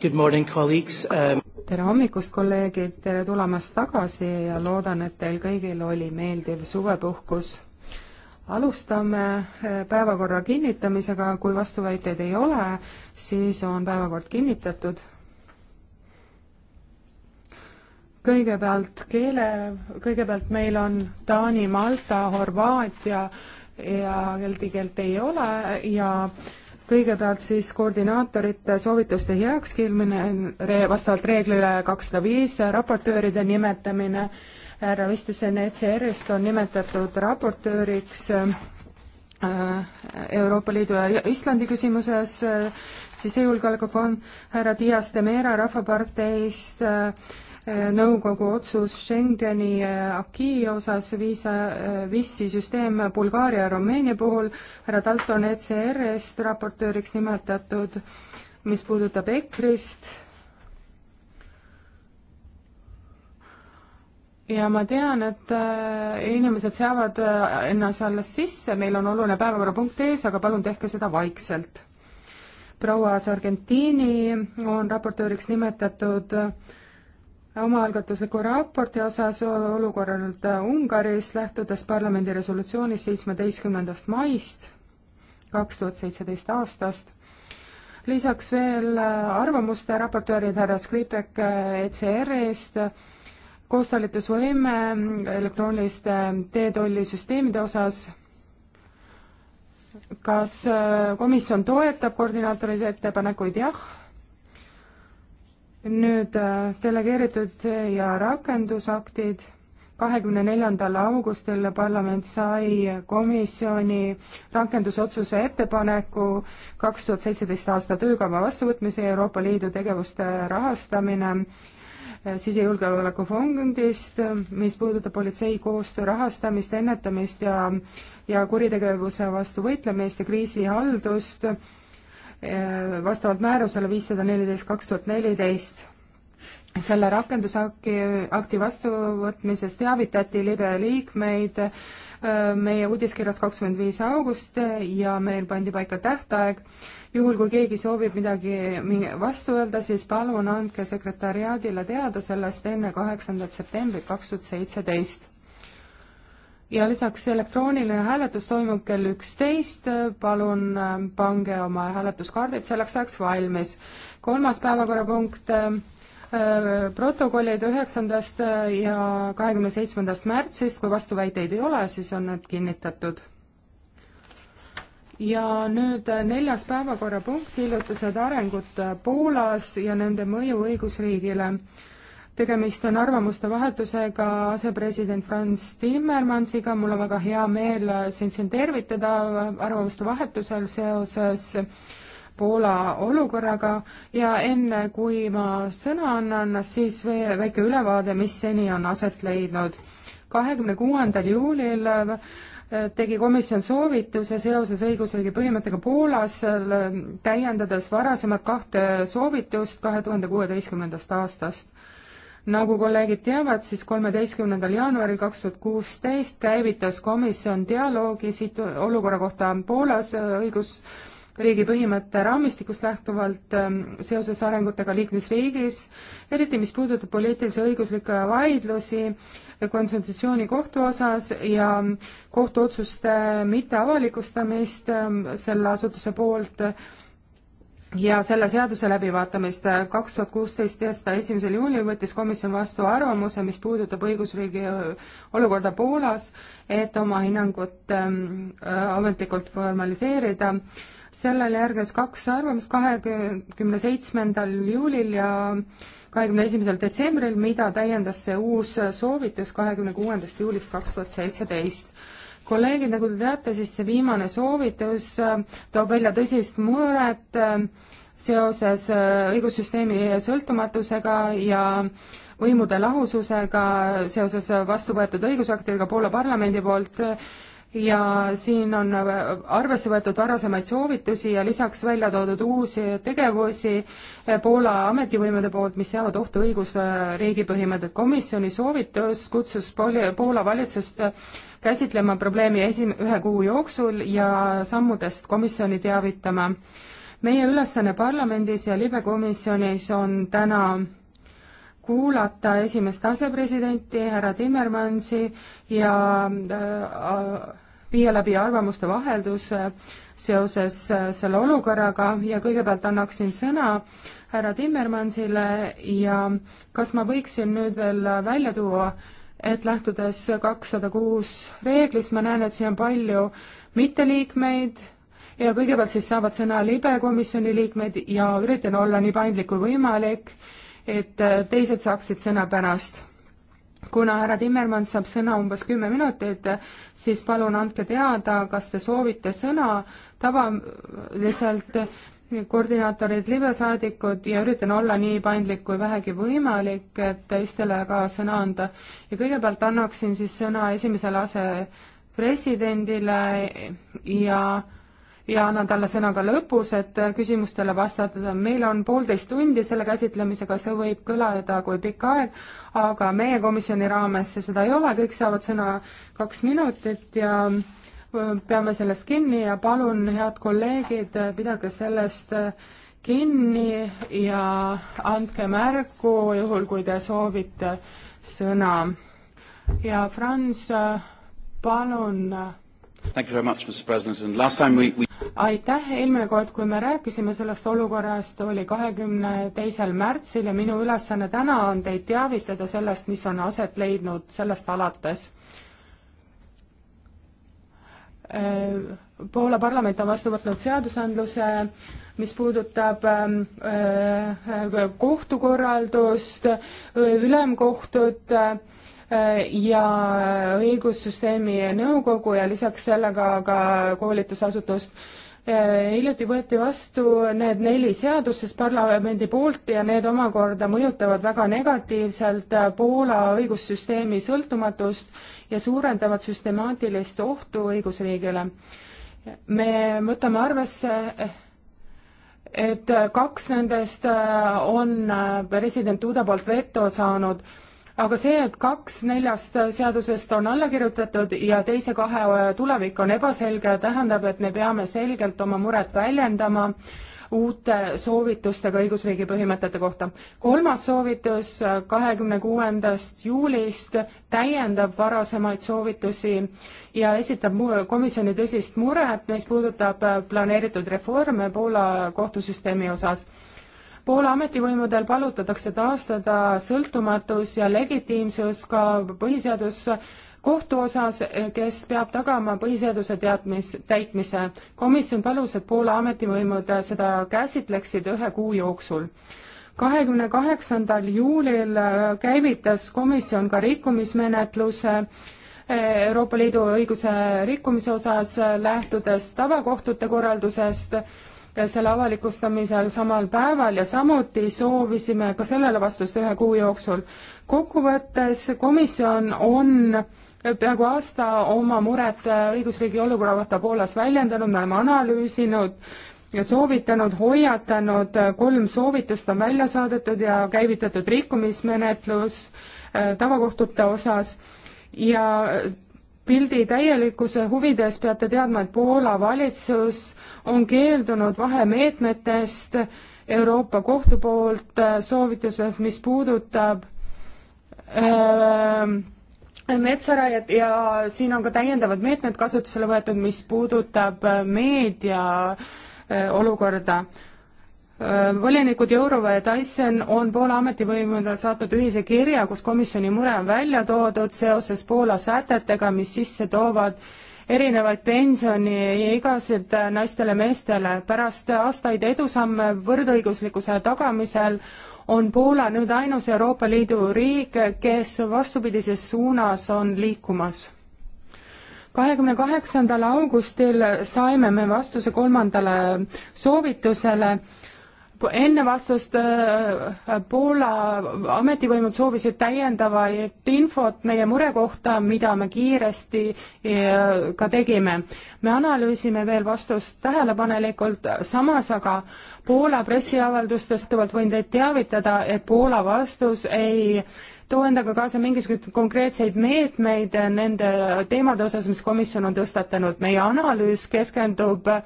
Good morning, colleagues um.... tere hommikust, kolleegid, tere tulemast tagasi ja loodan, et teil kõigil oli meeldiv suvepuhkus. alustame eh, päevakorra kinnitamisega, kui vastuväiteid ei ole, siis on päevakord kinnitatud. kõigepealt keele, kõigepealt meil on Taani, Malta, Horvaatia ja keldi keelt ei ole ja kõigepealt siis koordinaatorite soovituste heakskiilmine vastavalt reeglile kakssada viis, raportööride nimetamine, härra Vistisen ECR-ist on nimetatud raportööriks äh, Euroopa Liidu ja Islandi küsimuses, äh, sisejulgeolekufond, härra Dias de Mera Rahvaparteist äh,, Äh, nõukogu otsus Schengeni äh, akii osas viisa, äh, VIS-i süsteem Bulgaaria ja Rumeenia puhul, härra Dalton ECR-ist raportööriks nimetatud, mis puudutab EKRE-ist, ja ma tean, et inimesed seavad ennast alles sisse, meil on oluline päevakorrapunkt ees, aga palun tehke seda vaikselt. proua Sargentini on raportööriks nimetatud omaalgatusliku raporti osas olukorralt Ungaris, lähtudes parlamendi resolutsioonist seitsmeteistkümnendast maist kaks tuhat seitseteist aastast. lisaks veel arvamuste raportöörid härra Skripek ECR-ist, koostalitusvõime elektrooniliste teetollisüsteemide osas, kas komisjon toetab koordinaatoride ettepanekuid, jah nüüd äh, delegeeritud ja rakendusaktid, kahekümne neljandal augustil parlament sai komisjoni rakendusotsuse ettepaneku kaks tuhat seitseteist aasta töökava vastuvõtmise ja Euroopa Liidu tegevuste rahastamine äh, sisejulgeoleku fondist, mis puudutab politsei koostöö rahastamist, ennetamist ja ja kuritegevuse vastu võitlemist ja kriisihaldust Äh, vastavalt määrusele viissada neliteist kaks tuhat neliteist. selle rakendusakti, akti vastuvõtmisest teavitati libe liikmeid äh, meie uudiskirjas kakskümmend viis august äh, ja meil pandi paika tähtaeg. juhul, kui keegi soovib midagi vastu öelda, siis palun andke sekretäriaadile teada sellest enne kaheksandat septembrit kaks tuhat seitseteist ja lisaks elektrooniline hääletus toimub kell üksteist, palun ähm, pange oma hääletuskaardid selleks ajaks valmis. kolmas päevakorrapunkt, ähm, äh, protokollid üheksandast äh, ja kahekümne seitsmendast märtsist, kui vastuväiteid ei ole, siis on need kinnitatud. ja nüüd äh, neljas päevakorrapunkt, hiljutised arengud Poolas ja nende mõju õigusriigile tegemist on arvamuste vahetusega asepresident Franz Timmermansiga, mul on väga hea meel sind siin tervitada arvamuste vahetusel seoses Poola olukorraga ja enne, kui ma sõna annan, siis väike ülevaade, mis seni on aset leidnud. kahekümne kuuendal juulil äh, tegi komisjon soovituse seoses õigusriigi põhimõttega Poolas, äh, täiendades varasemat kahte soovitust kahe tuhande kuueteistkümnendast aastast nagu kolleegid teavad, siis kolmeteistkümnendal jaanuaril kaks tuhat kuusteist käivitas komisjon dialoogi situ-, olukorra kohta Poolas äh, õigusriigi põhimõtte raamistikust lähtuvalt ähm, seoses arengutega liikmesriigis, eriti mis puudutab poliitilisi õiguslikke vaidlusi konsultatsiooni kohtu osas ja kohtuotsuste mitteavalikustamist ähm, selle asutuse poolt ja selle seaduse läbivaatamist äh, kaks tuhat kuusteist aasta esimesel juulil võttis komisjon vastu arvamuse, mis puudutab õigusriigi äh, olukorda Poolas, et oma hinnangut ähm, äh, ametlikult formaliseerida. sellele järgnes kaks arvamust kahekümne seitsmendal juulil ja kahekümne esimesel detsembril, mida täiendas see uus soovitus kahekümne kuuendast juulist kaks tuhat seitseteist kolleegid, nagu te teate, siis see viimane soovitus äh, toob välja tõsist muret äh, seoses äh, õigussüsteemi sõltumatusega ja võimude lahususega seoses vastu võetud õigusaktidega Poola parlamendi poolt ja siin on arvesse võetud varasemaid soovitusi ja lisaks välja toodud uusi tegevusi Poola ametivõimude poolt, mis seavad ohtu õigusriigi põhimõtted. komisjoni soovitus kutsus Poola valitsust käsitlema probleemi esim-, ühe kuu jooksul ja sammudest komisjoni teavitama. meie ülesanne parlamendis ja libekomisjonis on täna kuulata esimest asepresidenti härra Timmermansi ja äh, viia läbi arvamuste vaheldus äh, seoses äh, selle olukorraga ja kõigepealt annaksin sõna härra Timmermansile ja kas ma võiksin nüüd veel äh, välja tuua et lähtudes kakssada kuus reeglist, ma näen, et siin on palju mitteliikmeid ja kõigepealt siis saavad sõna libe komisjoni liikmed ja üritan olla nii paindlik kui võimalik, et äh, teised saaksid sõna pärast. kuna härra Timmermann saab sõna umbes kümme minutit, siis palun andke teada, kas te soovite sõna tavaliselt koordinaatorid, libesaadikud ja üritan olla nii paindlik kui vähegi võimalik, et teistele ka sõna anda. ja kõigepealt annaksin siis sõna esimesele asepresidendile ja ja annan talle sõna ka lõpus, et küsimustele vastata. meil on poolteist tundi selle käsitlemisega, see võib kõlada kui pikk aeg, aga meie komisjoni raames see seda ei ole, kõik saavad sõna kaks minutit ja peame sellest kinni ja palun, head kolleegid, pidage sellest kinni ja andke märku, juhul kui te soovite sõna. ja Franz, palun We... aitäh, eelmine kord, kui me rääkisime sellest olukorrast, oli kahekümne teisel märtsil ja minu ülesanne täna on teid teavitada sellest, mis on aset leidnud sellest alates. Äh, Poola parlament on vastu võtnud seadusandluse, mis puudutab ähm, äh, kohtukorraldust, äh, ülemkohtut ja õigussüsteemi nõukogu ja lisaks sellega ka koolitusasutust. hiljuti võeti vastu need neli seadust siis parlamendi poolt ja need omakorda mõjutavad väga negatiivselt Poola õigussüsteemi sõltumatust ja suurendavad süstemaatilist ohtu õigusriigile. me võtame arvesse, et kaks nendest on president Uda poolt veto saanud, aga see, et kaks neljast seadusest on alla kirjutatud ja teise kahe tulevik on ebaselge, tähendab, et me peame selgelt oma muret väljendama äh, uute soovitustega õigusriigi põhimõtete kohta. kolmas soovitus kahekümne kuuendast juulist täiendab varasemaid soovitusi ja esitab komisjoni tõsist muret, mis puudutab äh, planeeritud reforme Poola kohtusüsteemi osas Poola ametivõimudel palutatakse taastada sõltumatus ja legitiimsus ka põhiseadus kohtu osas, kes peab tagama põhiseaduse teadmis, täitmise. komisjon palus, et Poola ametivõimud seda käsitleksid ühe kuu jooksul kahekümne kaheksandal juulil käivitas komisjon ka rikkumismenetluse eh, Euroopa Liidu õiguse rikkumise osas, lähtudes tavakohtute korraldusest selle avalikustamisel samal päeval ja samuti soovisime ka sellele vastust ühe kuu jooksul. kokkuvõttes komisjon on peaaegu aasta oma muret õigusriigi olukorra kohta Poolas väljendanud, me oleme analüüsinud ja soovitanud, hoiatanud, kolm soovitust on välja saadetud ja käivitatud rikkumismenetlus äh, tavakohtute osas ja pildi täielikkuse huvides peate teadma, et Poola valitsus on keeldunud vahemeetmetest Euroopa Kohtu poolt äh, soovituses, mis puudutab öö, äh, metsaraiet ja siin on ka täiendavad meetmed kasutusele võetud, mis puudutab äh, meedia äh, olukorda. Äh, volinikud Jourova ja Tyson on Poola ametivõimudele saatnud ühise kirja, kus komisjoni mure on välja toodud seoses Poola sätetega, mis sisse toovad erinevaid pensioniigasid naistele-meestele. pärast aastaid edusamme võrdõiguslikkuse tagamisel on Poola nüüd ainus Euroopa Liidu riik, kes vastupidises suunas on liikumas. kahekümne kaheksandal augustil saime me vastuse kolmandale soovitusele enne vastust äh, Poola ametivõimud soovisid täiendavat infot meie mure kohta, mida me kiiresti äh, ka tegime. me analüüsime veel vastust tähelepanelikult, samas aga Poola pressiavaldustest võin teid teavitada, et Poola vastus ei too endaga kaasa mingisuguseid konkreetseid meetmeid nende teemade osas, mis komisjon on tõstatanud. meie analüüs keskendub äh,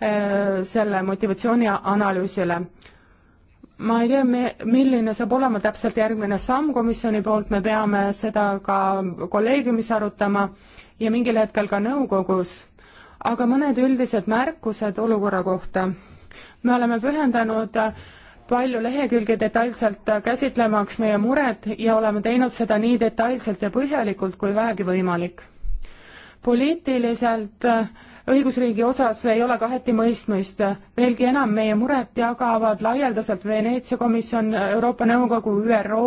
Äh, selle motivatsiooni analüüsile. ma ei tea, milline saab olema täpselt järgmine samm komisjoni poolt, me peame seda ka kolleegiumis arutama ja mingil hetkel ka nõukogus, aga mõned üldised märkused olukorra kohta. me oleme pühendanud palju lehekülgi detailselt käsitlemaks meie mured ja oleme teinud seda nii detailselt ja põhjalikult kui vähegi võimalik. poliitiliselt äh, õigusriigi osas ei ole kahetimõistmist. veelgi enam, meie muret jagavad laialdaselt Veneetsia komisjon, Euroopa Nõukogu, ÜRO,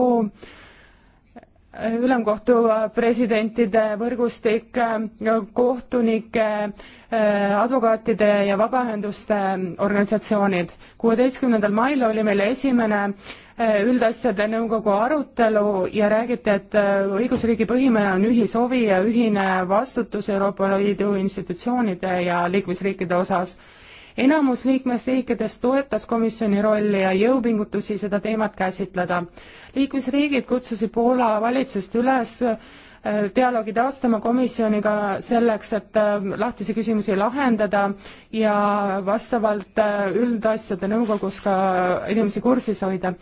ülemkohtu presidentide võrgustik, kohtunike, eh, advokaatide ja vabaühenduste organisatsioonid. kuueteistkümnendal mail oli meil esimene Äh, üldasjade nõukogu arutelu ja räägiti, et äh, õigusriigi põhimõte on ühishovi ja ühine vastutus Euroopa Liidu institutsioonide ja liikmesriikide osas. enamus liikmesriikidest toetas komisjoni rolli ja jõupingutusi seda teemat käsitleda. liikmesriigid kutsusid Poola valitsust üles Äh, dialoogi taastama komisjoniga selleks, et äh, lahtisi küsimusi lahendada ja vastavalt äh, üldasjade nõukogus ka inimesi kursis hoida.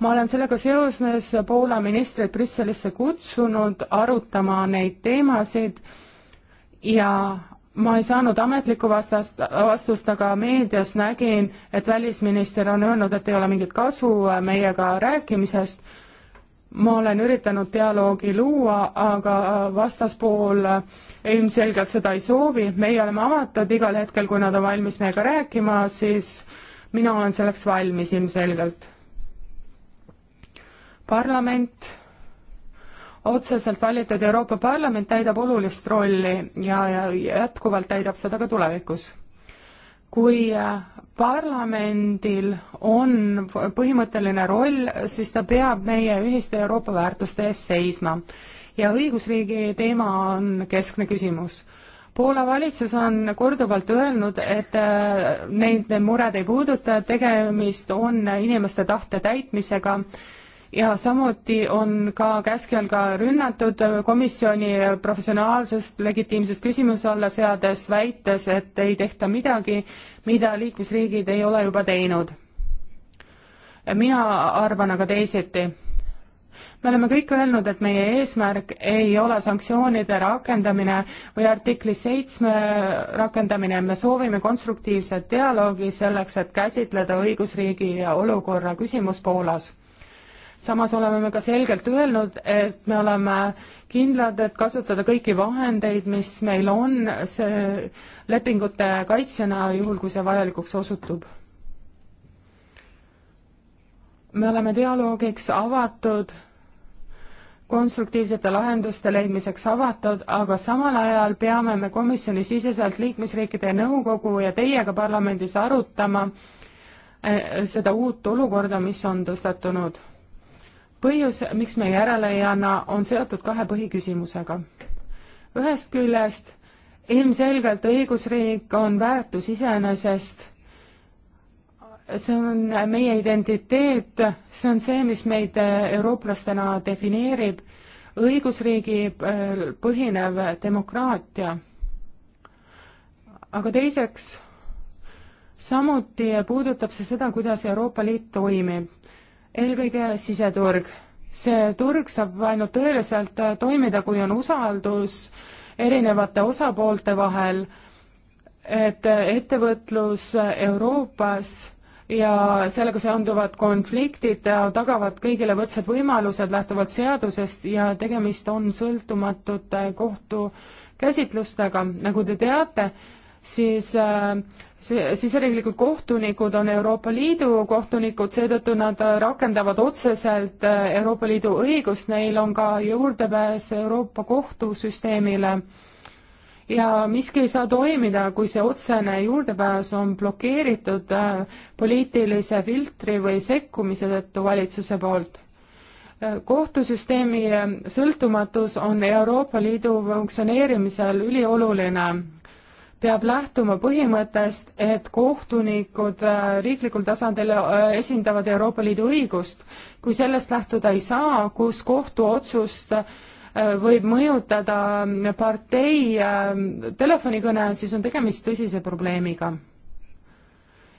ma olen sellega seoses Poola ministreid Brüsselisse kutsunud arutama neid teemasid ja ma ei saanud ametlikku vastast, vastust, aga meedias nägin, et välisminister on öelnud, et ei ole mingit kasu meiega rääkimisest ma olen üritanud dialoogi luua, aga vastaspool ilmselgelt seda ei soovi, meie oleme avatud igal hetkel, kui nad on valmis meiega rääkima, siis mina olen selleks valmis ilmselgelt. parlament, otseselt valitud Euroopa Parlament täidab olulist rolli ja, ja jätkuvalt täidab seda ka tulevikus kui äh, parlamendil on põhimõtteline roll, siis ta peab meie ühiste Euroopa väärtuste eest seisma. ja õigusriigi teema on keskne küsimus. Poola valitsus on korduvalt öelnud, et äh, neid need mured ei puuduta, tegemist on inimeste tahte täitmisega ja samuti on ka käskjal ka rünnatud komisjoni professionaalsust, legitiimsust küsimuse alla seades, väites, et ei tehta midagi, mida liikmesriigid ei ole juba teinud. mina arvan aga teisiti. me oleme kõik öelnud, et meie eesmärk ei ole sanktsioonide rakendamine või artikli seitsme rakendamine, me soovime konstruktiivset dialoogi selleks, et käsitleda õigusriigi olukorra küsimus Poolas samas oleme me ka selgelt öelnud, et me oleme kindlad, et kasutada kõiki vahendeid, mis meil on, see lepingute kaitsjana, juhul kui see vajalikuks osutub. me oleme dialoogiks avatud, konstruktiivsete lahenduste leidmiseks avatud, aga samal ajal peame me komisjonisiseselt liikmesriikide nõukogu ja teiega parlamendis arutama eh, seda uut olukorda, mis on tõstatunud põhjus, miks me järele ei anna, on seotud kahe põhiküsimusega. ühest küljest ilmselgelt õigusriik on väärtus iseenesest, see on meie identiteet, see on see, mis meid äh, eurooplastena defineerib, õigusriigi äh, põhinev demokraatia. aga teiseks, samuti puudutab see seda, kuidas Euroopa Liit toimib eelkõige siseturg. see turg saab ainult tõeliselt äh, toimida, kui on usaldus erinevate osapoolte vahel, et äh, ettevõtlus äh, Euroopas ja sellega seonduvad konfliktid tagavad kõigile võrdsed võimalused lähtuvalt seadusest ja tegemist on sõltumatute kohtukäsitlustega, nagu te teate, siis siseriiklikud kohtunikud on Euroopa Liidu kohtunikud, seetõttu nad äh, rakendavad otseselt äh, Euroopa Liidu õigust, neil on ka juurdepääs Euroopa kohtusüsteemile. ja miski ei saa toimida, kui see otsene juurdepääs on blokeeritud äh, poliitilise filtri või sekkumise tõttu valitsuse poolt kohtusüsteemi sõltumatus on Euroopa Liidu funktsioneerimisel ülioluline peab lähtuma põhimõttest, et kohtunikud äh, riiklikul tasandil äh, esindavad Euroopa Liidu õigust. kui sellest lähtuda ei saa, kus kohtuotsust äh, võib mõjutada mm, partei telefonikõne, siis on tegemist tõsise probleemiga.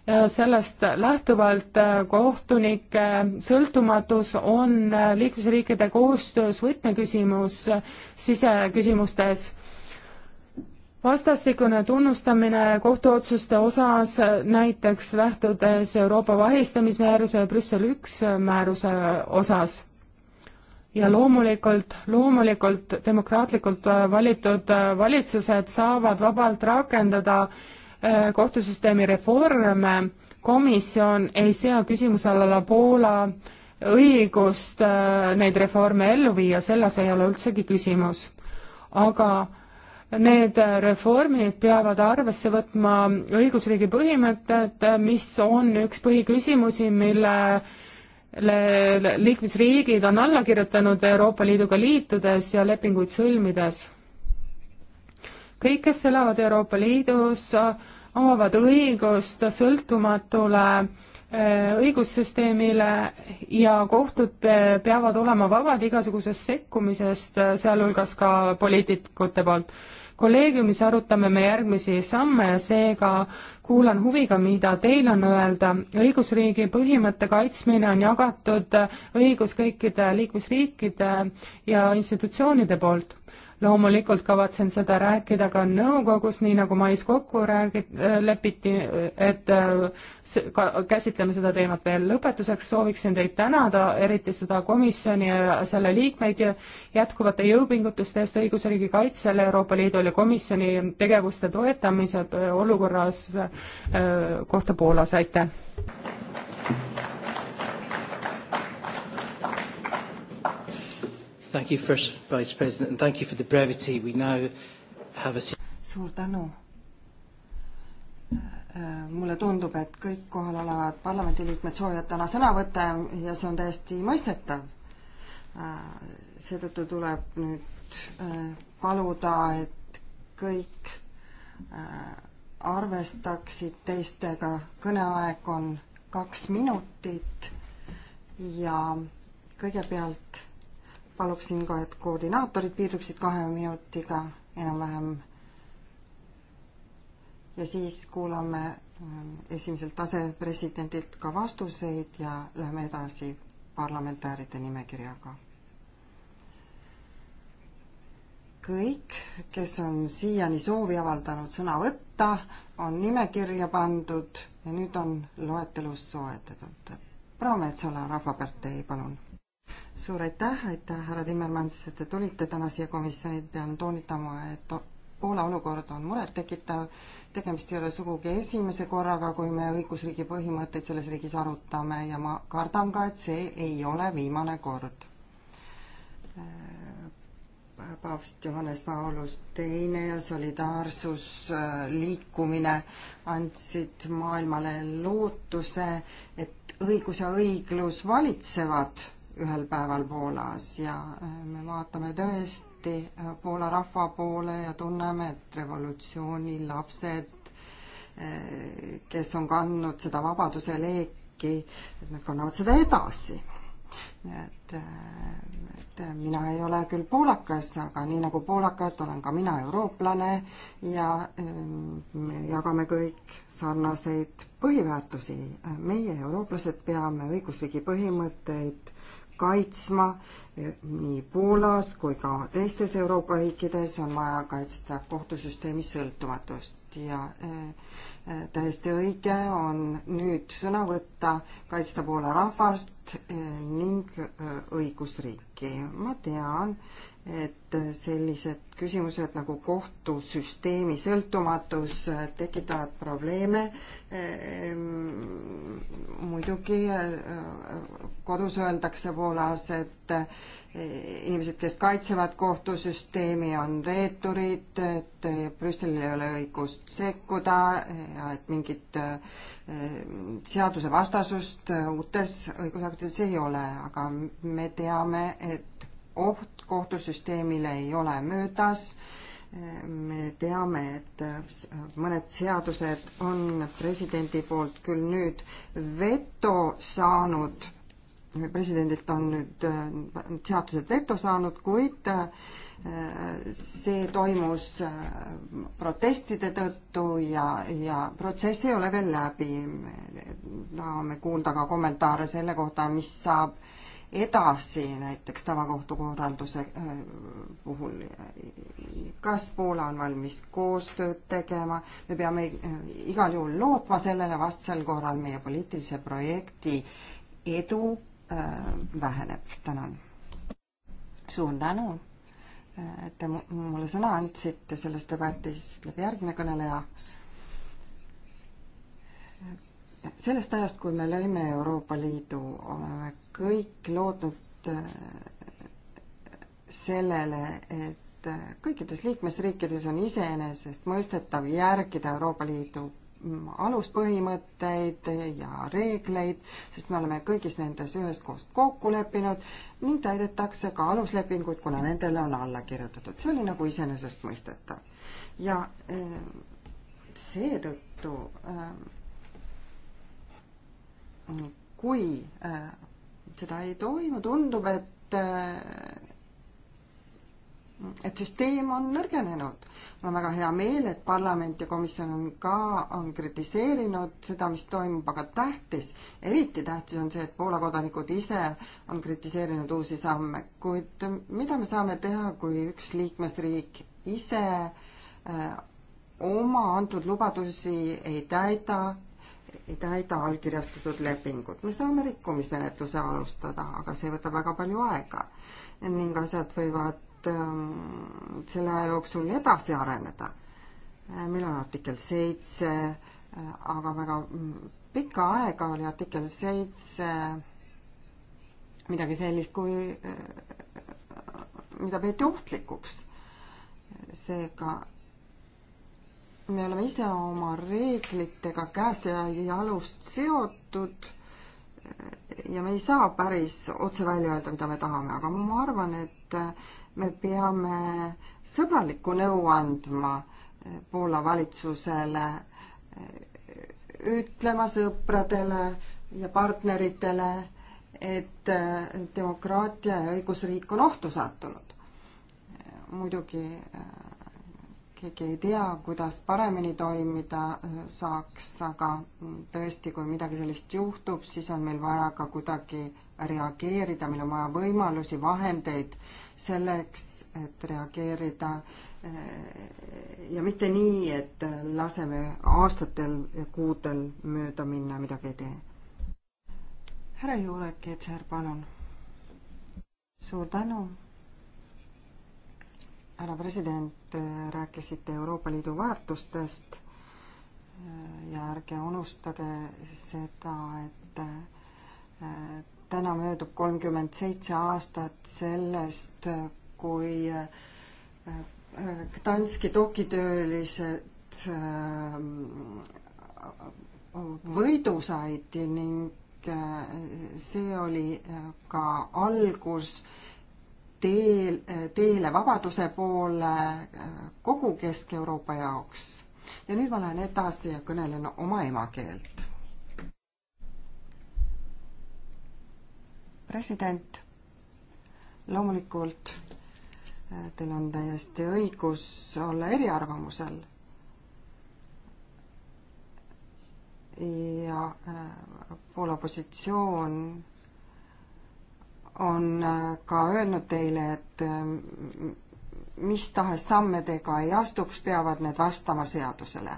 ja sellest lähtuvalt kohtunike sõltumatus on liikmesriikide koostöös võtmeküsimus siseküsimustes vastastikune tunnustamine kohtuotsuste osas, näiteks lähtudes Euroopa vahistamismääruse ja Brüssel üks määruse osas. ja loomulikult, loomulikult demokraatlikult valitud valitsused saavad vabalt rakendada eh, kohtusüsteemi reforme, komisjon ei sea küsimuse alla Poola õigust eh, neid reforme ellu viia, selles ei ole üldsegi küsimus. aga Need reformid peavad arvesse võtma õigusriigi põhimõtted, mis on üks põhiküsimusi, millele liikmesriigid on alla kirjutanud Euroopa Liiduga liitudes ja lepinguid sõlmides. kõik, kes elavad Euroopa Liidus, omavad õigust sõltumatule Äh, õigussüsteemile ja kohtud peavad olema vabad igasugusest sekkumisest, äh, sealhulgas ka poliitikute poolt. kolleegiumis arutame me järgmisi samme ja seega kuulan huviga, mida teil on öelda. õigusriigi põhimõtte kaitsmine on jagatud äh, õigus kõikide liikmesriikide ja institutsioonide poolt loomulikult kavatsen seda rääkida ka nõukogus, nii nagu mais kokku räägi-, äh, lepiti, et äh, ka, käsitleme seda teemat veel. lõpetuseks sooviksin teid tänada, eriti seda komisjoni ja selle liikmeid jätkuvate jõupingutuste eest õigusriigi kaitsel Euroopa Liidul ja komisjoni tegevuste toetamise äh, olukorras kohta Poolas, aitäh! Thank you, First Vice President, and thank you for the brevity. We now have a suur tänu. Äh, mulle tundub, et kõik kohal olevad parlamendiliikmed soovivad täna sõna võtta ja see on täiesti mõistetav. Äh, seetõttu tuleb nüüd äh, paluda, et kõik arvestaksid teistega, kõneaeg on kaks minutit ja kõigepealt paluksin ka, et koordinaatorid piirduksid kahe minutiga enam-vähem. ja siis kuulame ähm, esimeselt asepresidendilt ka vastuseid ja lähme edasi parlamentääride nimekirjaga. kõik, kes on siiani soovi avaldanud sõna võtta, on nimekirja pandud ja nüüd on loetelus soetatud. proua Metsala Rahvapartei, palun suur aitäh, aitäh, härra Timmermans, et te tulite täna siia komisjoni, pean toonitama, et Poola olukord on murettekitav, tegemist ei ole sugugi esimese korraga, kui me õigusriigi põhimõtteid selles riigis arutame ja ma kardan ka, et see ei ole viimane kord. Äh, paavst Johannes Paulus Teine ja solidaarsusliikumine äh, andsid maailmale lootuse, et õigus ja õiglus valitsevad ühel päeval Poolas ja äh, me vaatame tõesti äh, Poola rahva poole ja tunneme, et revolutsiooni lapsed, äh, kes on kandnud seda vabaduse leeki, nad kannavad seda edasi et, et mina ei ole küll poolakas, aga nii nagu poolakad olen ka mina eurooplane ja me jagame kõik sarnaseid põhiväärtusi. meie, eurooplased, peame õigusriigi põhimõtteid kaitsma eh, nii Poolas kui ka teistes Euroopa riikides on vaja kaitsta kohtusüsteemi sõltumatust ja eh, eh, täiesti õige on nüüd sõna võtta, kaitsta Poola rahvast ning õigusriiki. ma tean, et sellised küsimused nagu kohtusüsteemi sõltumatus tekitavad probleeme. Ehm, muidugi äh, kodus öeldakse Poolas, et äh, inimesed, kes kaitsevad kohtusüsteemi, on reeturid, et äh, Brüsselil ei ole õigust sekkuda ja et mingit seadusevastasust uutes õigusaktides ei ole, aga me teame, et oht kohtusüsteemile ei ole möödas. me teame, et mõned seadused on presidendi poolt küll nüüd veto saanud, presidendilt on nüüd seadused veto saanud, kuid äh, see toimus äh, protestide tõttu ja, ja protsess ei ole veel läbi. tahame kuulda ka kommentaare selle kohta, mis saab äh, edasi näiteks tavakohtukorralduse äh, puhul. kas Poola on valmis koostööd tegema, me peame äh, igal juhul lootma sellele, vastasel korral meie poliitilise projekti edu äh, väheneb. tänan. suur tänu, et te mulle sõna andsite selles debatis, ütleb järgmine kõneleja sellest ajast, kui me lõime Euroopa Liidu, oleme kõik lootnud äh, sellele, et äh, kõikides liikmesriikides on iseenesestmõistetav järgida Euroopa Liidu mm, aluspõhimõtteid ja reegleid, sest me oleme kõigis nendes üheskoos kokku leppinud ning täidetakse ka aluslepinguid, kuna nendele on alla kirjutatud. see oli nagu iseenesestmõistetav. ja äh, seetõttu ähm, kui äh, seda ei toimu, tundub, et äh, et süsteem on nõrgenenud. mul on väga hea meel, et parlament ja komisjon on ka, on kritiseerinud seda, mis toimub, aga tähtis, eriti tähtis on see, et Poola kodanikud ise on kritiseerinud uusi samme, kuid mida me saame teha, kui üks liikmesriik ise äh, oma antud lubadusi ei täida, ei täida allkirjastatud lepingut. me saame rikkumismenetluse alustada, aga see võtab väga palju aega ning asjad võivad ähm, selle aja jooksul edasi areneda. Äh, meil on artikkel seitse, äh, aga väga mm, pikka aega oli artikkel seitse midagi sellist, kui, äh, mida peeti ohtlikuks. seega me oleme ise oma reeglitega käest ja jalust seotud ja me ei saa päris otse välja öelda, mida me tahame, aga ma arvan, et me peame sõbralikku nõu andma Poola valitsusele, ütlema sõpradele ja partneritele, et demokraatia ja õigusriik on ohtu sattunud. muidugi keegi ei tea, kuidas paremini toimida äh, saaks, aga tõesti, kui midagi sellist juhtub, siis on meil vaja ka kuidagi reageerida, meil on vaja võimalusi, vahendeid selleks, et reageerida äh, ja mitte nii, et laseme aastatel ja kuudel mööda minna, midagi ei tee. härra Juurek, Ketser, palun. suur tänu härra president, rääkisite Euroopa Liidu väärtustest ja ärge unustage seda, et täna möödub kolmkümmend seitse aastat sellest, kui äh, Gdanski dokitöölised äh, võidu said ning äh, see oli ka algus teel, teele vabaduse poole kogu Kesk-Euroopa jaoks. ja nüüd ma lähen edasi ja kõnelen oma emakeelt. president, loomulikult äh, teil on täiesti õigus olla eriarvamusel ja äh, Poola positsioon on äh, ka öelnud teile, et äh, mis tahes sammedega ei astuks, peavad need vastama seadusele.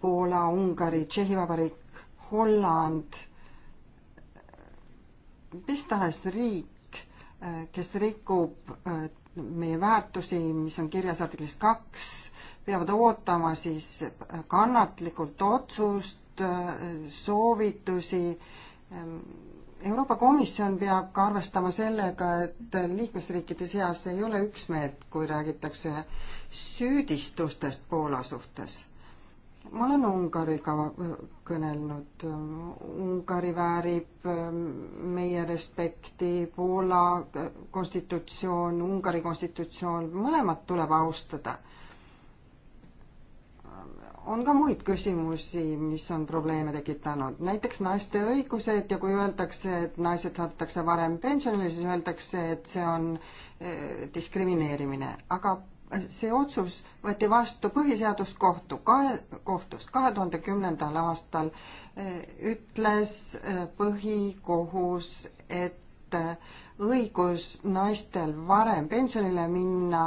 Poola, Ungari, Tšehhi Vabariik, Holland, mis tahes riik, äh, kes rikub meie väärtusi, mis on kirjas artiklis kaks, peavad ootama siis kannatlikult otsust, soovitusi ähm, Euroopa Komisjon peab ka arvestama sellega, et liikmesriikide seas ei ole üksmeelt, kui räägitakse süüdistustest Poola suhtes. ma olen Ungariga kõnelnud, Ungari väärib ähm, meie respekti, Poola konstitutsioon, Ungari konstitutsioon, mõlemat tuleb austada on ka muid küsimusi, mis on probleeme tekitanud, näiteks naiste õigused ja kui öeldakse, et naised saadetakse varem pensionile, siis öeldakse, et see on eh, diskrimineerimine, aga see otsus võeti vastu põhiseaduskohtu kahe, kohtus kahe tuhande kümnendal aastal eh, ütles eh, põhikohus, et õigus naistel varem pensionile minna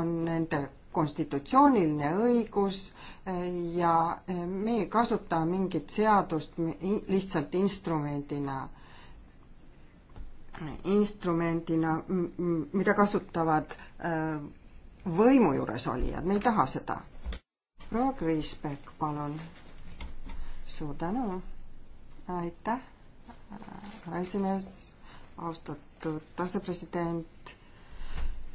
on nende konstitutsiooniline õigus eh, ja eh, me ei kasuta mingit seadust lihtsalt instrumendina, instrumendina, mida kasutavad eh, võimu juures olijad, me ei taha seda. proua Kriisbeck, palun. suur tänu. aitäh, härra äh, esimees, austatud asepresident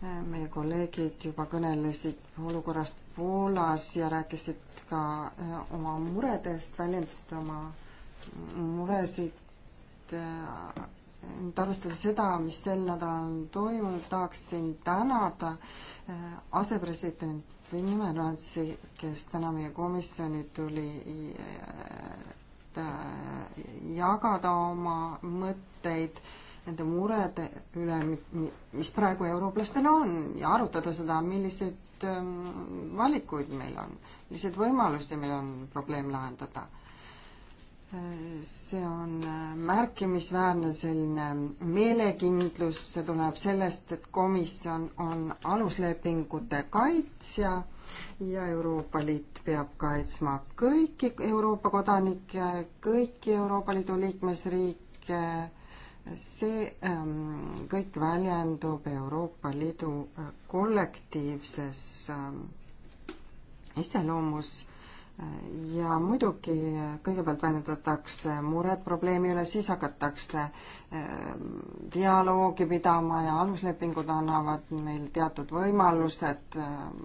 meie kolleegid juba kõnelesid olukorrast Poolas ja rääkisid ka äh, oma muredest, väljendasid oma muresid. Äh, nüüd arvestades seda, mis sel nädalal on toimunud, tahaksin tänada äh, asepresident Vinnimansi, kes täna meie komisjoni tuli jagada oma mõtteid nende murede üle, mis praegu eurooplastel on ja arutada seda, milliseid ähm, valikuid meil on, milliseid võimalusi meil on probleem lahendada. Äh, see on äh, märkimisväärne selline meelekindlus, see tuleb sellest, et komisjon on aluslepingute kaitsja ja Euroopa Liit peab kaitsma kõiki Euroopa kodanikke, kõiki Euroopa Liidu liikmesriike see ähm, kõik väljendub Euroopa Liidu äh, kollektiivses ähm, iseloomus äh, ja muidugi äh, kõigepealt väljendatakse mured probleemi üle, siis hakatakse ähm, dialoogi pidama ja aluslepingud annavad meil teatud võimalused ähm,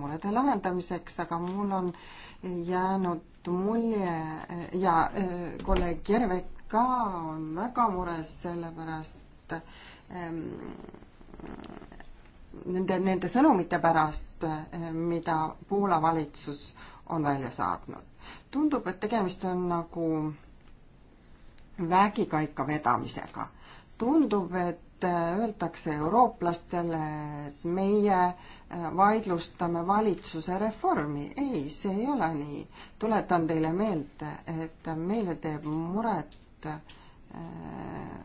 murede lahendamiseks, aga mul on jäänud mulje ja kolleeg Järvek ka on väga mures selle pärast ähm,, nende, nende sõnumite pärast, eh, mida Poola valitsus on välja saatnud. tundub, et tegemist on nagu vägikaika vedamisega. tundub, et eh, öeldakse eurooplastele, et meie eh, vaidlustame valitsuse reformi. ei, see ei ole nii. tuletan teile meelde, et meile teeb muret et äh,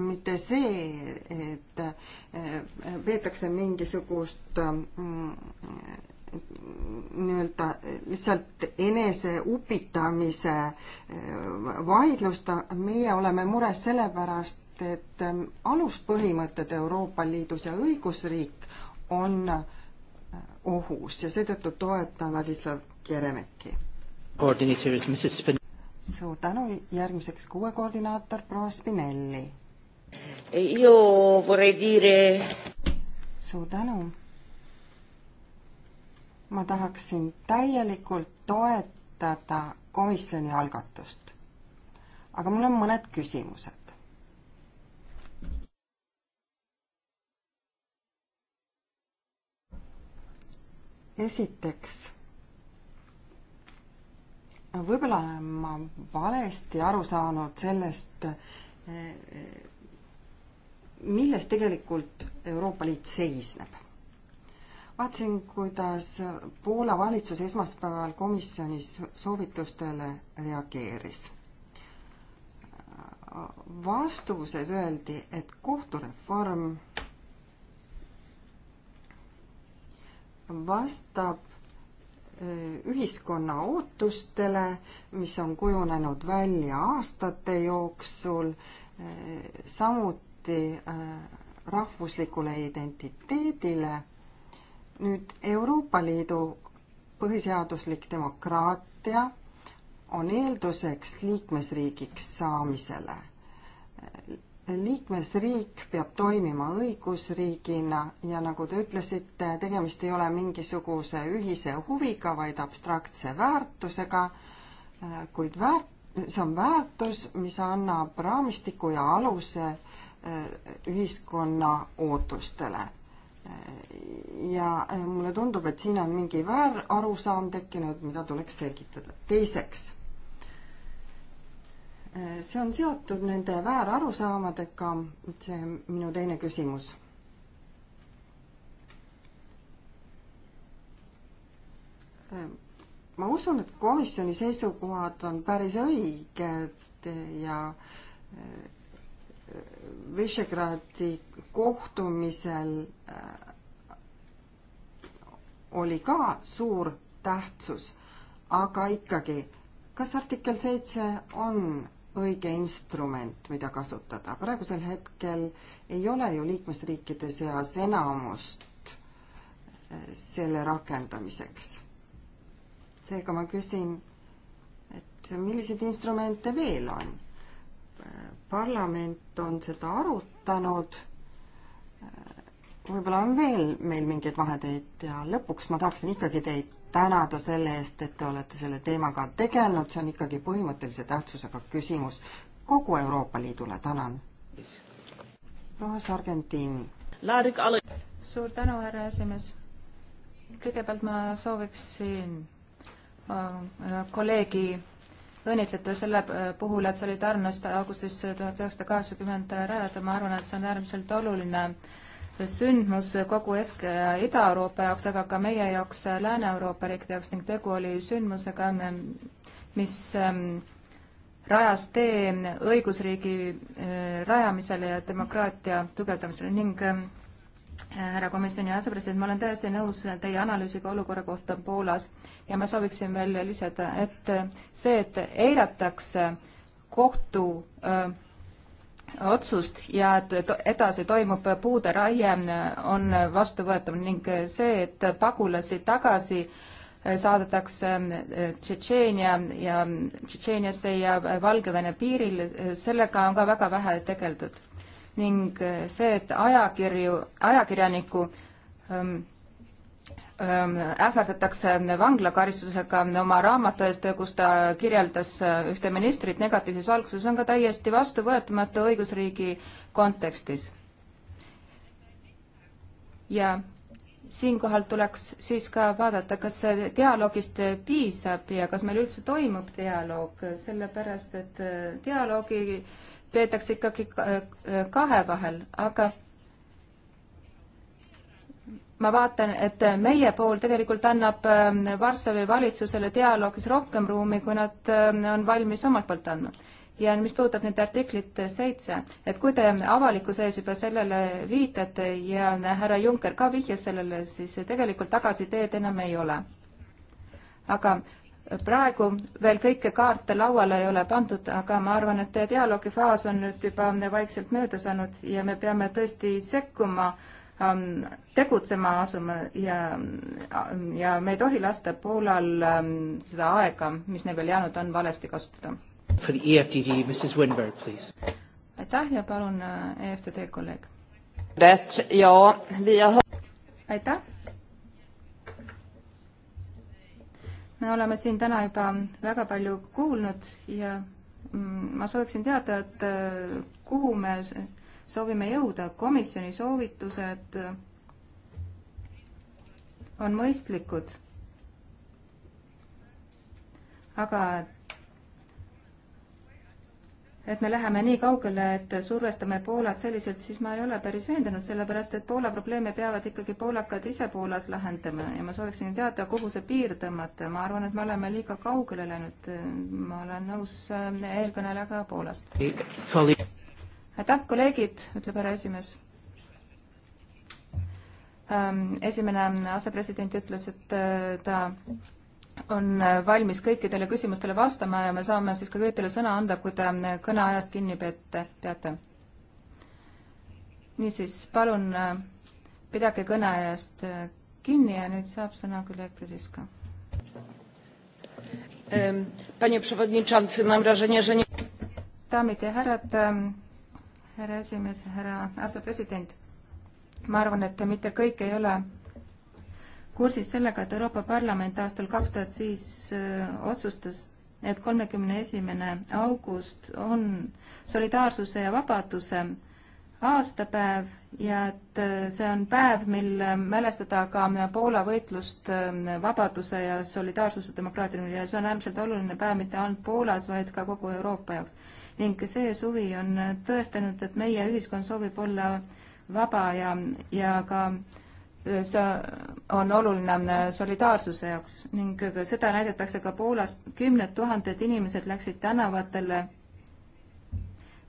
mitte see, et äh, peetakse mingisugust äh, nii-öelda lihtsalt enese upitamise vaidlust, meie oleme mures sellepärast, et aluspõhimõtted Euroopa Liidus ja õigusriik on ohus ja seetõttu toetan Ladislav Keremeki coordinator is Mrs Spin-. suur tänu, järgmiseks kuue koordinaator proua Spinelli. suur tänu. ma tahaksin täielikult toetada komisjoni algatust. aga mul on mõned küsimused. esiteks võib-olla olen ma valesti aru saanud sellest, eh, eh, milles tegelikult Euroopa Liit seisneb. vaatasin, kuidas Poola valitsus esmaspäeval komisjonis soovitustele reageeris. vastuses öeldi, et kohtureform vastab ühiskonna ootustele, mis on kujunenud välja aastate jooksul, samuti äh, rahvuslikule identiteedile. nüüd Euroopa Liidu põhiseaduslik demokraatia on eelduseks liikmesriigiks saamisele liikmesriik peab toimima õigusriigina ja nagu te ütlesite, tegemist ei ole mingisuguse ühise huviga, vaid abstraktse väärtusega, kuid väärt-, see on väärtus, mis annab raamistiku ja aluse eh, ühiskonna ootustele. ja eh, mulle tundub, et siin on mingi väärarusaam tekkinud, mida tuleks selgitada. teiseks see on seotud nende väärarusaamadega, see minu teine küsimus. ma usun, et komisjoni seisukohad on päris õiged ja äh, Visegradi kohtumisel äh, oli ka suur tähtsus, aga ikkagi, kas artikkel seitse on õige instrument, mida kasutada. praegusel hetkel ei ole ju liikmesriikide seas enamust eh, selle rakendamiseks. seega ma küsin, et milliseid instrumente veel on? Eh, parlament on seda arutanud, eh, võib-olla on veel meil mingeid vahendeid ja lõpuks ma tahaksin ikkagi teid tänada selle eest, et te olete selle teemaga tegelenud, see on ikkagi põhimõttelise tähtsusega küsimus kogu Euroopa Liidule, tänan. proua Sargentini. suur tänu, härra esimees. kõigepealt ma sooviksin äh, kolleegi õnnitleda selle äh, puhul, et solidaarnost augustis tuhat üheksasada kaheksakümmend rajada, ma arvan, et see on äärmiselt oluline äh, sündmus kogu Esk- ja Ida-Euroopa jaoks, aga ka meie jaoks, Lääne-Euroopa riikide jaoks ning tegu oli sündmusega, mis ähm, rajas tee õigusriigi äh, rajamisele ja demokraatia tugevdamisele ning ähm, härra komisjoni asepresident, ma olen täiesti nõus teie analüüsiga olukorra kohta Poolas ja ma sooviksin veel lisada, et see, et eiratakse kohtu öö, äh, otsust ja et edasi toimub puude raie, on vastuvõetav ning see, et pagulasi tagasi saadetakse Tšetšeenia ja Tšetšeeniasse ja Valgevene piiril, sellega on ka väga vähe tegeldud. ning see, et ajakirju, ajakirjaniku ähm, Ähm, ähvardatakse vanglakaristusega oma raamatu eest, kus ta kirjeldas äh, ühte ministrit negatiivses valguses, on ka täiesti vastuvõetamatu õigusriigi kontekstis. ja siinkohal tuleks siis ka vaadata, kas dialoogist piisab ja kas meil üldse toimub dialoog, sellepärast et äh, dialoogi peetakse ikkagi äh, kahe vahel, aga ma vaatan, et meie pool tegelikult annab ähm, Varssavi valitsusele dialoogis rohkem ruumi, kui nad ähm, on valmis omalt poolt andma. ja mis puudutab nüüd artiklit seitse, et kui te avalikkuse ees juba sellele viitate ja härra Juncker ka vihjas sellele, siis tegelikult tagasiteed enam ei ole. aga praegu veel kõiki kaarte lauale ei ole pandud, aga ma arvan, et dialoogi faas on nüüd juba vaikselt mööda saanud ja me peame tõesti sekkuma äh, Ähm, tegutsema asuma ja, ja me ei tohi lasta Poolal ähm, seda aega, mis neil veel jäänud on, valesti kasutada. E aitäh ja palun äh, EFTD kolleeg. aitäh. me oleme siin täna juba väga palju kuulnud ja mm, ma sooviksin teada, et äh, kuhu me soovime jõuda. komisjoni soovitused on mõistlikud, aga et me läheme nii kaugele, et survestame Poolat selliselt, siis ma ei ole päris veendunud, sellepärast et Poola probleeme peavad ikkagi poolakad ise Poolas lahendama ja ma sooviksin teada, kuhu see piir tõmmata. ma arvan, et me oleme liiga kaugele läinud. ma olen nõus äh, eelkõnelejaga Poolast aitäh, kolleegid, ütleb härra esimees. Ähm, esimene asepresident ütles, et äh, ta on valmis kõikidele küsimustele vastama ja me saame siis ka kõikidele sõna anda, kui te äh, kõneajast kinni peate, peate. niisiis, palun äh, pidage kõneajast kinni ja nüüd saab sõna kolleeg Prüdiska. Ähm, panie przewodniczący, mam wrażenie, że nie... Daamid ja härrad, ähm, härra esimees, härra asepresident. ma arvan, et mitte kõik ei ole kursis sellega, et Euroopa Parlament aastal kaks tuhat viis äh, otsustas, et kolmekümne esimene august on solidaarsuse ja vabaduse aastapäev ja et äh, see on päev, mil äh, mälestada ka äh, Poola võitlust vabaduse ja solidaarsuse demokraatia ja see on äärmiselt oluline päev mitte ainult Poolas, vaid ka kogu Euroopa jaoks. ning see suvi on tõestanud, et meie ühiskond soovib olla vaba ja, ja ka see on oluline solidaarsuse jaoks ning seda näidatakse ka Poolas. kümned tuhanded inimesed läksid tänavatele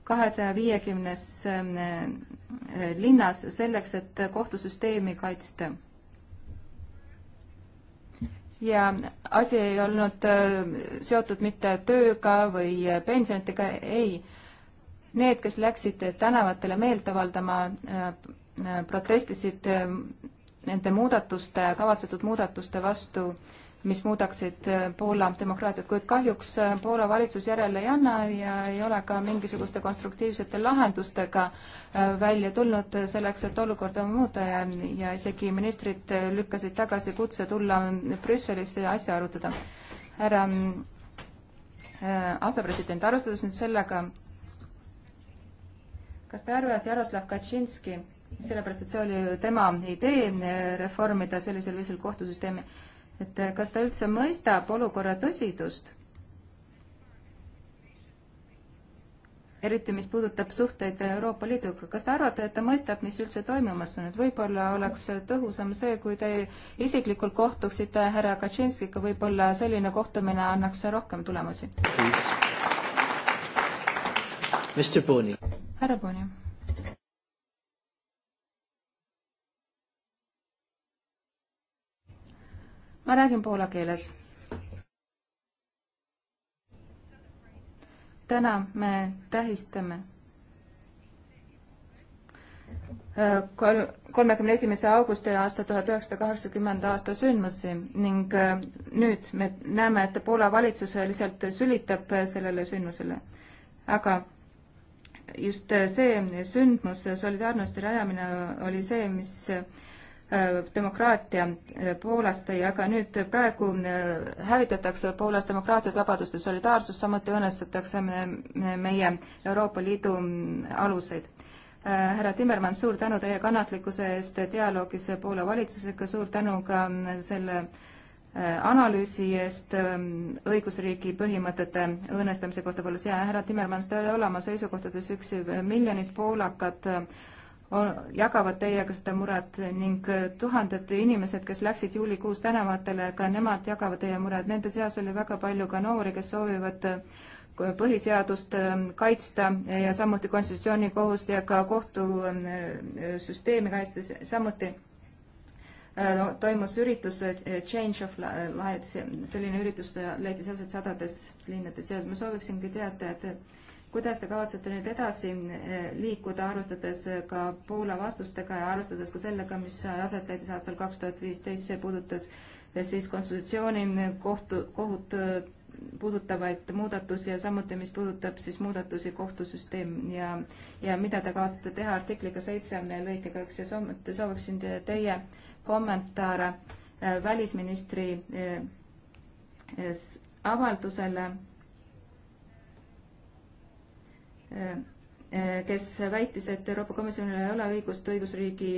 kahesaja viiekümnes eh, linnas selleks, et kohtusüsteemi kaitsta. ja asi ei olnud eh, seotud mitte tööga või pensionitega, ei. Need, kes läksid tänavatele meelt avaldama, eh, protestisid nende muudatuste, kavatsetud muudatuste vastu äh, mis muudaksid äh, Poola demokraatiat, kuid kahjuks äh, Poola valitsus järele ei anna ja ei ole ka mingisuguste konstruktiivsete lahendustega äh, välja tulnud selleks, et olukorda muuta ja, ja isegi ministrid lükkasid tagasi kutse tulla Brüsselisse ja asja arutada. härra mm, asepresident, arvestades nüüd sellega, kas te arvate, et Jaroslav Kaczynski, sellepärast et see oli tema idee reformida sellisel viisil kohtusüsteemi, et eh, kas ta üldse mõistab olukorra tõsidust, eriti mis puudutab suhteid Euroopa Liiduga. kas te arvate, et ta mõistab, mis üldse toimumas on, et võib-olla oleks tõhusam see, kui te isiklikult kohtuksite härra Kaczynskiga, võib-olla selline kohtumine annaks rohkem tulemusi? härra Boni. ma räägin poola keeles. täna me tähistame äh, kolm, kolmekümne esimese augusti aasta tuhat üheksasada kaheksakümnenda aasta sündmusi ning äh, nüüd me näeme, et Poola valitsus lihtsalt sülitab äh, sellele sündmusele. aga just see sündmus, solidaarnosti rajamine oli see, mis Äh, demokraatia äh, Poolast, aga nüüd praegu äh, hävitatakse Poolas demokraatiat, vabadust ja solidaarsust, samuti õõnestatakse meie Euroopa Liidu mm, aluseid. härra Timmermann, suur tänu teie kannatlikkuse eest dialoogis Poola valitsusega, suur tänu ka mm, selle analüüsi eest ähm, õigusriigi põhimõtete õõnestamise kohta Poolas ja härra Timmermann, te olete oma seisukohtades üks miljonit poolakat jagavad teiega seda muret ning äh, tuhanded inimesed, kes läksid juulikuus tänavatele, ka nemad jagavad teie muret. Nende seas oli väga palju ka noori, kes soovivad äh, põhiseadust äh, kaitsta ja samuti konstitutsioonikohust ja ka kohtusüsteemi kaitsta, samuti toimus üritus Change of Lives, selline üritus leidis aset sadades linnades ja ma sooviksingi teada, et kuidas te kavatsete nüüd edasi eh, liikuda, arvestades eh, ka Poola vastustega ja arvestades ka sellega, mis aset leidis aastal kaks tuhat viisteist, see puudutas eh, siis konstitutsioonikohtu, kohut puudutavaid muudatusi ja samuti, mis puudutab siis muudatusi kohtusüsteem ja, ja mida te kavatsete teha artikliga seitse lõikega üks ja samuti sooviksin te, teie kommentaare välisministri avaldusele Äh, äh, kes väitis, et Euroopa Komisjonil ei ole õigust õigusriigi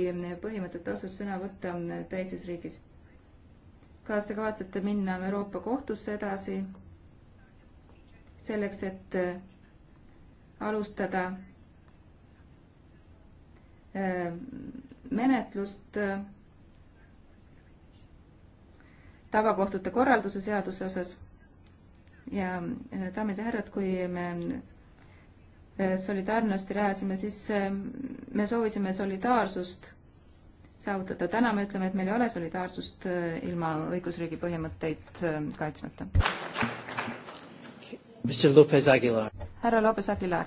põhimõtete osas sõna võtta mm, teises riigis. kas te kavatsete minna Euroopa Kohtusse edasi selleks, et äh, alustada menetlust tavakohtute korralduse seaduse osas ja daamid ja härrad, kui me Äh, solidaarnosti rääkisime, siis äh, me soovisime solidaarsust saavutada. täna me ütleme, et meil ei ole solidaarsust äh, ilma õigusriigi põhimõtteid kaitsmata. härra Lopez Aguilar.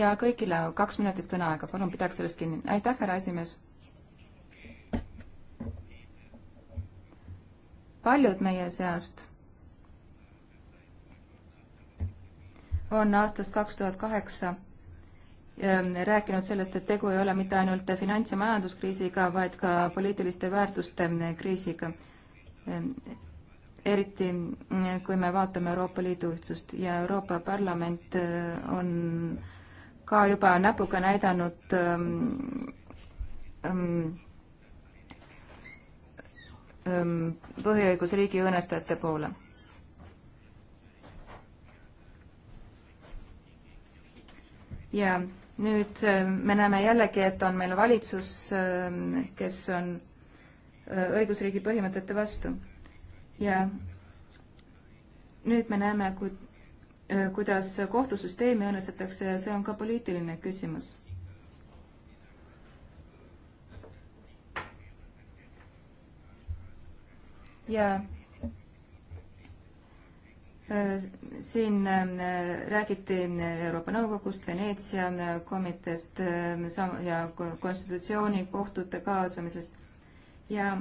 ja kõigile kaks minutit kõneaega, palun pidage sellest kinni. aitäh, härra esimees. paljud meie seast on aastast kaks tuhat kaheksa ähm, rääkinud sellest, et tegu ei ole mitte ainult finants- ja majanduskriisiga, vaid ka poliitiliste väärtuste ähm, kriisiga. Ähm, eriti mm, kui me vaatame Euroopa Liidu ühtsust ja Euroopa Parlament äh, on ka juba näpuga näidanud põhiõigusriigi õõnestajate poole ja nüüd äh, me näeme jällegi, et on meil valitsus, ähm, kes on äh, õigusriigi põhimõtete vastu. ja nüüd me näeme, kui, äh, kuidas kohtusüsteemi õõnestatakse ja see on ka poliitiline küsimus. ja siin äh, räägiti Euroopa Nõukogust, Veneetsia äh, komiteest äh, ja konstitutsioonikohtute kaasamisest ja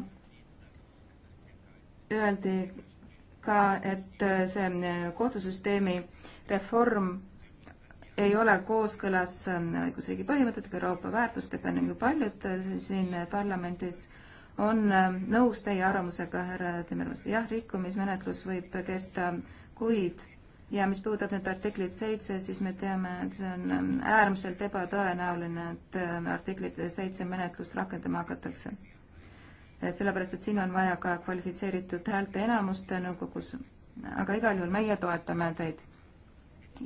öeldi ka, et see kohtusüsteemi reform ei ole kooskõlas õigusriigi põhimõtetega, Euroopa väärtustega ning paljud siin parlamendis on nõus teie arvamusega, härra Timmermann, jah, rikkumismenetlus võib kesta kuid ja mis puudutab nüüd artiklit seitse, siis me teame, et see on ähm, äärmiselt ebatõenäoline, et ähm, artiklit seitse menetlust rakendama hakatakse. sellepärast, et siin on vaja ka kvalifitseeritud häälteenamust nõukogus. aga igal juhul meie toetame teid.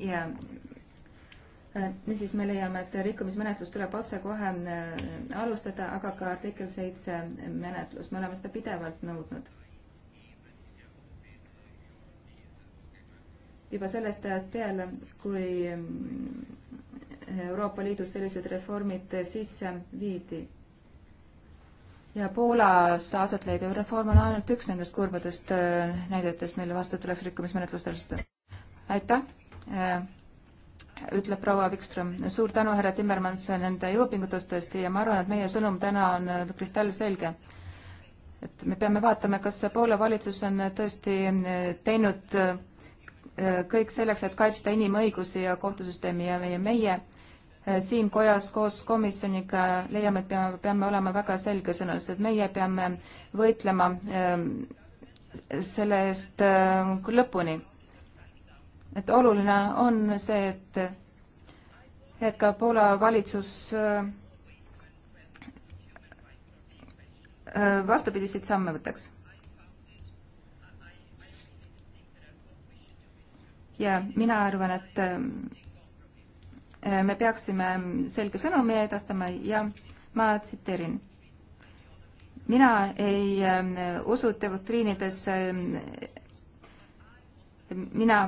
ja äh, niisiis me leiame, et rikkumismenetlus tuleb otsekohe äh, alustada, aga ka artikkel seitse menetlus, me oleme seda pidevalt nõudnud juba sellest ajast peale, kui mm, Euroopa Liidus sellised reformid sisse viidi. ja Poolas aset leidev reform on ainult üks nendest kurbadest äh, näidetest, mille vastu tuleks rikkumismenetlust alustada. aitäh, äh, ütleb proua Vikström. suur tänu, härra Timmermans, nende jõupingutustest ja ma arvan, et meie sõnum täna on äh, kristallselge et me peame vaatama, kas Poola valitsus on tõesti teinud Äh, kõik selleks, et kaitsta inimõigusi ja kohtusüsteemi ja meie, meie äh, siin kojas koos komisjoniga leiame, et peame, peame olema väga selgesõnalised, meie peame võitlema äh, selle eest lõpuni. et oluline on see, et, et ka Poola valitsus vastupidiseid samme võtaks ja mina arvan, et ähm, me peaksime selge sõnumi edastama ja ma tsiteerin. mina ei ähm, usu doktriinidesse, ähm, mina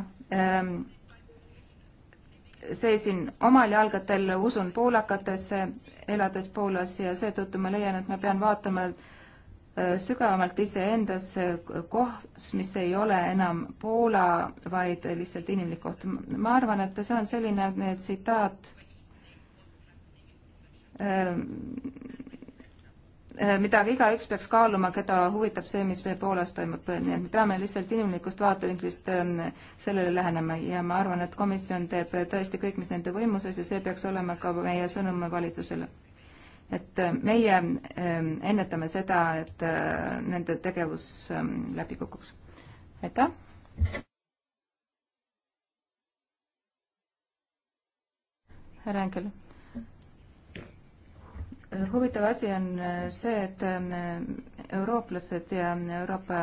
seisin omal jalgadel, usun poolakatesse, elades Poolas ja seetõttu ma leian, et ma pean vaatama, et Äh, sügavamalt iseendasse kohts, mis ei ole enam Poola, vaid lihtsalt inimlik koht. ma arvan, et see on selline tsitaat, ähm, äh, mida igaüks peaks kaaluma, keda huvitab see, mis meil Poolas toimub, nii et me peame lihtsalt inimlikust vaatevinklist ähm, sellele lähenema ja ma arvan, et komisjon teeb tõesti kõik, mis nende võimuses ja see peaks olema ka meie sõnum valitsusele et äh, meie ähm, ennetame seda, et äh, nende tegevus ähm, läbi kukuks. aitäh! härra Enkel. Äh, huvitav asi on see, et ähm, eurooplased ja Euroopa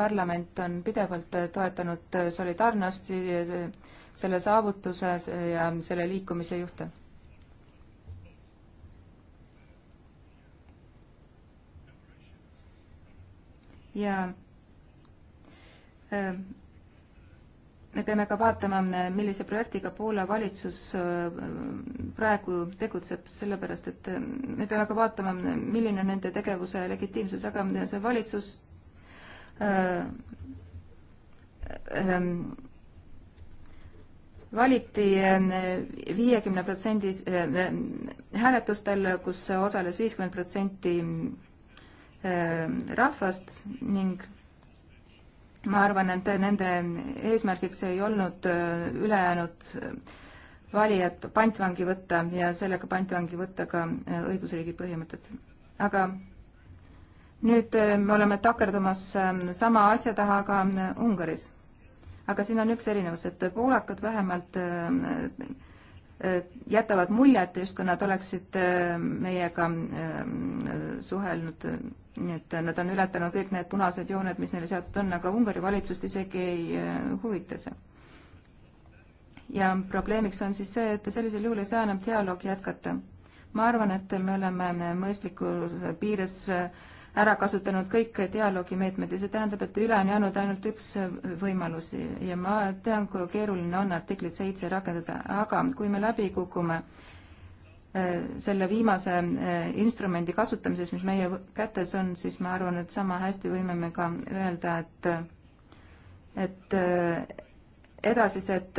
Parlament on pidevalt toetanud solidaarnosti selle saavutuse ja selle liikumise juhte ja äh, me peame ka vaatama, millise projektiga Poola valitsus äh, praegu tegutseb, sellepärast et äh, me peame ka vaatama, milline on nende tegevuse legitiimsus, aga see valitsus äh, äh, valiti viiekümne protsendi hääletustel, kus osales viiskümmend protsenti Äh, rahvast ning ma arvan, et nende eesmärgiks ei olnud äh, ülejäänud äh, valijad pantvangi võtta ja sellega pantvangi võtta ka õigusriigi põhimõtted. aga nüüd me oleme takerdumas sama asja taha ka Ungaris. aga siin on üks erinevus, et poolakad vähemalt Äh, jätavad mulje, et justkui nad oleksid äh, meiega äh, suhelnud, nii et nad on ületanud kõik need punased jooned, mis neile seatud on, aga Ungari valitsust isegi ei huvita see. ja probleemiks on siis see, et sellisel juhul ei saa enam dialoogi jätkata. ma arvan, et me oleme mõistlikkuse piires äh, ära kasutanud kõik dialoogimeetmed ja see tähendab, et üle on jäänud ainult üks võimalus ja ma tean, kui keeruline on artiklit seitse rakendada, aga kui me läbi kukume äh, selle viimase äh, instrumendi kasutamises, mis meie kätes on, siis ma arvan, et sama hästi võime me ka öelda, et et äh, edasised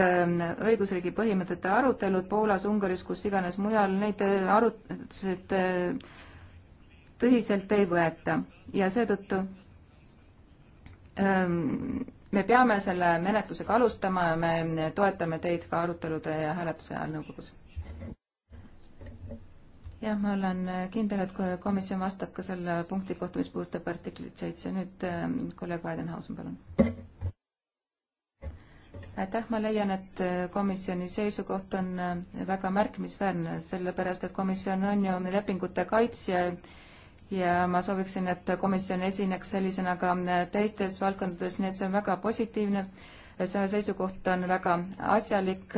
õigusriigi põhimõtete arutelud Poolas, Ungaris, kus iganes mujal, neid arutelusid tõsiselt ei võeta ja seetõttu ähm, me peame selle menetlusega alustama ja me toetame teid ka arutelude ja hääletuse ajal nõukogus. jah, ma olen kindel, et komisjon vastab ka selle punkti kohta, mis puudutab artiklit seitse. nüüd ähm, kolleeg Weidenhausen, palun aitäh, ma leian, et äh, komisjoni seisukoht on äh, väga märkimisväärne, sellepärast et komisjon on ju lepingute kaitsja ja ma sooviksin, et komisjon esineks sellisena ka teistes valdkondades, nii et see on väga positiivne. see seisukoht on väga asjalik,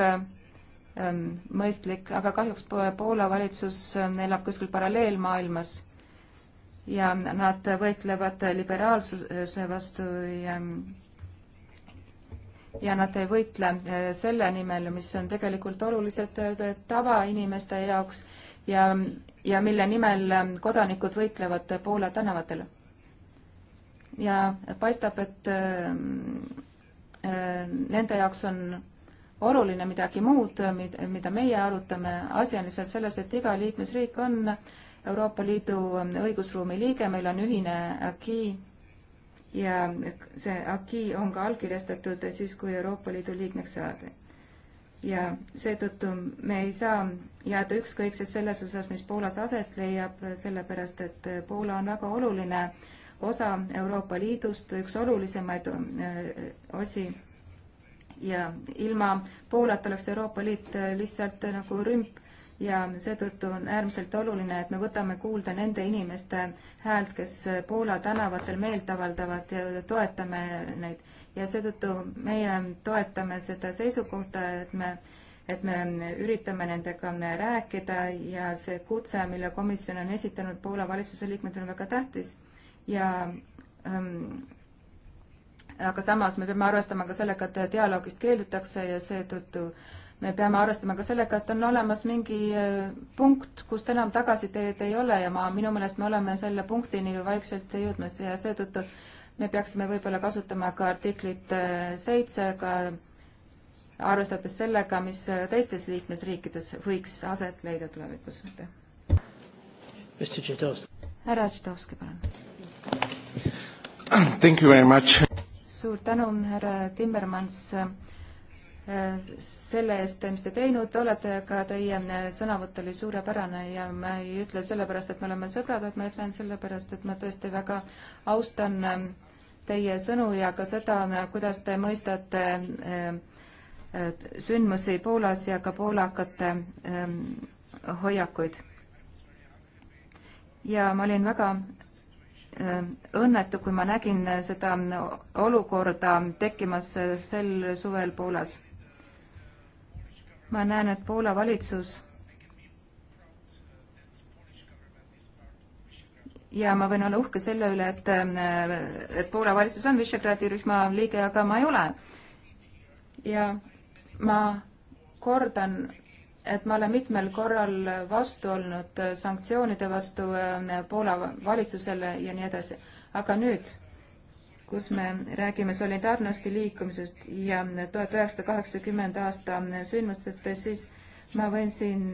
ähm, mõistlik, aga kahjuks Poola valitsus ähm, elab kuskil paralleelmaailmas ja nad võitlevad liberaalsuse vastu ja ja nad ei võitle äh, selle nimel, mis on tegelikult olulised äh, tavainimeste jaoks ja ja mille nimel ähm, kodanikud võitlevad Poola tänavatel. ja paistab, et ähm, ähm, nende jaoks on oluline midagi muud, mida meie arutame, asi on lihtsalt selles, et iga liikmesriik on Euroopa Liidu õigusruumi liige, meil on ühine AKI ja see AKI on ka allkirjastatud siis, kui Euroopa Liidu liikmeks saadi ja seetõttu me ei saa jääda ükskõikseks selles osas, mis Poolas aset leiab, sellepärast et Poola on väga oluline osa Euroopa Liidust, üks olulisemaid äh, osi. ja ilma Poolata oleks Euroopa Liit äh, lihtsalt äh, nagu rümp ja seetõttu on äärmiselt oluline, et me võtame kuulda nende inimeste häält, kes Poola tänavatel meelt avaldavad ja toetame neid ja seetõttu meie toetame seda seisukohta, et me, et me üritame nendega rääkida ja see kutse, mille komisjon on esitanud Poola valitsuse liikmetele, on väga tähtis ja ähm, aga samas me peame arvestama ka sellega, et dialoogist keeldutakse ja seetõttu me peame arvestama ka sellega, et on olemas mingi äh, punkt, kust enam tagasiteed ei ole ja ma, minu meelest me oleme selle punktini ju vaikselt jõudmas ja seetõttu me peaksime võib-olla kasutama ka artiklit äh, seitse, ka arvestades sellega, mis teistes liikmesriikides võiks aset leida tulevikus. härra Tšitovski, palun. Thank you very much. suur tänu, härra Timmermans, äh, selle eest, mis te teinud olete, ka teie äh, sõnavõtt oli suurepärane ja ma ei ütle sellepärast, et me oleme sõbrad, vaid ma ütlen sellepärast, et ma tõesti väga austan teie sõnu ja ka seda, kuidas te mõistate eh, eh, sündmusi Poolas ja ka poolakate eh, hoiakuid. ja ma olin väga õnnetu, kui ma nägin seda olukorda tekkimas sel suvel Poolas. ma näen, et Poola valitsus ja ma võin olla uhke selle üle, et, äh, et Poola valitsus on Visegradi rühma liige, aga ma ei ole. ja ma kordan, et ma olen mitmel korral vastu olnud äh, sanktsioonide vastu äh, Poola valitsusele ja nii edasi. aga nüüd, kus me räägime solidaarnosti liikumisest ja tuhat üheksasada kaheksakümmend aasta sündmustest, siis ma võin siin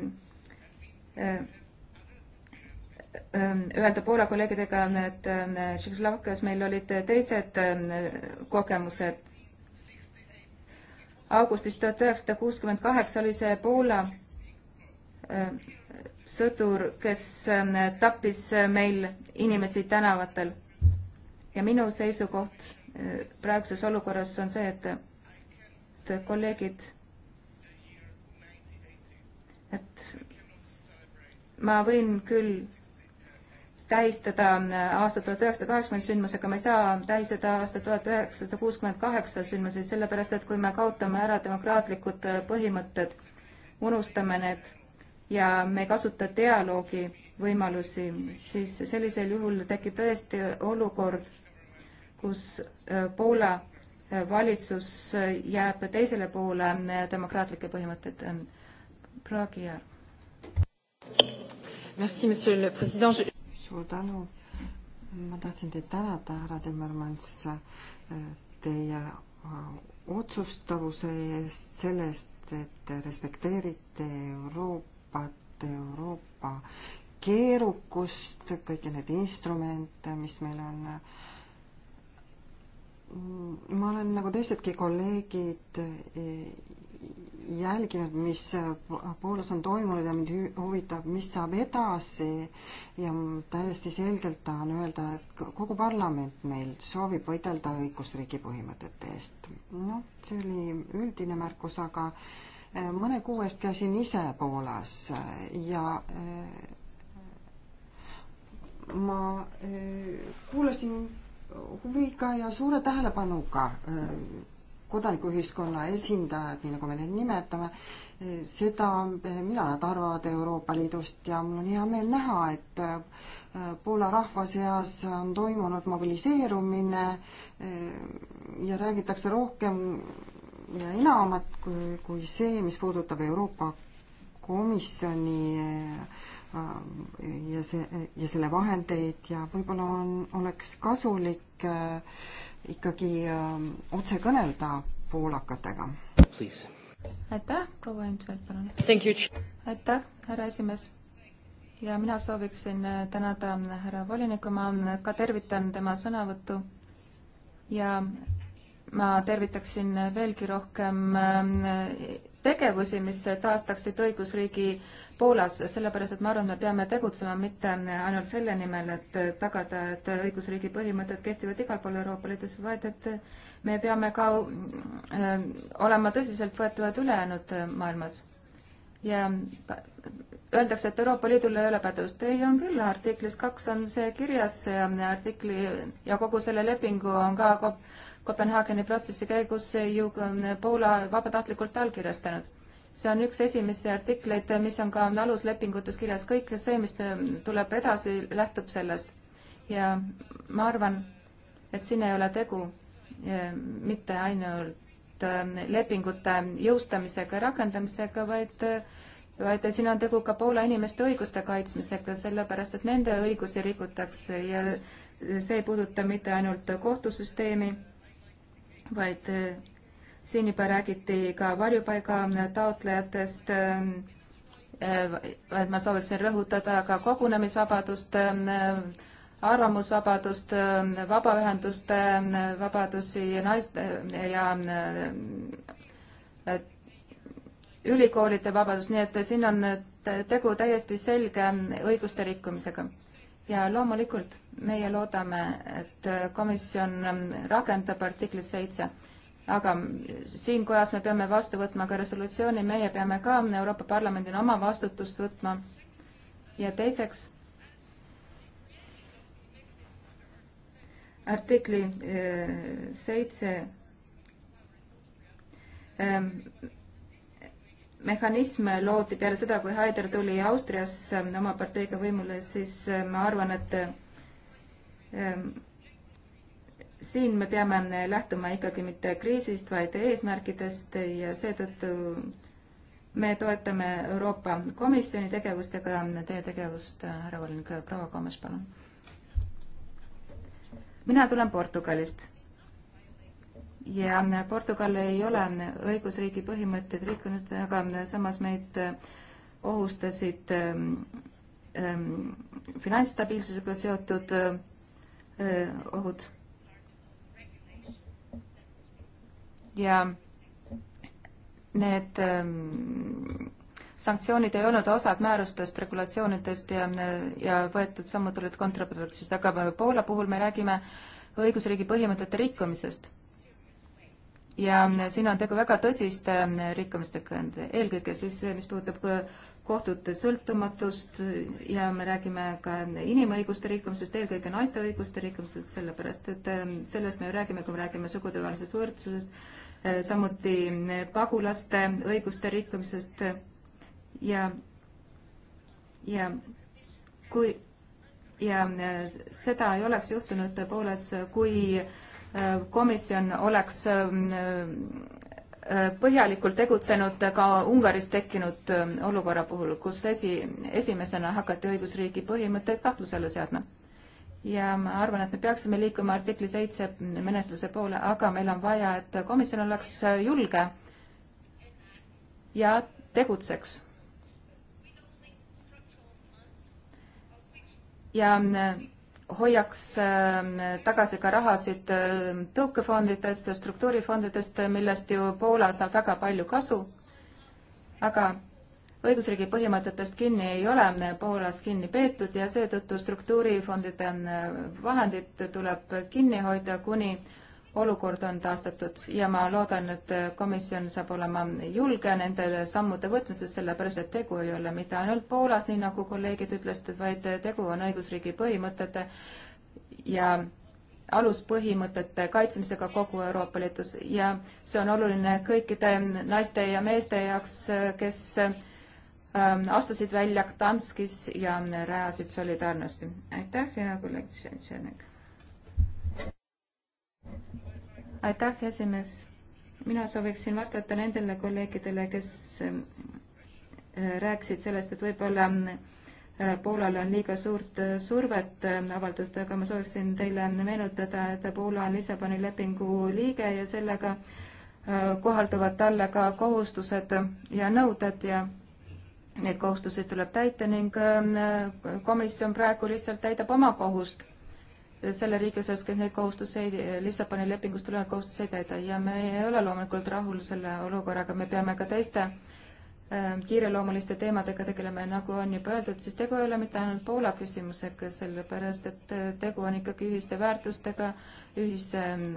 Ähm, öelda Poola kolleegidega, et ähm, Tšehhoslovakkias meil olid teised ähm, kogemused. augustis tuhat üheksasada kuuskümmend kaheksa oli see Poola sõdur, kes tappis äh, meil inimesi tänavatel. ja minu seisukoht äh, praeguses olukorras on see, et kolleegid, et ma võin küll tähistada äh, aastat tuhat üheksasada kaheksakümmend sündmus, aga me ei saa tähistada aastat tuhat üheksasada kuuskümmend kaheksa sündmusi, sellepärast et kui me kaotame ära demokraatlikud äh, põhimõtted, unustame need ja me ei kasuta dialoogi võimalusi, siis sellisel juhul tekib tõesti olukord, kus äh, Poola valitsus jääb teisele poole demokraatlikke põhimõtteid. Praagi ja. Merci, monsieur le président suur tänu. ma tahtsin teid tänada, härra Timmermans, teie äh, otsustavuse eest, selle eest, et te respekteerite Euroopat, Euroopa keerukust, kõiki neid instrumente, mis meil on. ma olen nagu teisedki kolleegid jälginud, mis Poolas on toimunud ja mind huvitab, mis saab edasi ja täiesti selgelt tahan öelda, et kogu parlament meil soovib võidelda õigusriigi põhimõtete eest. noh, see oli üldine märkus, aga e, mõne kuu eest käisin ise Poolas ja e, ma e, kuulasin huviga ja suure tähelepanuga kodanikuühiskonna esindajad, nii nagu me neid nimetame, seda, mida nad arvavad Euroopa Liidust ja mul on hea meel näha, et äh, Poola rahva seas on toimunud mobiliseerumine äh, ja räägitakse rohkem ja enamat kui, kui see, mis puudutab Euroopa Komisjoni äh, ja see, ja selle vahendeid ja võib-olla on, oleks kasulik äh, ikkagi ähm, otse kõnelda poolakatega. aitäh, proua Entvelt, palun. aitäh, härra esimees. ja mina sooviksin äh, tänada äh, härra volinikku, ma äh, ka tervitan tema sõnavõttu ja ma tervitaksin veelgi rohkem tegevusi, mis taastaksid õigusriigi Poolas, sellepärast et ma arvan, et me peame tegutsema mitte ainult selle nimel, et tagada, et õigusriigi põhimõtted kehtivad igal pool Euroopa Liidus, vaid et me peame ka äh, olema tõsiseltvõetavad ülejäänud maailmas ja öeldakse, et Euroopa Liidul ei ole pädevust. ei, on küll, artiklis kaks on see kirjas ja artikli ja kogu selle lepingu on ka Kop Kopenhaageni protsessi käigus ju ähm, Poola vabatahtlikult allkirjastanud. see on üks esimesi artikleid, mis on ka aluslepingutes kirjas, kõik see, mis ähm, tuleb edasi, lähtub sellest. ja ma arvan, et siin ei ole tegu äh, mitte ainult ainult ähm, lepingute jõustamisega ja rakendamisega, vaid vaid siin on tegu ka Poola inimeste õiguste kaitsmisega, sellepärast et nende õigusi rikutakse ja see ei puuduta mitte ainult kohtusüsteemi, vaid äh, siin juba räägiti ka varjupaiga taotlejatest, et ähm, äh, ma sooviksin rõhutada ka kogunemisvabadust, ähm, arvamusvabadust, vabaühenduste vabadusi ja naiste ja äh, ülikoolide vabadus, nii et siin on tegu täiesti selge õiguste rikkumisega. ja loomulikult meie loodame, et komisjon rakendab artiklit seitse, aga siin kojas me peame vastu võtma ka resolutsiooni, meie peame ka Euroopa Parlamendina oma vastutust võtma ja teiseks artikli e, seitse e, mehhanism loodi peale seda, kui Haider tuli Austriasse oma parteiga võimule, siis e, ma arvan, et siin me peame lähtuma ikkagi mitte kriisist, vaid eesmärkidest ja seetõttu me toetame Euroopa Komisjoni tegevust ja ka teie tegevust, härra volinik, proua Koomes, palun mina tulen Portugalist ja Portugal ei ole õigusriigi põhimõtteid rikkunud, aga samas meid äh, ohustasid ähm, ähm, finantsstabiilsusega seotud äh, ohud. ja need ähm, sanktsioonid ei olnud osad määrustest, regulatsioonidest ja, ja võetud sammud olid kontraproduktiivsed, aga Poola puhul me räägime õigusriigi põhimõtete rikkumisest. ja siin on tegu väga tõsiste rikkumistega, eelkõige siis, mis puudutab kohtute sõltumatust ja me räägime ka inimõiguste rikkumisest, eelkõige naiste õiguste rikkumisest, sellepärast et ähm, sellest me ju räägime, kui me räägime sugudevahelisest võrdsusest, äh, samuti pagulaste õiguste rikkumisest ja, ja kui ja äh, seda ei oleks juhtunud tõepoolest, kui äh, komisjon oleks ähm, äh, põhjalikult tegutsenud ka Ungaris tekkinud olukorra puhul, kus esi, esimesena hakati õigusriigi põhimõtteid kahtluse alla seadma. ja ma arvan, et me peaksime liikuma artikli seitse menetluse poole, aga meil on vaja, et komisjon oleks julge ja tegutseks ja äh, hoiaks äh, tagasi ka rahasid äh, tõukefondidest ja struktuurifondidest, millest ju Poola saab väga palju kasu. aga õigusriigi põhimõtetest kinni ei ole Poolas kinni peetud ja seetõttu struktuurifondide vahendid tuleb kinni hoida kuni olukord on taastatud ja ma loodan, et komisjon saab olema julge nende sammude võtmises, sellepärast et tegu ei ole mitte ainult Poolas, nii nagu kolleegid ütlesid, vaid tegu on õigusriigi põhimõtete ja aluspõhimõtete kaitsmisega kogu Euroopa Liidus ja see on oluline kõikide naiste ja meeste jaoks, kes ähm, astusid välja Gdanskis ja rajasid solidaarnosti. aitäh, hea kolleeg Tšetšenek! aitäh, esimees. mina sooviksin vastata nendele kolleegidele, kes äh, rääkisid sellest, et võib-olla äh, Poolal on liiga suurt äh, survet avaldatud, aga ma sooviksin teile meenutada, et Poola on Lissaboni lepingu liige ja sellega kohalduvad talle ka kohustused ja nõuded ja need kohustused tuleb täita ning komisjon praegu lihtsalt täidab oma kohust selle riigi osas, kes neid kohustuseid, Lissaboni lepingust tulenevaid kohustusi ei täida ja me ei ole loomulikult rahul selle olukorraga, me peame ka teiste ähm, kiireloomuliste teemadega tegeleme, nagu on juba öeldud, siis tegu ei ole mitte ainult Poola küsimusega, sellepärast et äh, tegu on ikkagi ühiste väärtustega, ühise ähm,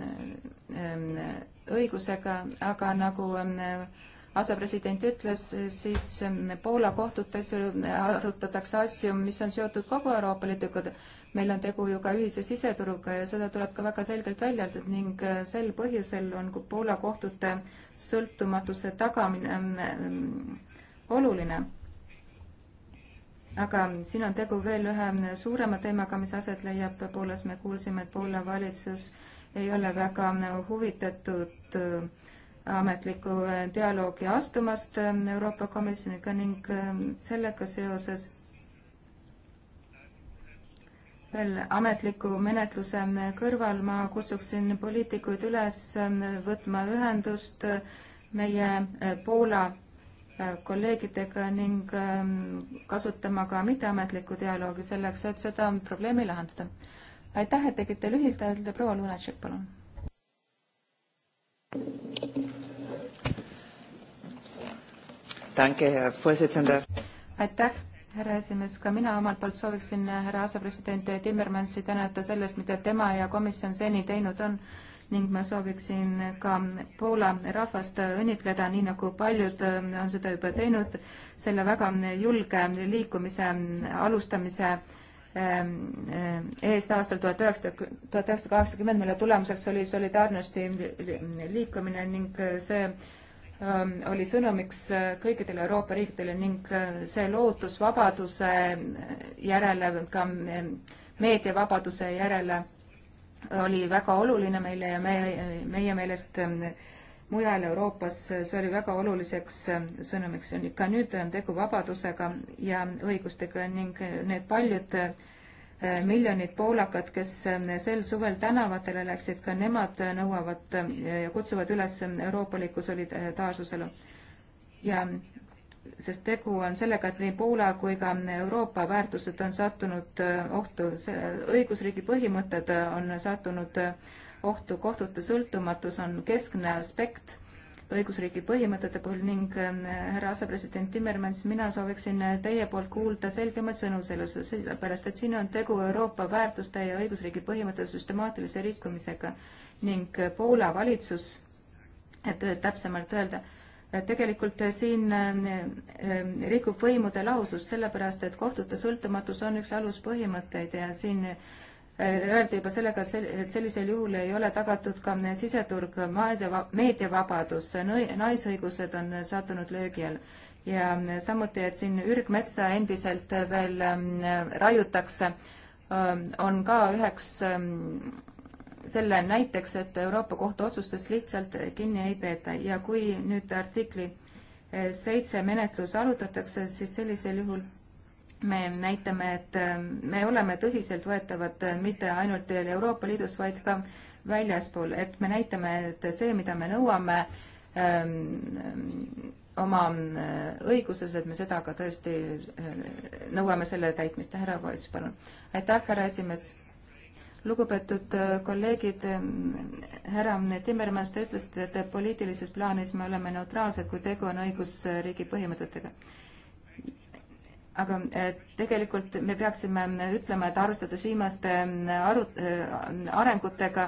ähm, õigusega, aga nagu asepresident ütles, siis Poola kohtutes ju arutatakse asju, mis on seotud kogu Euroopa Liiduga meil on tegu ju ka ühise siseturuga ja seda tuleb ka väga selgelt välja öeldud ning äh, sel põhjusel on Poola kohtute sõltumatuse tagamine mm, mm, oluline. aga siin on tegu veel ühe mm, suurema teemaga, mis aset leiab Poolas. me kuulsime, et Poola valitsus ei ole väga huvitatud äh, ametliku äh, dialoogi astumast Euroopa Komisjoniga ning sellega seoses veel ametliku menetluse kõrval ma kutsuksin poliitikuid üles ähm, võtma ühendust äh, meie äh, Poola äh, kolleegidega ning ähm, kasutama ka mitteametlikku dialoogi selleks, et seda probleemi lahendada. aitäh, et tegite lühidalt, proua Lunatšik, palun. aitäh härra esimees, ka mina omalt poolt sooviksin härra asepresident Timmermansi tänada sellest, mida tema ja komisjon seni teinud on ning ma sooviksin ka Poola rahvast õnnitleda, nii nagu paljud äh, on seda juba teinud, selle väga julge liikumise alustamise ähm, äh, eest aastal tuhat üheksasada, tuhat üheksasada kaheksakümmend, mille tulemuseks oli solidaarnosti liikumine ning äh, see Ähm, oli sõnumiks äh, kõikidele Euroopa riikidele ning äh, see lootus vabaduse äh, järele, ka ähm, meediavabaduse järele oli väga oluline meile ja me, meie meelest ähm, mujal Euroopas see oli väga oluliseks sõnumiks. ka nüüd on tegu vabadusega ja õigustega ning need paljud miljonid poolakad, kes ähm, sel suvel tänavatele läksid, ka nemad nõuavad äh, ja kutsuvad üles ähm, euroopalikku solidaarsusele. ja sest tegu on sellega, et nii Poola kui ka ähm, Euroopa väärtused on sattunud äh, ohtu, äh, õigusriigi põhimõtted on sattunud ohtu, kohtute sõltumatus on keskne aspekt õigusriigi põhimõtete puhul ning ähm, härra asepresident Timmermans, mina sooviksin äh, teie poolt kuulda selgemaid sõnu selles, sellepärast et siin on tegu Euroopa väärtuste ja õigusriigi põhimõtete süstemaatilise rikkumisega ning äh, Poola valitsus, et äh, täpsemalt öelda, tegelikult siin ähm, ähm, rikub võimude lahusus, sellepärast et kohtute sõltumatus on üks aluspõhimõtteid ja siin öeldi juba sellega, et sel-, et sellisel juhul ei ole tagatud ka siseturg, meedia, meediavabadus, naisõigused on sattunud löögi all. ja samuti, et siin ürgmetsa endiselt veel ähm, raiutakse, ähm, on ka üheks ähm, selle näiteks, et Euroopa Kohtu otsustest lihtsalt kinni ei peeta ja kui nüüd artikli äh, seitse menetlus arutatakse, siis sellisel juhul me näitame, et ähm, me oleme tõsiseltvõetavad äh, mitte ainult Euroopa Liidus, vaid ka väljaspool, et me näitame, et see, mida me nõuame öö, ähm, ähm, oma äh, õiguses, et me seda ka tõesti äh, nõuame selle täitmist. härra Poiss, palun. aitäh, härra esimees. lugupeetud kolleegid, härra Timmermann, te ütlesite, et poliitilises plaanis me oleme neutraalsed, kui tegu on õigusriigi põhimõtetega aga eh, tegelikult me peaksime ütlema, et arvestades viimaste eh, aru, eh, arengutega,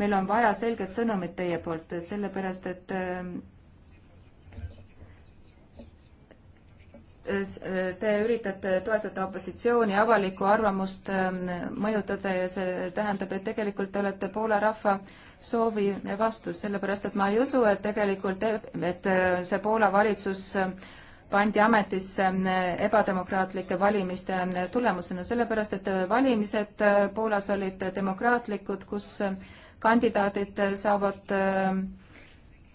meil on vaja selget sõnumit teie poolt, sellepärast et te üritate toetada opositsiooni, avalikku arvamust mõjutada ja see tähendab, et tegelikult te olete Poola rahva soovi vastu, sellepärast et ma ei usu, et tegelikult, et see Poola valitsus pandi ametisse ähm, ebademokraatlike valimiste ähm, tulemusena, sellepärast et äh, valimised äh, Poolas olid demokraatlikud, kus ähm, kandidaadid äh, saavad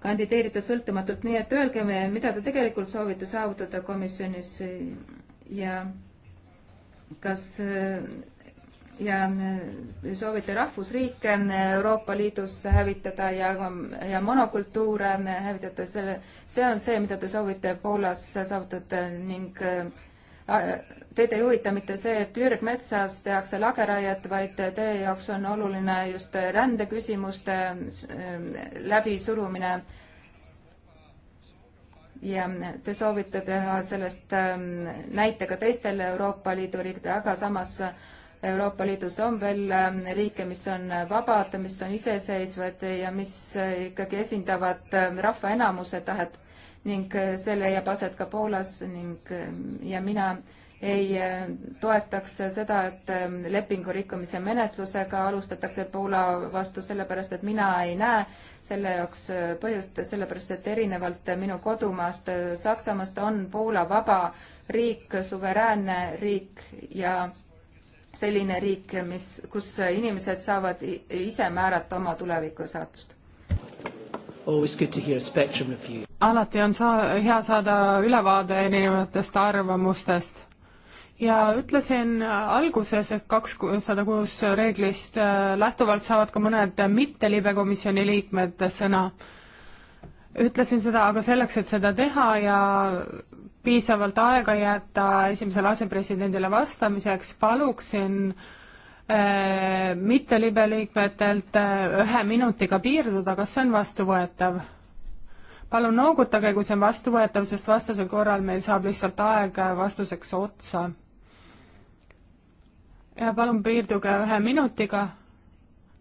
kandideerida sõltumatult, nii et öelge, mida te tegelikult soovite saavutada komisjonis ja kas ja soovite rahvusriike Euroopa Liidus hävitada ja, ja monokultuure hävitada, selle, see on see, mida te soovite Poolas saavutada ning äh, Teid ei huvita mitte see, et ürgmetsas tehakse lageraiet, vaid teie jaoks on oluline just rändeküsimuste äh, läbisurumine ja te soovite teha sellest ähm, näite ka teistele Euroopa Liidu riikidele, aga samas Euroopa Liidus on veel ähm, riike, mis on äh, vabad, mis on iseseisvad ja mis äh, ikkagi esindavad ähm, rahva enamuse tahet ning äh, see leiab aset ka Poolas ning ähm, ja mina ei toetaks seda, et lepingu rikkumise menetlusega alustatakse Poola vastu, sellepärast et mina ei näe selle jaoks põhjust, sellepärast et erinevalt minu kodumaast Saksamaast on Poola vaba riik, suveräänne riik ja selline riik, mis, kus inimesed saavad ise määrata oma tuleviku saatust. alati on saa-, hea saada ülevaade erinevatest arvamustest. ja ütlesin alguses, et kakssada kuus reeglist äh, lähtuvalt saavad ka mõned mittelibekomisjoni liikmed sõna ütlesin seda aga selleks, et seda teha ja piisavalt aega jätta esimesele asepresidendile vastamiseks, paluksin äh, mitte libeliikmetelt äh, ühe minutiga piirduda, kas see on vastuvõetav? palun noogutage, kui see on vastuvõetav, sest vastasel korral meil saab lihtsalt aeg vastuseks otsa. ja palun piirduge ühe minutiga.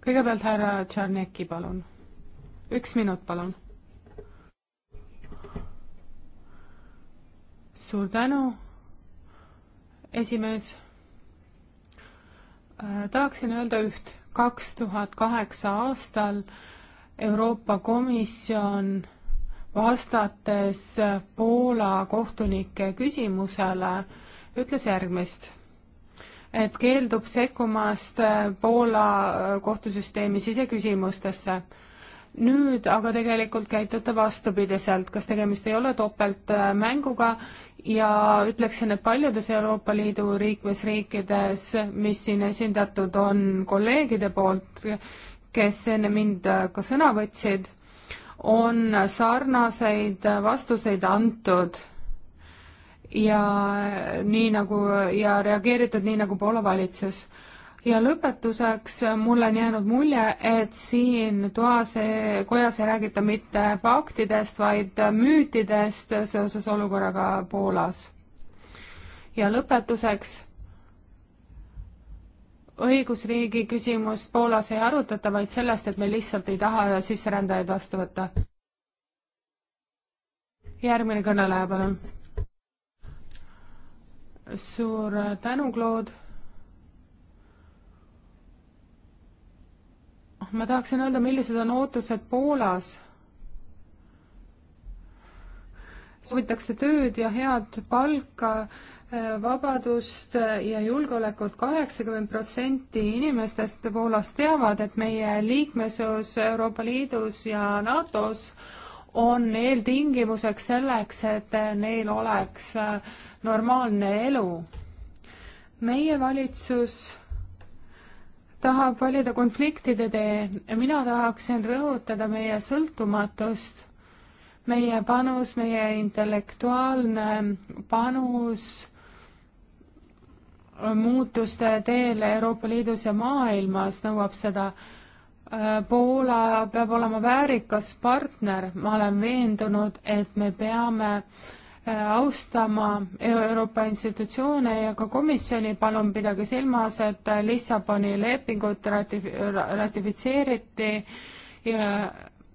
kõigepealt härra Tšernecki, palun. üks minut, palun suur tänu, esimees. Äh, tahaksin öelda üht, kaks tuhat kaheksa aastal Euroopa Komisjon vastates Poola kohtunike küsimusele ütles järgmist, et keeldub sekkumast Poola kohtusüsteemi siseküsimustesse nüüd aga tegelikult käitute vastupidiselt, kas tegemist ei ole topeltmänguga ja ütleksin, et paljudes Euroopa Liidu liikmesriikides, mis siin esindatud on kolleegide poolt, kes enne mind ka sõna võtsid, on sarnaseid vastuseid antud ja nii nagu, ja reageeritud nii, nagu Poola valitsus ja lõpetuseks mulle on jäänud mulje, et siin toas, kojas ei räägita mitte faktidest, vaid müütidest seoses olukorraga Poolas. ja lõpetuseks õigusriigi küsimust Poolas ei arutata, vaid sellest, et me lihtsalt ei taha sisserändajaid vastu võtta. järgmine kõneleja, palun. suur tänu, Claude ma tahaksin öelda, millised on ootused Poolas. soovitakse tööd ja head palka, vabadust ja julgeolekut. kaheksakümmend protsenti inimestest Poolas teavad, et meie liikmesus Euroopa Liidus ja NATO-s on eeltingimuseks selleks, et neil oleks normaalne elu. meie valitsus tahab valida konfliktide tee. mina tahaksin rõhutada meie sõltumatust, meie panus, meie intellektuaalne panus muutuste teel Euroopa Liidus ja maailmas nõuab seda. Äh, Poola peab olema väärikas partner, ma olen veendunud, et me peame äh, austama Euroopa institutsioone ja ka komisjoni, palun pidage silmas, et Lissaboni lepingut ratif-, ratifitseeriti ja,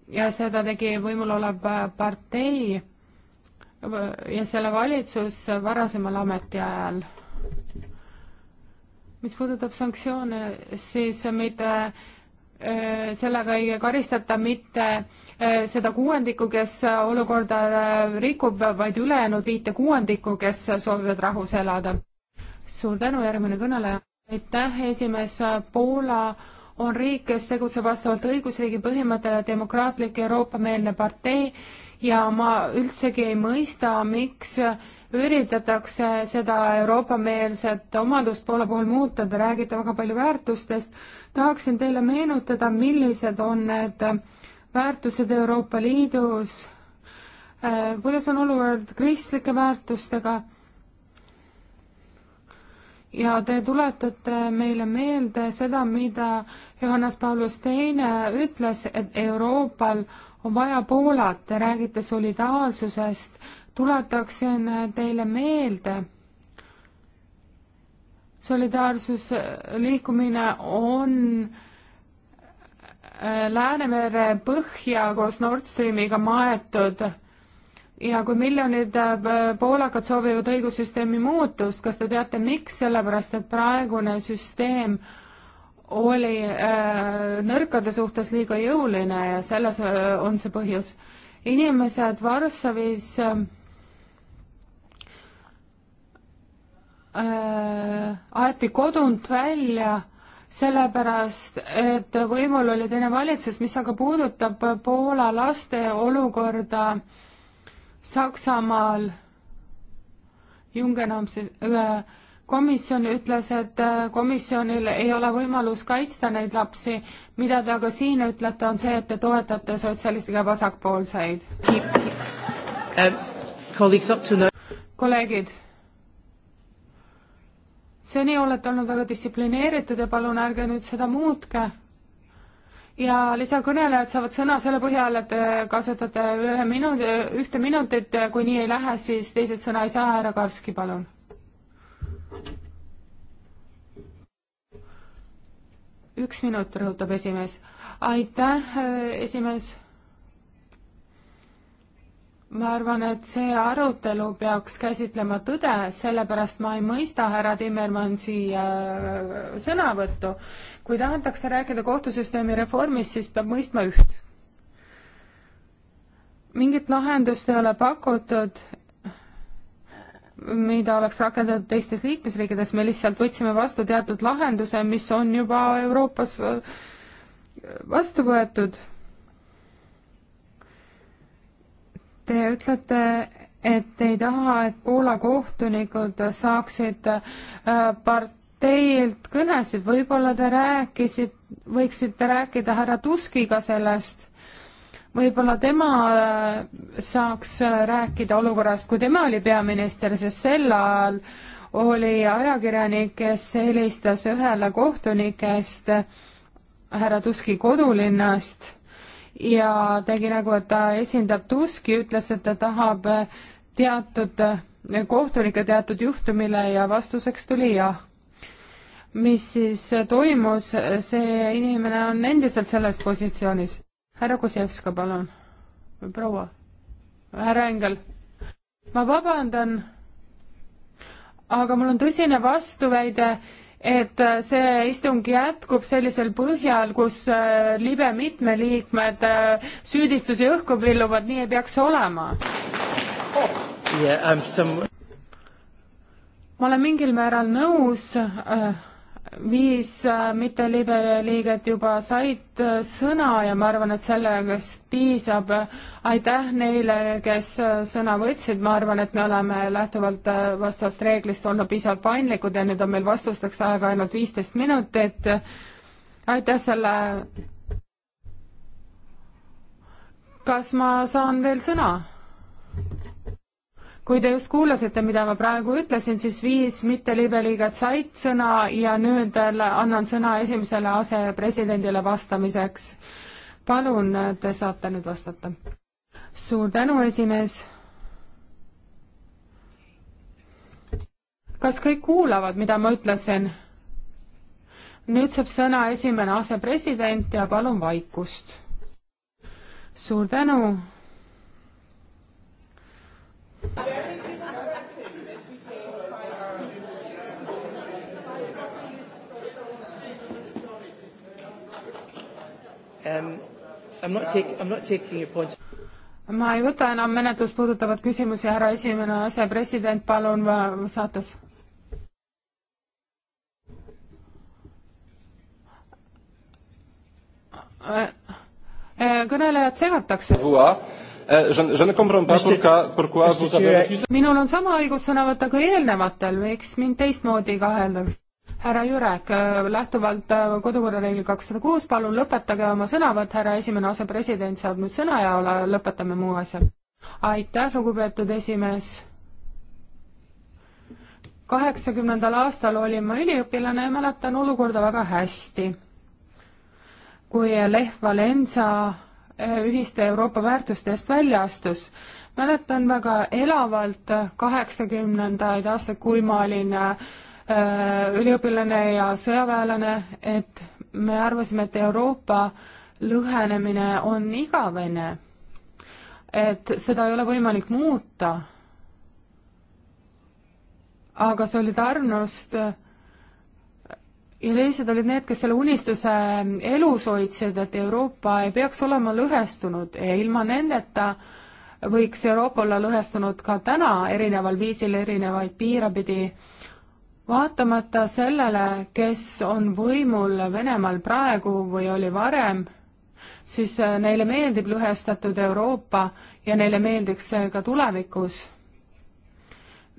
ja seda tegi võimul olev partei ja selle valitsus varasemal ametiajal. mis puudutab sanktsioone, siis mitte Äh, sellega ei karistata mitte äh, seda kuuendikku, kes äh, olukorda rikub, vaid ülejäänud viite kuuendikku, kes soovivad rahus elada. suur tänu, järgmine kõneleja. aitäh, esimees Poola on riik, kes tegutseb vastavalt õigusriigi põhimõttele, demokraatlik Euroopa-meelne partei ja ma üldsegi ei mõista, miks äh, üritatakse seda Euroopa-meelset omadust poole puhul muuta, te räägite väga palju väärtustest, tahaksin teile meenutada, millised on need väärtused Euroopa Liidus, kuidas on olukord kristlike väärtustega ja te tuletate meile meelde seda, mida Johannes Paulus teine ütles, et Euroopal on vaja Poolat, te räägite solidaarsusest tuletaksin teile meelde, solidaarsusliikumine on äh, Läänemere põhja koos Nord Streamiga maetud ja kui miljonid äh, poolakad soovivad õigussüsteemi muutust, kas te teate, miks, sellepärast et praegune süsteem oli äh, nõrkade suhtes liiga jõuline ja selles on see põhjus. inimesed Varssavis Äh, aeti kodunt välja sellepärast, et võimul oli teine valitsus, mis aga puudutab Poola laste olukorda Saksamaal. Jungenam siis äh, komisjon ütles, et äh, komisjonil ei ole võimalus kaitsta neid lapsi. mida te aga siin ütlete, on see, et te toetate sotsialistlikke vasakpoolseid. Um, kolleegid seni olete olnud väga distsiplineeritud ja palun ärge nüüd seda muutke. ja lisakõnelejad saavad sõna selle põhjal, et te kasutate ühe minuti, ühte minutit, kui nii ei lähe, siis teised sõna ei saa, härra Karski, palun. üks minut, rõhutab esimees. aitäh, esimees ma arvan, et see arutelu peaks käsitlema tõde, sellepärast ma ei mõista härra Timmermansi äh, sõnavõttu. kui tahetakse rääkida kohtusüsteemi reformist, siis peab mõistma üht. mingit lahendust ei ole pakutud, mida oleks rakendatud teistes liikmesriikides, me lihtsalt võtsime vastu teatud lahenduse, mis on juba Euroopas äh, vastu võetud Te ütlete, et ei taha, et Poola kohtunikud saaksid äh, parteilt kõnesid, võib-olla te rääkisid, võiksite rääkida härra Tuskiga sellest, võib-olla tema äh, saaks äh, rääkida olukorrast, kui tema oli peaminister, sest sel ajal oli ajakirjanik, kes helistas ühele kohtunikest härra Tuski kodulinnast ja tegi nagu, et ta esindab Tuski, ütles, et ta tahab teatud kohtunike teatud juhtumile ja vastuseks tuli jah. mis siis toimus, see inimene on endiselt selles positsioonis. härra Kusjevska, palun. või proua. härra Engel. ma vabandan, aga mul on tõsine vastuväide et äh, see istung jätkub sellisel põhjal, kus äh, libe mitmeliikmed äh, süüdistusi õhku pilluvad, nii ei peaks olema oh, yeah,. Some... ma olen mingil määral nõus äh, viis äh, mitte libeliiget juba said äh, sõna ja ma arvan, et sellest piisab. aitäh neile, kes äh, sõna võtsid, ma arvan, et me oleme lähtuvalt vastavast reeglist olnud piisavalt paindlikud ja nüüd on meil vastusteks aega ainult viisteist minutit. aitäh selle. kas ma saan veel sõna? kui te just kuulasite, mida ma praegu ütlesin, siis viis mitteliberaliigat said sõna ja nüüd annan sõna esimesele asepresidendile vastamiseks. palun, te saate nüüd vastata. suur tänu, esimees. kas kõik kuulavad, mida ma ütlesin? nüüd saab sõna esimene asepresident ja palun vaikust. suur tänu Um, I'm not taking, I'm not taking your points ma ei võta enam menetlust puudutavat küsimusi, härra esimene asepresident, palun saates. Äh, äh, kõnelejad segatakse. E, minul on sama õigus sõna võtta kui eelnevatel, miks mind teistmoodi kaheldakse? härra Jürek, e, lähtuvalt e, kodukorra reegli kakssada kuus, palun lõpetage oma sõnavõtt, härra esimene asepresident saab nüüd sõna ja ole, lõpetame muu asja. aitäh, lugupeetud esimees. kaheksakümnendal aastal olin ma üliõpilane ja mäletan olukorda väga hästi. kui Lech Valensa ühiste Euroopa väärtuste eest välja astus. mäletan väga elavalt kaheksakümnendaid aastaid, kui ma olin äh, üliõpilane ja sõjaväelane, et me arvasime, et Euroopa lõhenemine on igavene, et seda ei ole võimalik muuta. aga solidaarnust äh, ja teised olid need, kes selle unistuse elus hoidsid, et Euroopa ei peaks olema lõhestunud ja ilma nendeta võiks Euroopa olla lõhestunud ka täna erineval viisil erinevaid piire pidi, vaatamata sellele, kes on võimul Venemaal praegu või oli varem, siis neile meeldib lõhestatud Euroopa ja neile meeldiks see ka tulevikus.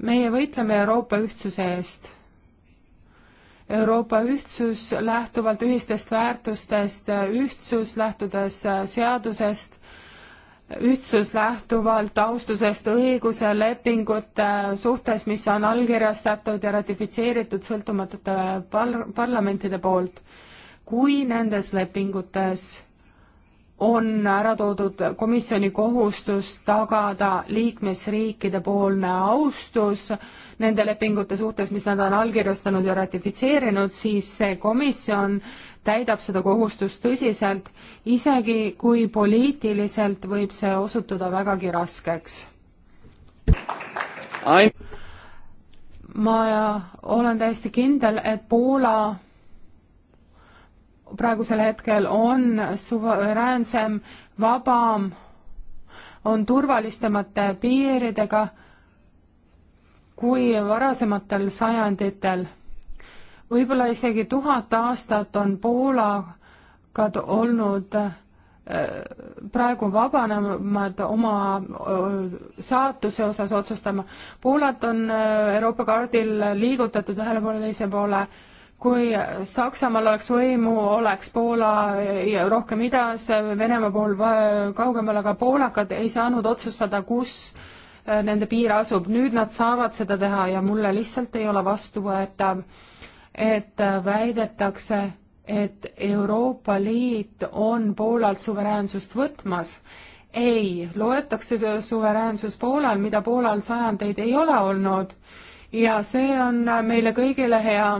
meie võitleme Euroopa ühtsuse eest Euroopa ühtsus lähtuvalt ühistest väärtustest, ühtsus lähtudes seadusest, ühtsus lähtuvalt austusest õiguse lepingute suhtes, mis on allkirjastatud ja ratifitseeritud sõltumatute par-, parlamentide poolt. kui nendes lepingutes on ära toodud komisjoni kohustus tagada liikmesriikide poolne austus nende lepingute suhtes, mis nad on allkirjastanud ja ratifitseerinud, siis see komisjon täidab seda kohustust tõsiselt, isegi kui poliitiliselt võib see osutuda vägagi raskeks. ma olen täiesti kindel, et Poola praegusel hetkel on suveräänsem, vabam, on turvalisemate piiridega kui varasematel sajanditel. võib-olla isegi tuhat aastat on Poolaga olnud äh, praegu vabanemad oma äh, saatuse osas otsustama. Poolat on äh, Euroopa kaardil liigutatud ühele poole, teise poole kui Saksamaal oleks võimu, oleks Poola rohkem idas, Venemaa pool kaugemal, aga poolakad ei saanud otsustada, kus äh, nende piir asub. nüüd nad saavad seda teha ja mulle lihtsalt ei ole vastuvõetav, et äh, väidetakse, et Euroopa Liit on Poolalt suveräänsust võtmas. ei, loetakse suveräänsus Poolal, mida Poolal sajandeid ei ole olnud ja see on äh, meile kõigile hea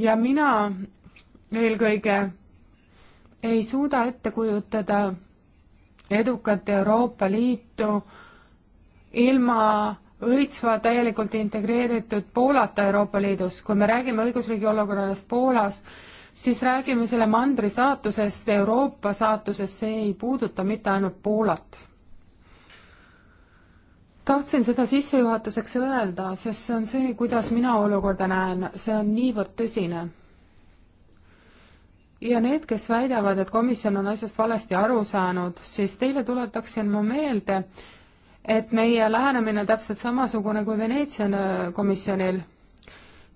ja mina eelkõige ei suuda ette kujutada edukat Euroopa Liitu ilma õitsva täielikult integreeritud Poolata Euroopa Liidus. kui me räägime õigusriigi olukorrast Poolas, siis räägime selle mandri saatusest, Euroopa saatusest, see ei puuduta mitte ainult Poolat tahtsin seda sissejuhatuseks öelda, sest see on see, kuidas mina olukorda näen, see on niivõrd tõsine. ja need, kes väidavad, et komisjon on asjast valesti aru saanud, siis teile tuletaksin ma meelde, et meie lähenemine täpselt samasugune kui Veneetsia komisjonil,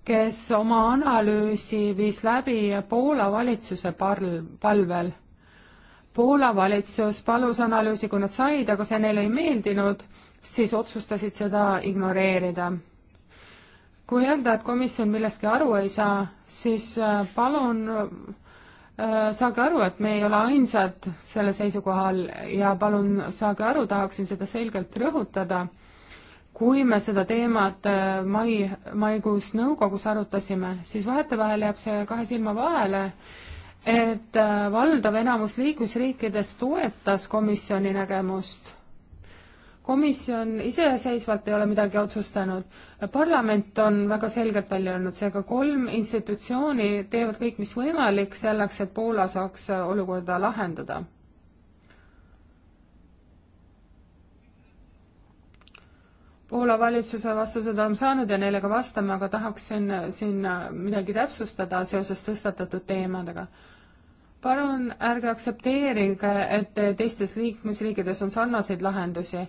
kes oma analüüsi viis läbi Poola valitsuse pal-, palvel. Poola valitsus palus analüüsi, kui nad said, aga see neile ei meeldinud siis otsustasid seda ignoreerida. kui öelda, et komisjon millestki aru ei saa, siis äh, palun äh, saage aru, et me ei ole ainsad selle seisukoha all ja palun saage aru, tahaksin seda selgelt rõhutada, kui me seda teemat äh, mai, maikuus nõukogus arutasime, siis vahetevahel jääb see kahe silma vahele, et valdav enamus liikmesriikides toetas komisjoni nägemust komisjon iseseisvalt ei ole midagi otsustanud. parlament on väga selgelt välja öelnud, seega kolm institutsiooni teevad kõik, mis võimalik selleks, et Poola saaks olukorda lahendada. Poola valitsuse vastused oleme saanud ja neile ka vastame, aga tahaksin siin midagi täpsustada seoses tõstatatud teemadega palun ärge aktsepteerige, et teistes liikmesriikides on sarnaseid lahendusi.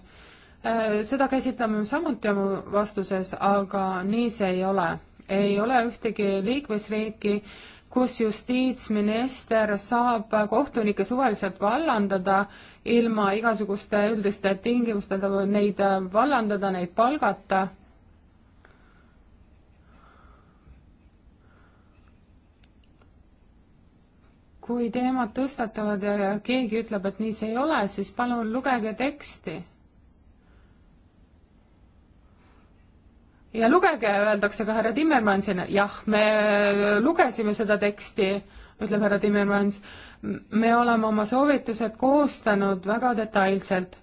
Äh, seda käsitleme samuti oma vastuses, aga nii see ei ole. ei ole ühtegi liikmesriiki, kus justiitsminister saab kohtunikke suvaliselt vallandada ilma igasuguste üldiste tingimusteta, neid vallandada, neid palgata. kui teemad tõstatavad ja keegi ütleb, et nii see ei ole, siis palun lugege teksti ja lugege, öeldakse ka härra Timmermansile, jah, me lugesime seda teksti, ütleb härra Timmermans, me oleme oma soovitused koostanud väga detailselt.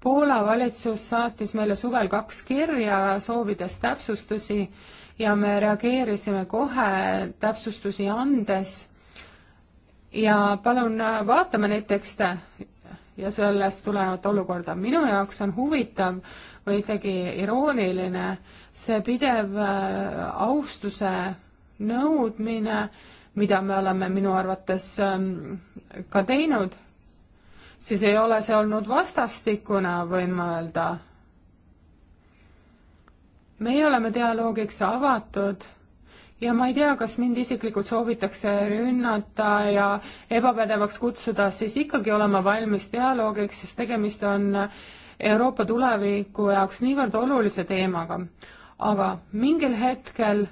Poola valitsus saatis meile suvel kaks kirja, soovides täpsustusi ja me reageerisime kohe täpsustusi andes. ja palun äh, vaatame neid tekste ja sellest tulenevat olukorda. minu jaoks on huvitav või isegi irooniline, see pidev äh, austuse nõudmine, mida me oleme minu arvates ähm, ka teinud, siis ei ole see olnud vastastikuna, võin ma öelda. meie oleme dialoogiks avatud ja ma ei tea, kas mind isiklikult soovitakse rünnata ja ebapädevaks kutsuda, siis ikkagi olema valmis dialoogiks, sest tegemist on äh, Euroopa tuleviku jaoks niivõrd olulise teemaga. aga mingil hetkel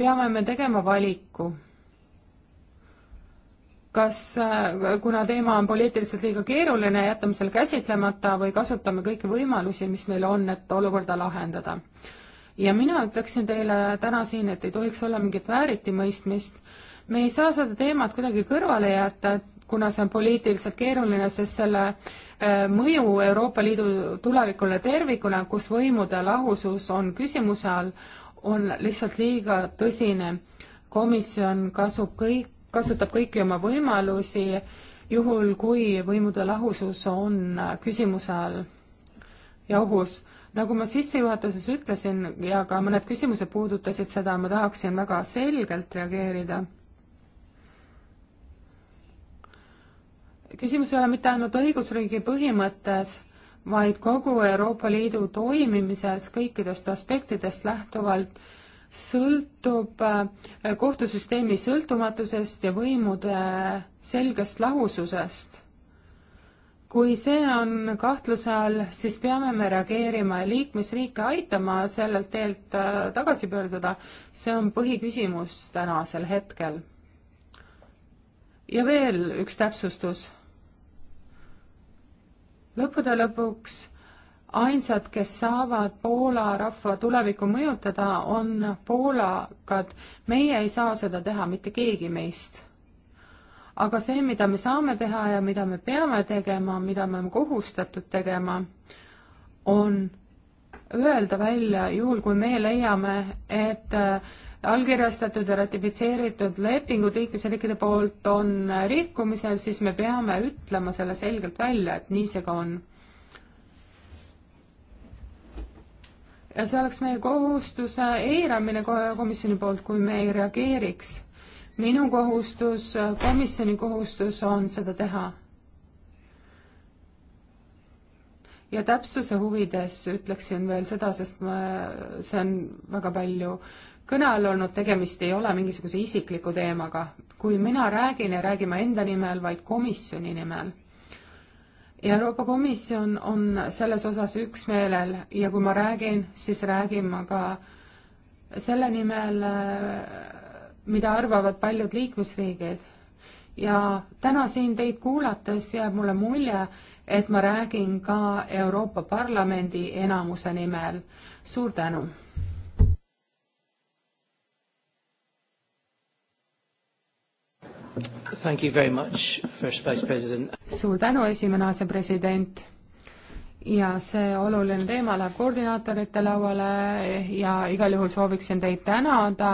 peame me tegema valiku. kas, äh, kuna teema on poliitiliselt liiga keeruline, jätame selle käsitlemata või kasutame kõiki võimalusi, mis meil on, et olukorda lahendada. ja mina ütleksin teile täna siin, et ei tohiks olla mingit vääritimõistmist me ei saa seda teemat kuidagi kõrvale jätta, kuna see on poliitiliselt keeruline, sest selle äh, mõju Euroopa Liidu tulevikule tervikuna, kus võimude lahusus on küsimuse all, on lihtsalt liiga tõsine. komisjon kasub kõik, kasutab kõiki oma võimalusi, juhul kui võimude lahusus on äh, küsimuse all ja ohus. nagu ma sissejuhatuses ütlesin ja ka mõned küsimused puudutasid seda, ma tahaksin väga selgelt reageerida küsimus ei ole mitte ainult õigusriigi põhimõttes, vaid kogu Euroopa Liidu toimimises kõikidest aspektidest lähtuvalt sõltub äh, kohtusüsteemi sõltumatusest ja võimude selgest lahususest. kui see on kahtluse all, siis peame me reageerima ja liikmesriike aitama sellelt teelt äh, tagasi pöörduda. see on põhiküsimus tänasel hetkel. ja veel üks täpsustus lõppude lõpuks ainsad, kes saavad Poola rahva tulevikku mõjutada, on poolakad. meie ei saa seda teha, mitte keegi meist. aga see, mida me saame teha ja mida me peame tegema, mida me oleme kohustatud tegema, on öelda välja, juhul kui meie leiame, et äh, allkirjastatud ja ratifitseeritud lepingud liikmesriikide poolt on rikkumisel, siis me peame ütlema selle selgelt välja, et nii see ka on. ja see oleks meie kohustuse eiramine komisjoni poolt, kui me ei reageeriks. minu kohustus, komisjoni kohustus on seda teha. ja täpsuse huvides ütleksin veel seda, sest ma, see on väga palju äh, kõne all olnud tegemist ei ole mingisuguse isikliku teemaga. kui mina räägin, ei räägi ma enda nimel, vaid komisjoni nimel. Euroopa Komisjon on selles osas üksmeelel ja kui ma räägin, siis räägin ma ka selle nimel, äh, mida arvavad paljud liikmesriigid. ja täna siin teid kuulates jääb mulle mulje, et ma räägin ka Euroopa Parlamendi enamuse nimel. suur tänu! Thank you very much, First Vice President. suur tänu, esimene asepresident. ja see oluline teema läheb koordinaatorite lauale ja igal juhul sooviksin teid tänada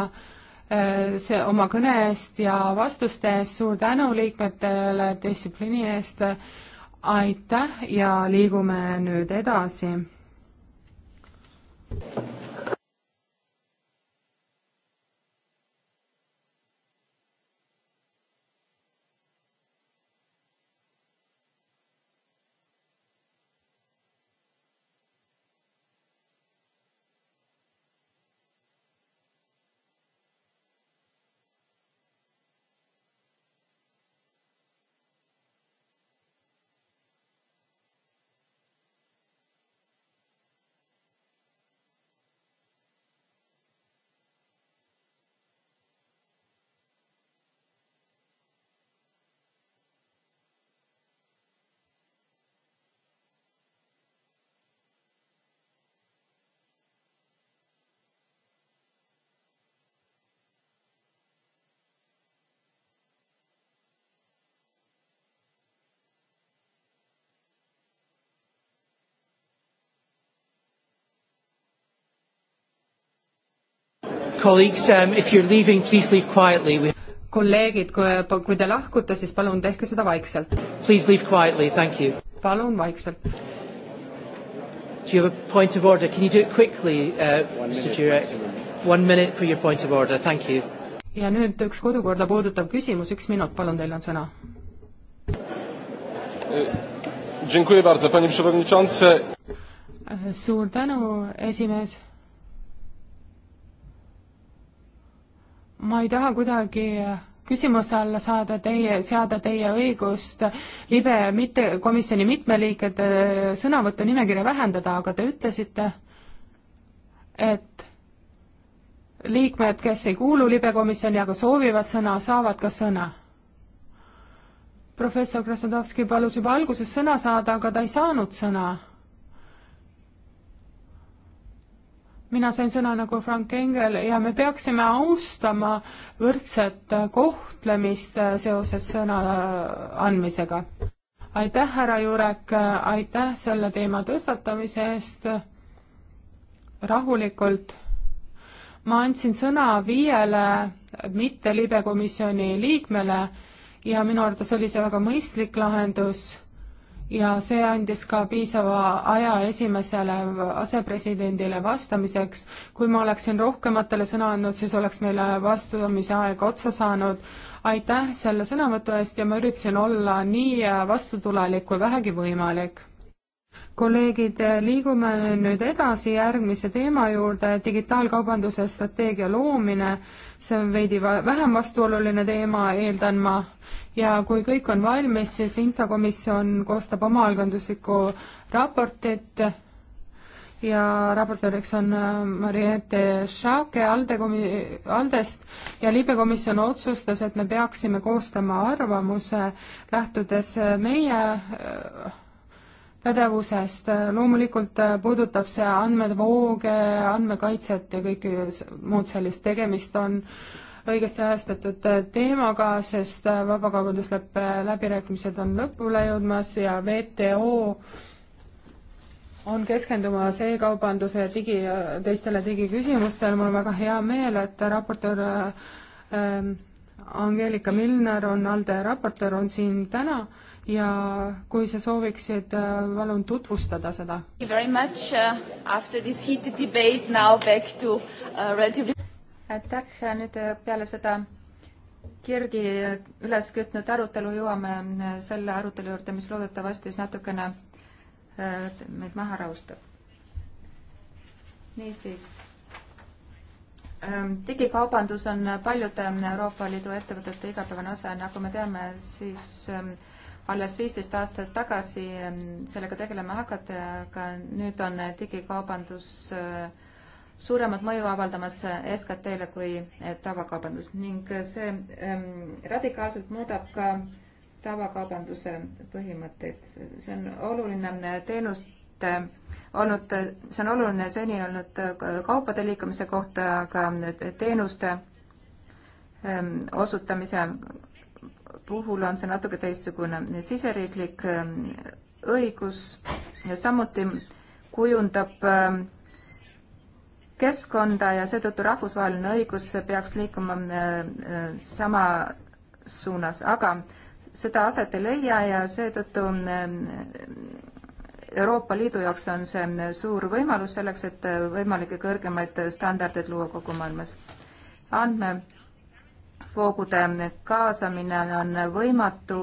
äh, see oma kõne eest ja vastuste eest, suur tänu liikmetele distsipliini eest, aitäh ja liigume nüüd edasi. colleagues, um, if you're leaving, please leave quietly. We... kolleegid, kui, kui te lahkute, siis palun tehke seda vaikselt. Please leave quietly, thank you. palun vaikselt. Do you have a point of order? Can you do it quickly uh,, Mr Jurek? One minute for your point of order, thank you. ja nüüd üks kodukorda puudutav küsimus, üks minut, palun, teil on sõna. Dziękuję bardzo, panie przewodniczący. Suur tänu, esimees ma ei taha kuidagi küsimuse alla saada teie, seada teie õigust libe mitte, komisjoni mitmeliikmete äh, sõnavõttu nimekirja vähendada, aga te ütlesite, et liikmed, kes ei kuulu libekomisjoni, aga soovivad sõna, saavad ka sõna. professor Krasnodovski palus juba alguses sõna saada, aga ta ei saanud sõna mina sain sõna nagu Frank Engel ja me peaksime austama võrdset kohtlemist seoses sõna andmisega. aitäh, härra Jurek, aitäh selle teema tõstatamise eest rahulikult. ma andsin sõna viiele mitte libekomisjoni liikmele ja minu arvates oli see väga mõistlik lahendus ja see andis ka piisava aja esimesele asepresidendile vastamiseks. kui ma oleksin rohkematele sõna andnud, siis oleks meile vastamise aeg otsa saanud. aitäh selle sõnavõtu eest ja ma üritasin olla nii vastutulelik kui vähegi võimalik kolleegid, liigume nüüd edasi järgmise teema juurde, digitaalkaubanduse strateegia loomine. see on veidi vähem vastuoluline teema, eeldan ma. ja kui kõik on valmis, siis Intakomisjon koostab omaalganduslikku raportit ja raportööriks on äh, Mariette Schauke ALDE komi-, ALDE-st ja libekomisjon otsustas, et me peaksime koostama arvamuse, lähtudes äh, meie äh, pädevusest, loomulikult äh, puudutab see andmevooge, andmekaitset ja kõike muud sellist, tegemist on õigesti ajastatud äh, teemaga, sest äh, vabakaubandusleppe läbirääkimised on lõpule jõudmas ja WTO on keskendumas e-kaubanduse digi, teistele digiküsimustele, mul on väga hea meel, et raportöör ähm, Angeelika Milner on ALDE raportöör, on siin täna äh, ja kui sa sooviksid, äh, palun tutvustada seda. Äh, äh, aitäh, nüüd peale seda kirgi üles kütnud arutelu jõuame selle arutelu juurde, mis loodetavasti siis natukene meid maha rahustab. niisiis, ähm, digikaubandus on paljude Euroopa Liidu ettevõtete igapäevane osa, nagu me teame, siis ähm, alles viisteist aastat tagasi ehm, sellega tegelema hakati, aga nüüd on eh, digikaubandus eh, suuremat mõju avaldamas eh, SKT-le kui tavakaubandus ning see ehm, radikaalselt muudab ka tavakaubanduse põhimõtteid. see on oluline teenuste olnud, see on oluline seni olnud kaupade liikumise kohta, aga teenuste ehm, osutamise puhul on see natuke teistsugune. siseriiklik ähm, õigus samuti kujundab ähm, keskkonda ja seetõttu rahvusvaheline õigus peaks liikuma äh, äh, sama suunas, aga seda aset ei leia ja seetõttu ähm, Euroopa Liidu jaoks on see suur võimalus selleks, et äh, võimalikke kõrgemaid standardeid luua kogu maailmas. andme voogude kaasamine on võimatu,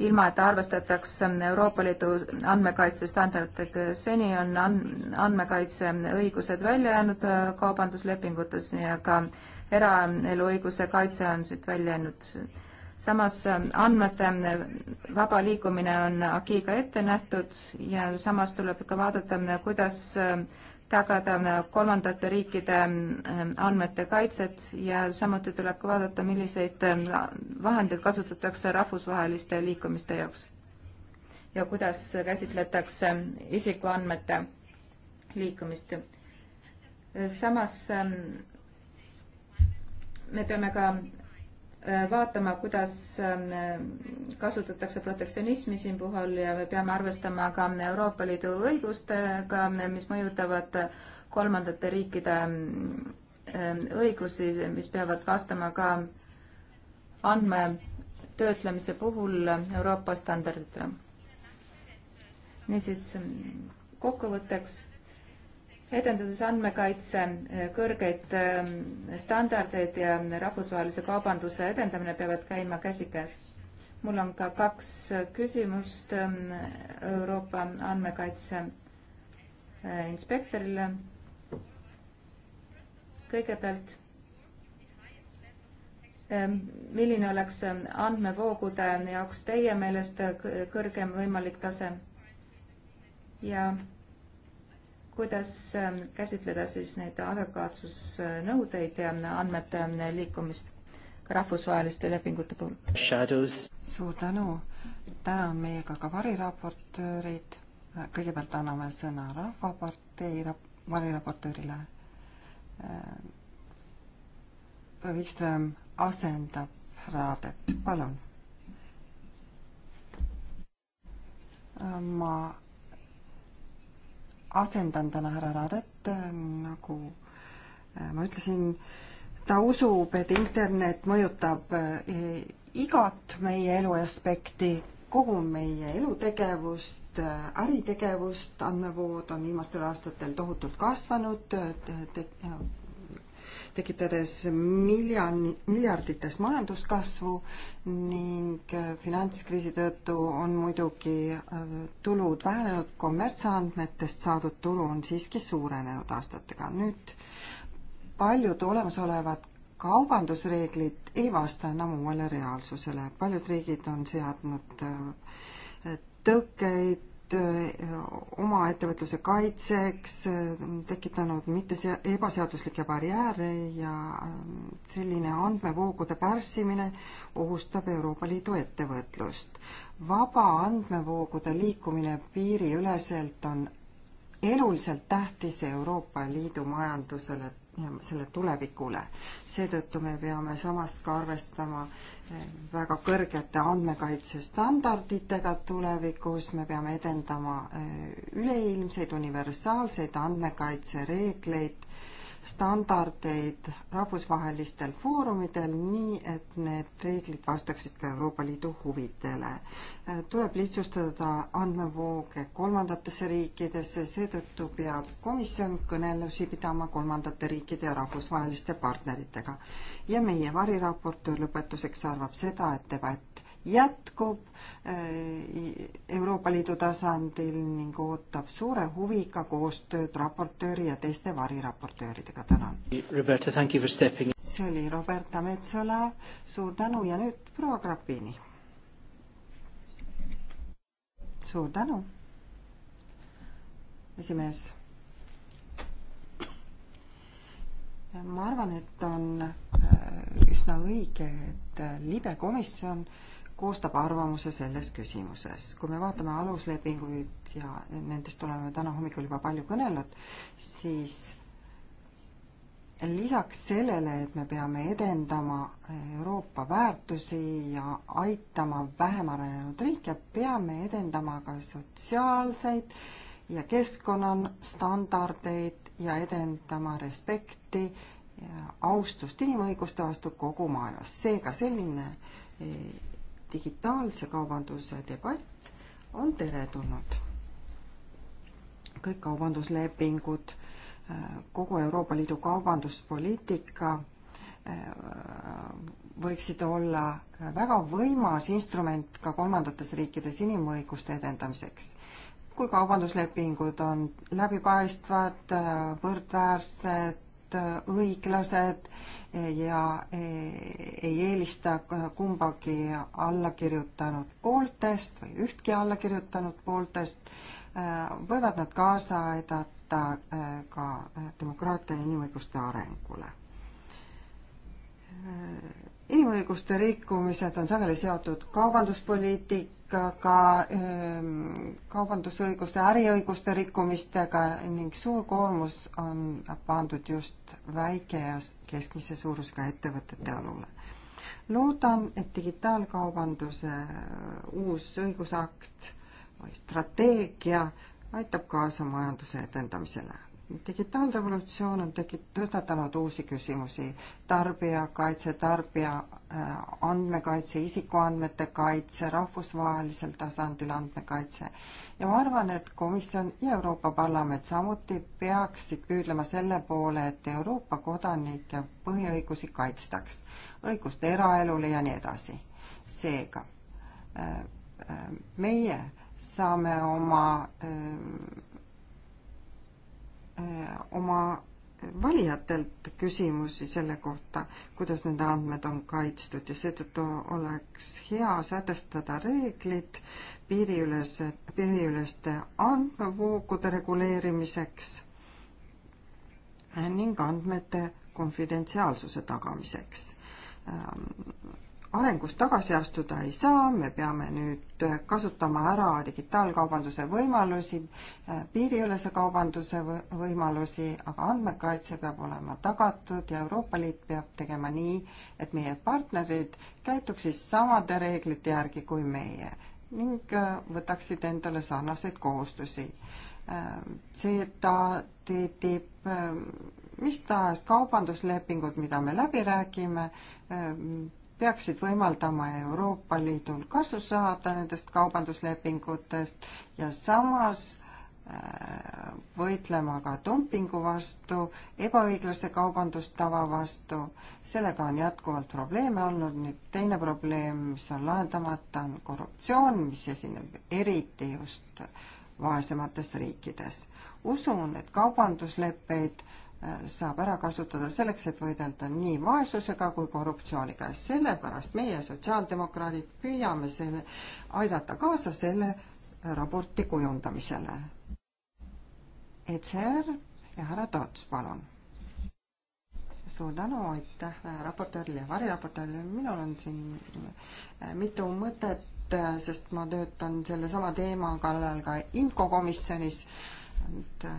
ilma et arvestatakse Euroopa Liidu andmekaitsestandarditega. seni on andmekaitse õigused välja jäänud kaubanduslepingutes ja ka eraelu õiguse kaitse on siit välja jäänud. samas andmete vaba liikumine on agiga ette nähtud ja samas tuleb ka vaadata, kuidas tagada kolmandate riikide ähm, andmete kaitset ja samuti tuleb ka vaadata, milliseid ähm, vahendeid kasutatakse rahvusvaheliste liikumiste jaoks ja kuidas käsitletakse isikuandmete liikumist. samas ähm, me peame ka Äh, vaatama, kuidas ähm, kasutatakse protektsionismi siin puhul ja me peame arvestama ka Euroopa Liidu õigustega, mis mõjutavad kolmandate riikide ähm, äh, õigusi, mis peavad vastama ka andmetöötlemise puhul Euroopa standarditele. niisiis kokkuvõtteks edendades andmekaitse eh, kõrgeid eh, standardeid ja rahvusvahelise kaubanduse edendamine peavad käima käsikäes. mul on ka kaks eh, küsimust Euroopa andmekaitse inspektorile. kõigepealt, milline oleks andmevoogude jaoks teie meelest kõrgem võimalik tase ja kuidas ähm, käsitleda siis neid adekvaatsusnõudeid ja äh, andmete ähm, liikumist ka rahvusvaheliste lepingute puhul. suur tänu, täna on meiega ka variraportöörid, kõigepealt anname sõna Rahvapartei variraportöörile. Vikström äh, asendab Raadet, palun. ma asendan täna härra Radet, äh, nagu äh, ma ütlesin, ta usub, et internet mõjutab äh, igat meie elu aspekti, kogu meie elutegevust, äritegevust, andmevood on viimastel aastatel tohutult kasvanud, tekitades miljan-, miljardites majanduskasvu ning äh, finantskriisi tõttu on muidugi äh, tulud vähenenud, kommertsandmetest saadud tulu on siiski suurenenud aastatega. nüüd paljud olemasolevad kaubandusreeglid ei vasta enam uuele reaalsusele. paljud riigid on seadnud äh, tõkkeid Äh, oma ettevõtluse kaitseks, äh, tekitanud mitte ebaseaduslikke barjääre ja äh, selline andmevoogude pärssimine ohustab Euroopa Liidu ettevõtlust. vaba andmevoogude liikumine piiriüleselt on eluliselt tähtis Euroopa Liidu majandusele ja selle tulevikule. seetõttu me peame samas ka arvestama eh, väga kõrgete andmekaitsestandarditega tulevikus, me peame edendama eh, üleilmseid universaalseid andmekaitsereegleid standardeid rahvusvahelistel foorumidel, nii et need reeglid vastaksid ka Euroopa Liidu huvidele. tuleb lihtsustada andmevooge kolmandatesse riikidesse, seetõttu peab komisjon kõnelusi pidama kolmandate riikide ja rahvusvaheliste partneritega. ja meie variraportöör lõpetuseks arvab seda, et debatt jätkub äh, Euroopa Liidu tasandil ning ootab suure huviga koostööd raportööri ja teiste variraportööridega. tänan. see oli Roberta Metsola, suur tänu ja nüüd proua Grappini. suur tänu, esimees. ma arvan, et on äh, üsna õige, et äh, libe komisjon äh, koostab arvamuse selles küsimuses. kui me vaatame aluslepinguid ja nendest oleme täna hommikul juba palju kõnelenud, siis lisaks sellele, et me peame edendama Euroopa väärtusi ja aitama vähem arenenud riike, peame edendama ka sotsiaalseid ja keskkonnastandardeid ja edendama respekti ja austust inimõiguste vastu kogu maailmas. seega selline eh, digitaalse kaubanduse debatt on teretulnud. kõik kaubanduslepingud, äh, kogu Euroopa Liidu kaubanduspoliitika äh, võiksid olla väga võimas instrument ka kolmandates riikides inimõiguste edendamiseks. kui kaubanduslepingud on läbipaistvad, äh, võrdväärsed, Äh, õiglased äh, ja äh, ei eelista kumbagi allakirjutanud pooltest või ühtki allakirjutanud pooltest, võivad nad kaasa aidata ka demokraatia ja inimõiguste arengule. inimõiguste rikkumised on sageli seotud kaubanduspoliitik-, ka ehm, kaubandusõiguste, äriõiguste rikkumistega ning suur koormus on pandud just väike ja keskmise suurusega ettevõtete õlule. loodan, et digitaalkaubanduse äh, uus õigusakt või strateegia aitab kaasa majanduse edendamisele. digitaalrevolutsioon on tegi-, tõstatanud uusi küsimusi, tarbijakaitse, tarbija Äh, andmekaitse, isikuandmete kaitse, rahvusvahelisel tasandil andmekaitse. ja ma arvan, et komisjon ja Euroopa Parlament samuti peaksid püüdlema selle poole, et Euroopa kodanike põhiõigusi kaitstaks, õigust eraelule ja nii edasi. seega äh, äh, meie saame oma, oma valijatelt küsimusi selle kohta, kuidas nende andmed on kaitstud ja seetõttu oleks hea sätestada reeglid piiriülese, piiriüleste andmevoogude reguleerimiseks ning andmete konfidentsiaalsuse tagamiseks arengust tagasi astuda ei saa, me peame nüüd kasutama ära digitaalkaubanduse võimalusi, äh, piiriülese kaubanduse võimalusi, aga andmekaitse peab olema tagatud ja Euroopa Liit peab tegema nii, et meie partnerid käituksid samade reeglite järgi kui meie ning äh, võtaksid endale sarnaseid kohustusi. CETA, äh, TTIP, mis tahes kaubanduslepingud, mida me läbi räägime, peaksid võimaldama Euroopa Liidul kasu saada nendest kaubanduslepingutest ja samas äh, võitlema ka dumpingu vastu, ebaõiglase kaubandustava vastu. sellega on jätkuvalt probleeme olnud, nüüd teine probleem, mis on lahendamata, on korruptsioon, mis esineb eriti just vaesemates riikides. usun, et kaubandusleppeid saab ära kasutada selleks, et võidelda nii vaesusega kui korruptsiooniga. sellepärast meie, sotsiaaldemokraadid, püüame selle, aidata kaasa selle raporti kujundamisele. ECR ja härra Toots, palun. suur tänu, aitäh äh, raportöörile ja variraportöörile, minul on siin äh, mitu mõtet, äh, sest ma töötan sellesama teema kallal ka infokomisjonis,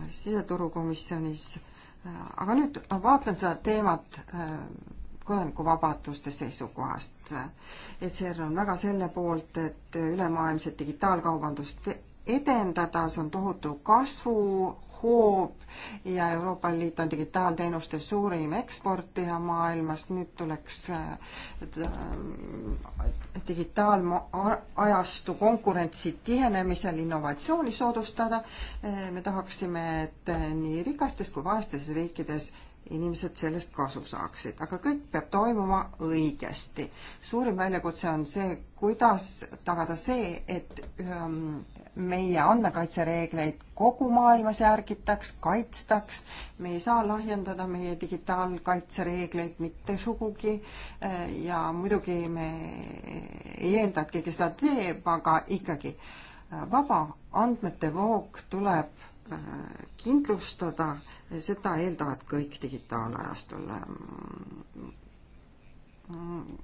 siseturukomisjonis aga nüüd vaatan seda teemat äh, kodanikuvabaduste seisukohast. Äh, ECR on väga selle poolt, et ülemaailmset digitaalkaubandust edendada, see on tohutu kasvuhoob ja Euroopa Liit on digitaalteenuste suurim eksportija maailmas, nüüd tuleks äh, digitaalajastu konkurentsi tihenemisel innovatsiooni soodustada. Äh, me tahaksime, et äh, nii rikastes kui vaestes riikides inimesed sellest kasu saaksid, aga kõik peab toimuma õigesti. suurim väljakutse on see, kuidas tagada see, et ähm, meie andmekaitsereegleid kogu maailmas järgitaks, kaitstaks, me ei saa lahjendada meie digitaalkaitsereegleid mitte sugugi eh, ja muidugi me ei eelda, et keegi seda teeb, aga ikkagi vaba andmete voog tuleb eh, kindlustada, seda eeldavad kõik digitaalajastul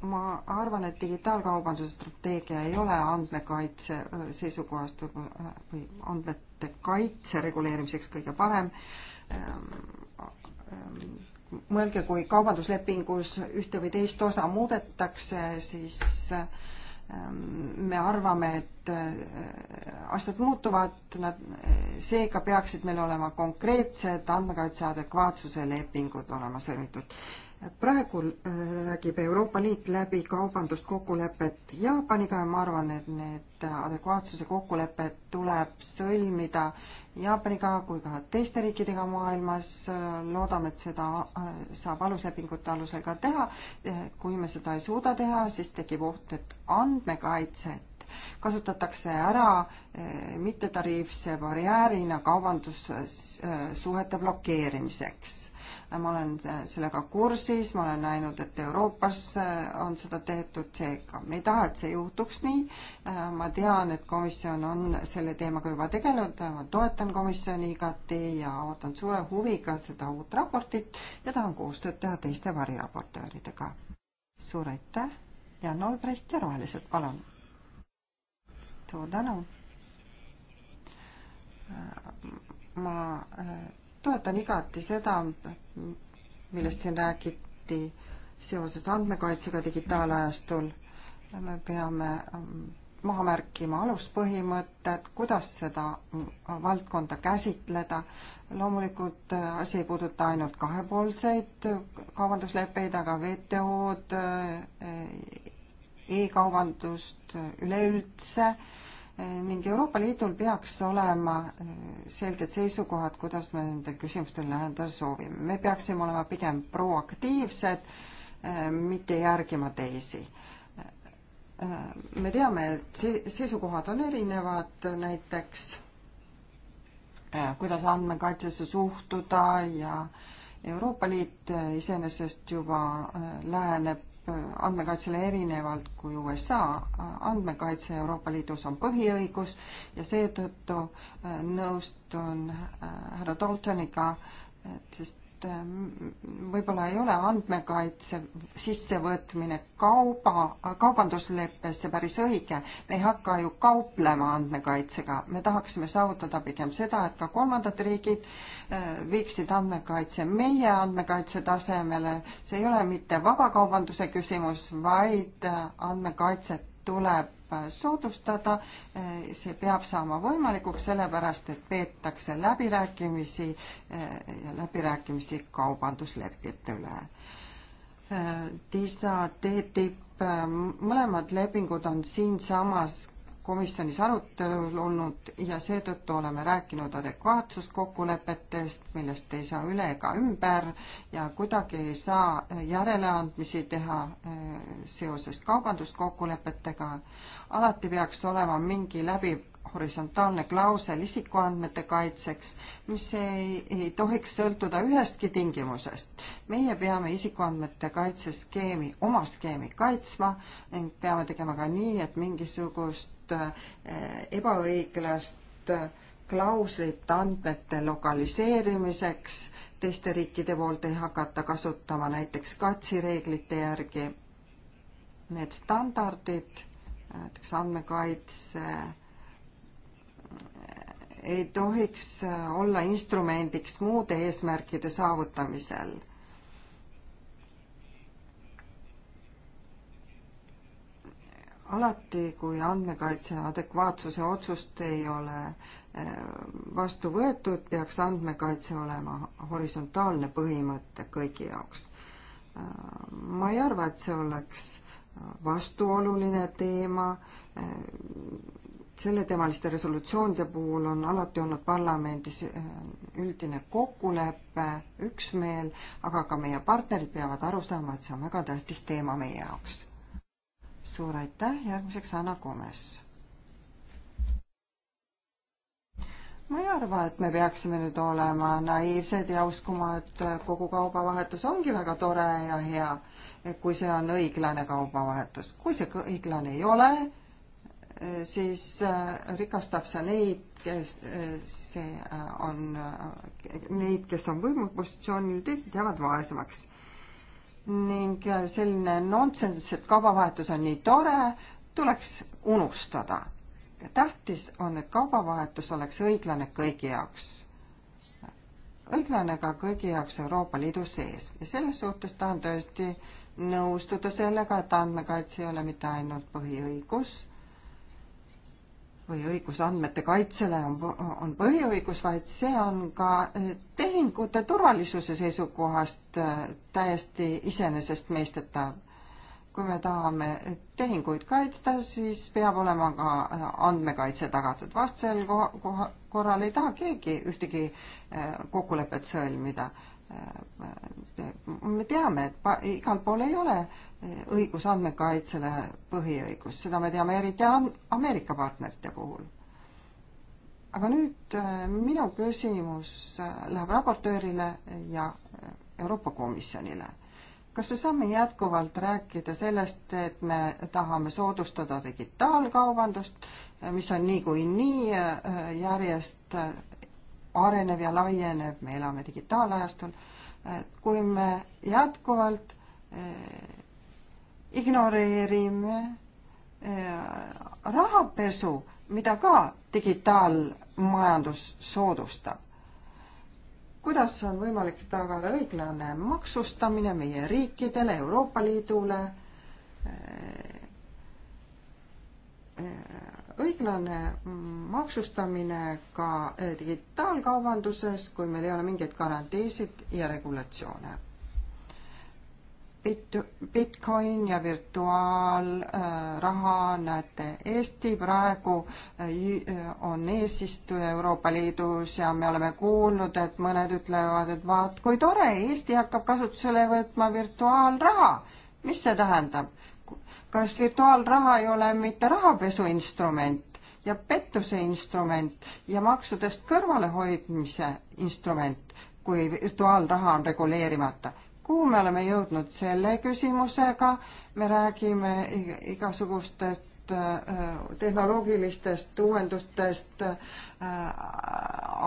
ma arvan, et digitaalkaubanduse strateegia ei ole andmekaitse äh, seisukohast võib-olla äh, või andmete kaitse reguleerimiseks kõige parem. Ähm, ähm, mõelge, kui kaubanduslepingus ühte või teist osa muudetakse, siis ähm, me arvame, et äh, asjad muutuvad, nad, seega peaksid meil olema konkreetsed andmekaitse adekvaatsuse lepingud olema sõlmitud praegu äh, räägib Euroopa Liit läbi kaubanduskokkulepet Jaapaniga ja ma arvan, et need adekvaatsuse kokkulepped tuleb sõlmida Jaapaniga kui ka teiste riikidega maailmas. loodame, et seda äh, saab aluslepingute alusel ka teha. Äh, kui me seda ei suuda teha, siis tekib oht, et andmekaitset kasutatakse ära mittetariifse barjäärina kaubandussuhete blokeerimiseks Äh, ma olen äh, sellega kursis, ma olen näinud, et Euroopas äh, on seda tehtud, seega me ei taha, et see juhtuks nii. ma tean, et komisjon on selle teemaga juba tegelenud, ma toetan komisjoni igati ja ootan suure huviga seda uut raportit ja tahan koostööd teha teiste variraportööridega. suur aitäh, Jan Olbrecht ja Rohelised, palun. suur tänu ma toetan igati seda, millest siin räägiti seoses andmekaitsega digitaalajastul. me peame ähm, maha märkima aluspõhimõtted, kuidas seda mm, valdkonda käsitleda. loomulikult äh, asi ei puuduta ainult kahepoolseid äh, kaubandusleppeid, aga WTO-d e, e-kaubandust üleüldse ning Euroopa Liidul peaks olema äh, selged seisukohad, kuidas me nendele küsimustele läheneda soovime. me peaksime olema pigem proaktiivsed, äh, mitte järgima teisi. Äh, me teame, et seisukohad on erinevad, näiteks kuidas andmekaitsesse suhtuda ja Euroopa Liit iseenesest juba läheneb andmekaitsele erinevalt kui USA. andmekaitse Euroopa Liidus on põhiõigus ja seetõttu äh, nõustun äh, härra Daltoniga, et sest et mm, mm, võib-olla ei ole andmekaitse sissevõtmine kauba, kaubandusleppesse päris õige. me ei hakka ju kauplema andmekaitsega, me tahaksime saavutada pigem seda, et ka kolmandad riigid äh, viiksid andmekaitse meie andmekaitse tasemele. see ei ole mitte vabakaubanduse küsimus, vaid äh, andmekaitset tuleb soodustada, see peab saama võimalikuks, sellepärast et peetakse läbirääkimisi eh, ja läbirääkimisi kaubanduslepete üle. Eh, TISA, TTIP, eh, mõlemad lepingud on siinsamas komisjonis arutelul olnud ja seetõttu oleme rääkinud adekvaatsuskokkulepetest, millest ei saa üle ega ümber ja kuidagi ei saa järeleandmisi teha äh, seoses kaubanduskokkulepetega. alati peaks olema mingi läbiv horisontaalne klausel isikuandmete kaitseks, mis ei, ei tohiks sõltuda ühestki tingimusest. meie peame isikuandmete kaitse skeemi, oma skeemi kaitsma ning peame tegema ka nii, et mingisugust uut äh, ebaõiglast äh, klauslit andmete lokaliseerimiseks teiste riikide poolt ei hakata kasutama näiteks katsi reeglite järgi. Need standardid, näiteks andmekaitse, äh, ei tohiks olla instrumendiks muude eesmärkide saavutamisel alati, kui andmekaitse adekvaatsuse otsust ei ole eh, vastu võetud, peaks andmekaitse olema horisontaalne põhimõte kõigi jaoks. Eh, ma ei arva, et see oleks vastuoluline teema, eh, selleteemaliste resolutsioonide puhul on alati olnud parlamendis üldine kokkulepe, üksmeel, aga ka meie partnerid peavad aru saama, et see on väga tähtis teema meie jaoks suur aitäh, järgmiseks Anna Komes. ma ei arva, et me peaksime nüüd olema naiivsed ja uskuma, et kogu kaubavahetus ongi väga tore ja hea, kui see on õiglane kaubavahetus. kui see õiglane ei ole, siis äh, rikastab see neid, kes, äh, see äh, on, neid, kes on võimupositsioonil, teised jäävad vaesemaks ning selline nonsenss, et kaubavahetus on nii tore, tuleks unustada. tähtis on, et kaubavahetus oleks õiglane kõigi jaoks. õiglane ka kõigi jaoks Euroopa Liidu sees ja selles suhtes tahan tõesti nõustuda sellega, et andmekaitse ei ole mitte ainult põhiõigus, või õigus andmete kaitsele on, on põhiõigus, vaid see on ka eh, tehingute turvalisuse seisukohast eh, täiesti iseenesestmõistetav. kui me tahame tehinguid kaitsta, siis peab olema ka eh, andmekaitse tagatud. vastasel korral ei taha keegi ühtegi kokkulepet sõlmida Äh, äh, me teame, et igal pool ei ole äh, õigus andmekaitsele põhiõigus, seda me teame eriti Ameerika partnerite puhul. aga nüüd minu küsimus läheb raportöörile ja Euroopa Komisjonile. kas me saame jätkuvalt rääkida sellest, et me tahame soodustada digitaalkaubandust, mis on niikuinii nii järjest arenev ja laienev, me elame digitaalajastul, kui me jätkuvalt eh, ignoreerime eh, rahapesu, mida ka digitaalmajandus soodustab. kuidas on võimalik tagada õiglane maksustamine meie riikidele, Euroopa Liidule? Eh, õiglane maksustamine ka eh, digitaalkaubanduses, kui meil ei ole mingeid garantiisid ja regulatsioone. Bit-, Bitcoin ja virtuaalraha eh, äh,, näete, Eesti praegu äh, on eesistuja Euroopa Liidus ja me oleme kuulnud, et mõned ütlevad, et vaat kui tore, Eesti hakkab kasutusele võtma virtuaalraha. mis see tähendab? kas virtuaalraha ei ole mitte rahapesu instrument ja pettuse instrument ja maksudest kõrvalehoidmise instrument, kui virtuaalraha on reguleerimata? kuhu me oleme jõudnud selle küsimusega, me räägime igasugustest äh, tehnoloogilistest uuendustest, äh,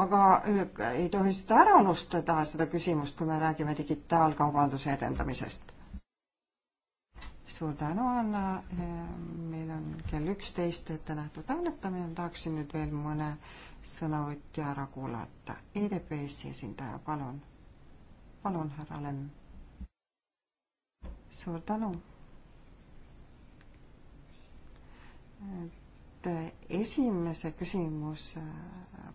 aga äh, ei tohi seda ära unustada, seda küsimust, kui me räägime digitaalkaubanduse edendamisest suur tänu, Anna. Äh, meil on kell üksteist ette nähtud hääletamine, tahaksin nüüd veel mõne sõnavõtja ära kuulata. EDP-si esindaja, palun. palun, härra Lemm. suur tänu. et äh, esimese küsimuse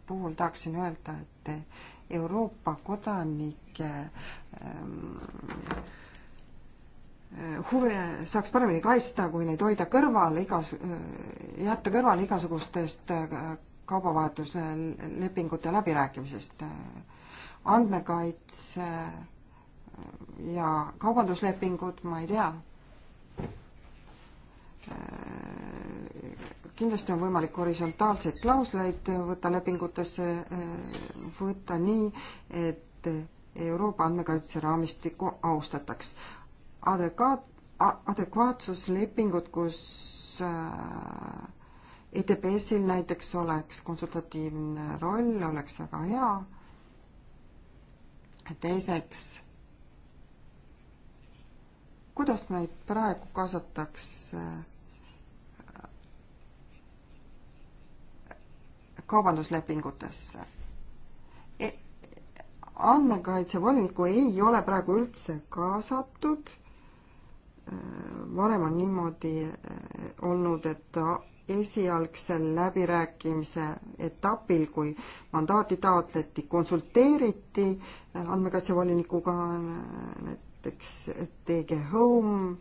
puhul tahaksin öelda, et Euroopa kodanike ähm, huve saaks paremini kaitsta, kui neid hoida kõrvale igas, jätta kõrvale igasugustest äh, kaubavahetuse lepingute läbirääkimisest. andmekaitse äh, ja kaubanduslepingud, ma ei tea. Äh, kindlasti on võimalik horisontaalseid klausleid võtta lepingutesse, võtta nii, et Euroopa andmekaitse raamistikku austataks adekvaat-, adekvaatsuslepingut, kus äh, EDPS-il näiteks oleks konsultatiivne roll, oleks väga hea. teiseks, kuidas meid praegu kaasatakse kaubanduslepingutesse e? andmekaitsevoliniku ei ole praegu üldse kaasatud varem on niimoodi eh, olnud, et esialgsel läbirääkimise etapil, kui mandaati taotleti, konsulteeriti eh, andmekaitsevolinikuga, näiteks TG Home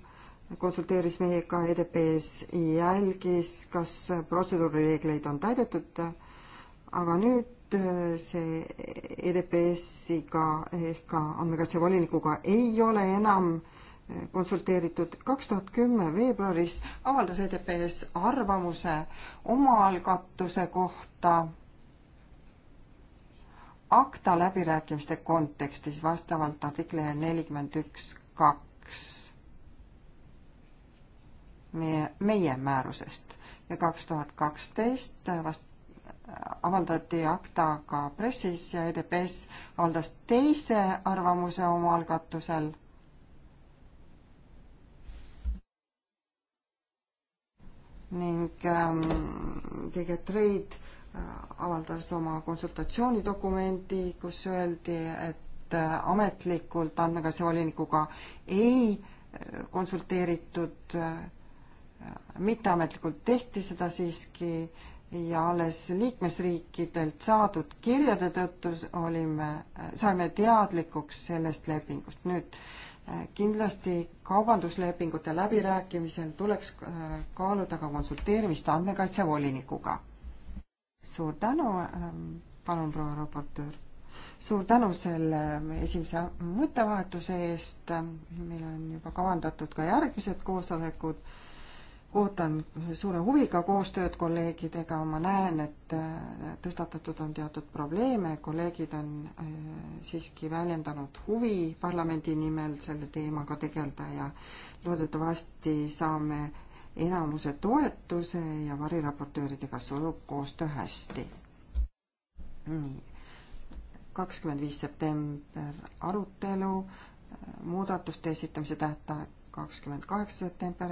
konsulteeris meiega, EDP-s jälgis, kas protseduurireegleid on täidetud, aga nüüd eh, see EDPS-iga ehk ka andmekaitsevolinikuga ei ole enam äh, konsulteeritud. kaks tuhat kümme veebruaris avaldas EDPS arvamuse omaalgatuse kohta akta läbirääkimiste kontekstis vastavalt artiklile nelikümmend üks kaks meie, meie määrusest ja kaks tuhat kaksteist vast-, avaldati akta ka pressis ja EDPS avaldas teise arvamuse omaalgatusel ning ähm, DigiTrade äh, avaldas oma konsultatsioonidokumendi, kus öeldi, et äh, ametlikult andmekaitsevolinikuga ei äh, konsulteeritud, mitteametlikult tehti seda siiski ja alles liikmesriikidelt saadud kirjade tõttu olime, saime teadlikuks sellest lepingust. nüüd äh, Äh, kindlasti kaubanduslepingute läbirääkimisel tuleks äh, kaaluda ka konsulteerimist andmekaitsevolinikuga. suur tänu, ähm, palun proua raportöör. suur tänu selle esimese mõttevahetuse eest, meil on juba kavandatud ka järgmised koosolekud ootan suure huviga koostööd kolleegidega, ma näen, et äh, tõstatatud on teatud probleeme, kolleegid on äh, siiski väljendanud huvi parlamendi nimel selle teemaga tegeleda ja loodetavasti saame enamuse toetuse ja variraportööridega sujub koostöö hästi. nii, kakskümmend viis september arutelu, äh, muudatuste esitamise tähtaeg kakskümmend kaheksa september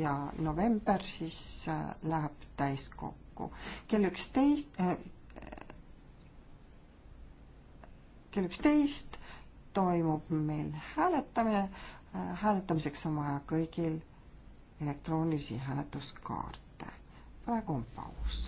ja november, siis äh, läheb täiskokku. kell üksteist äh,, kell üksteist toimub meil hääletamine, äh, hääletamiseks on vaja kõigil elektroonilisi hääletuskaarte. praegu on paus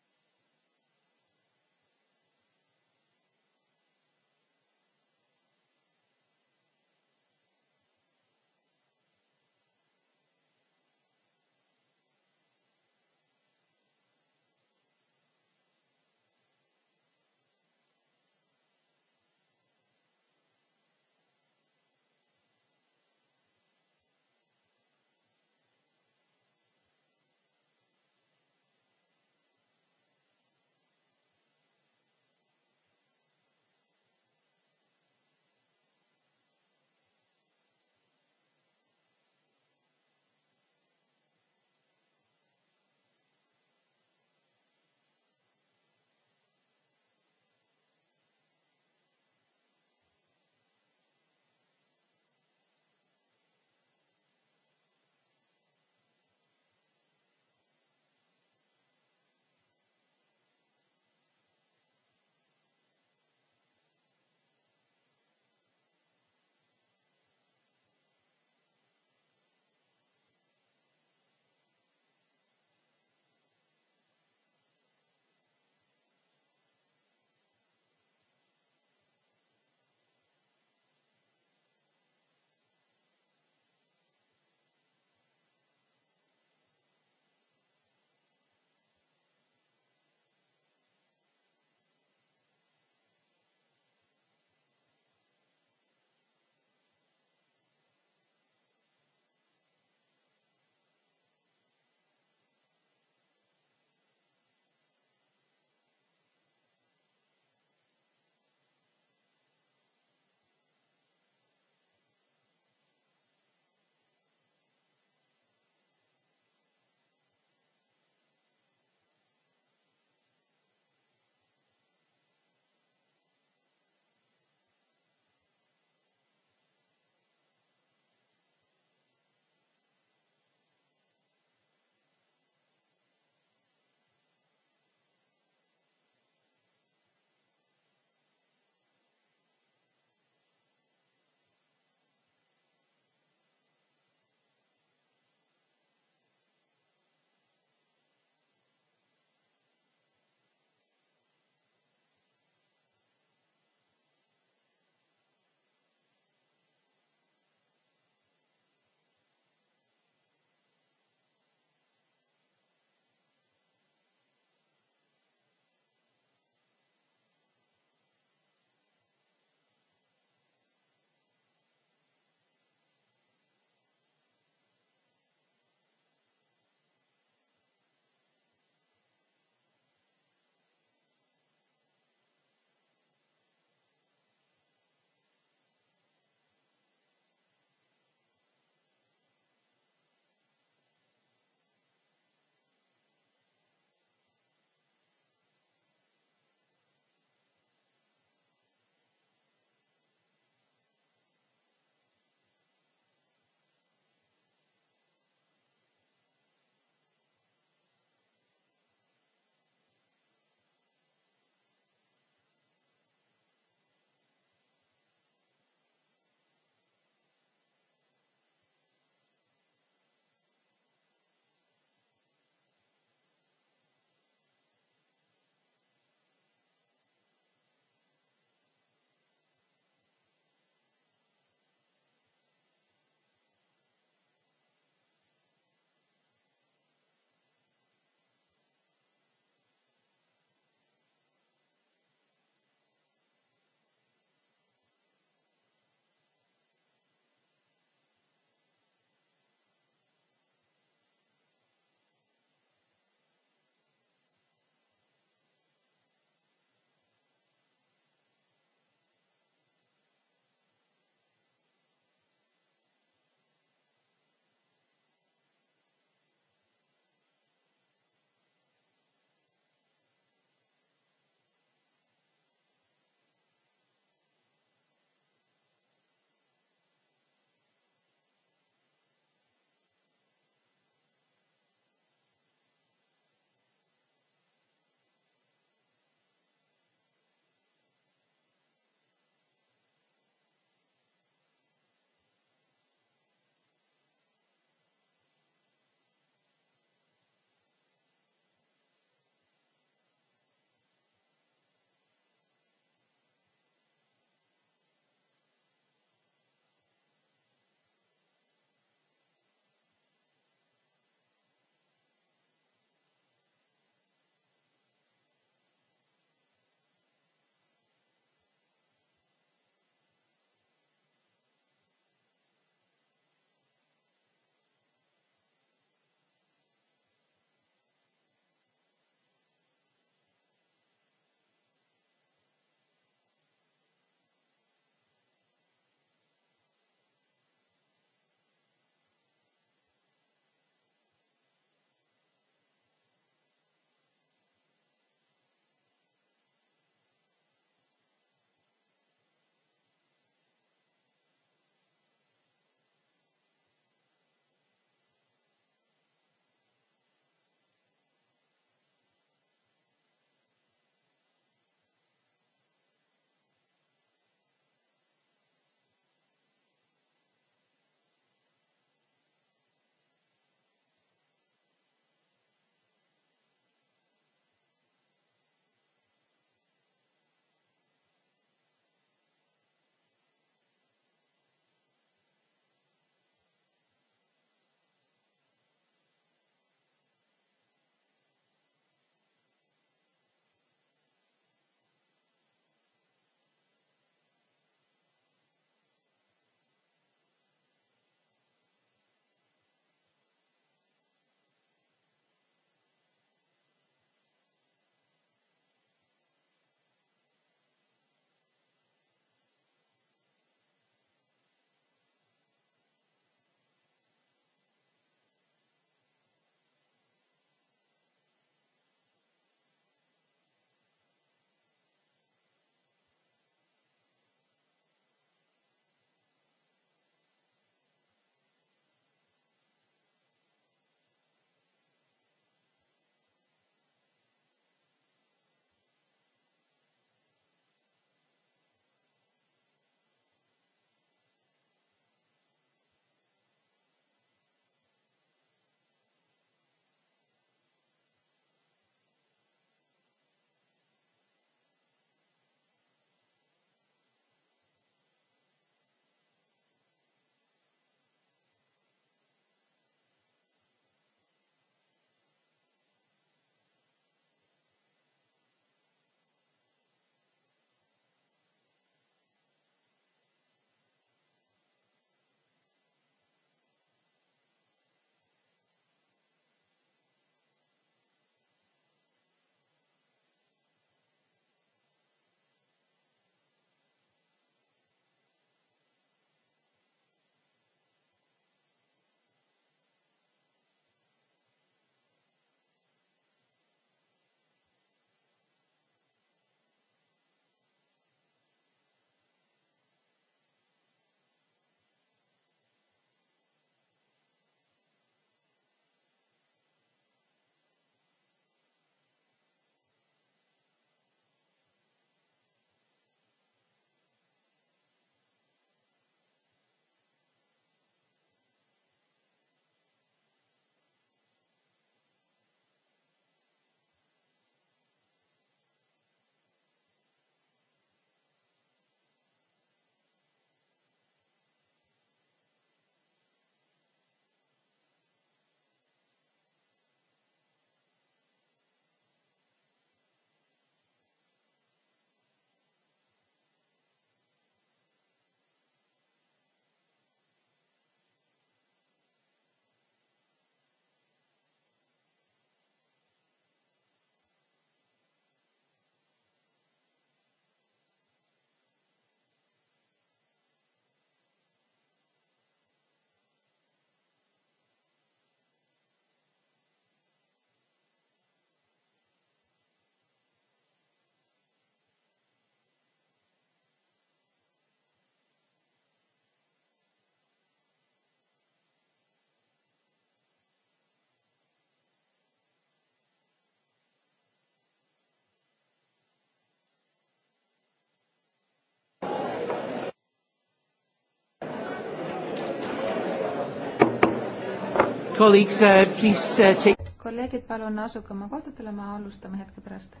Uh, uh, kolleegid, palun asuge oma kohtadele, me alustame hetke pärast.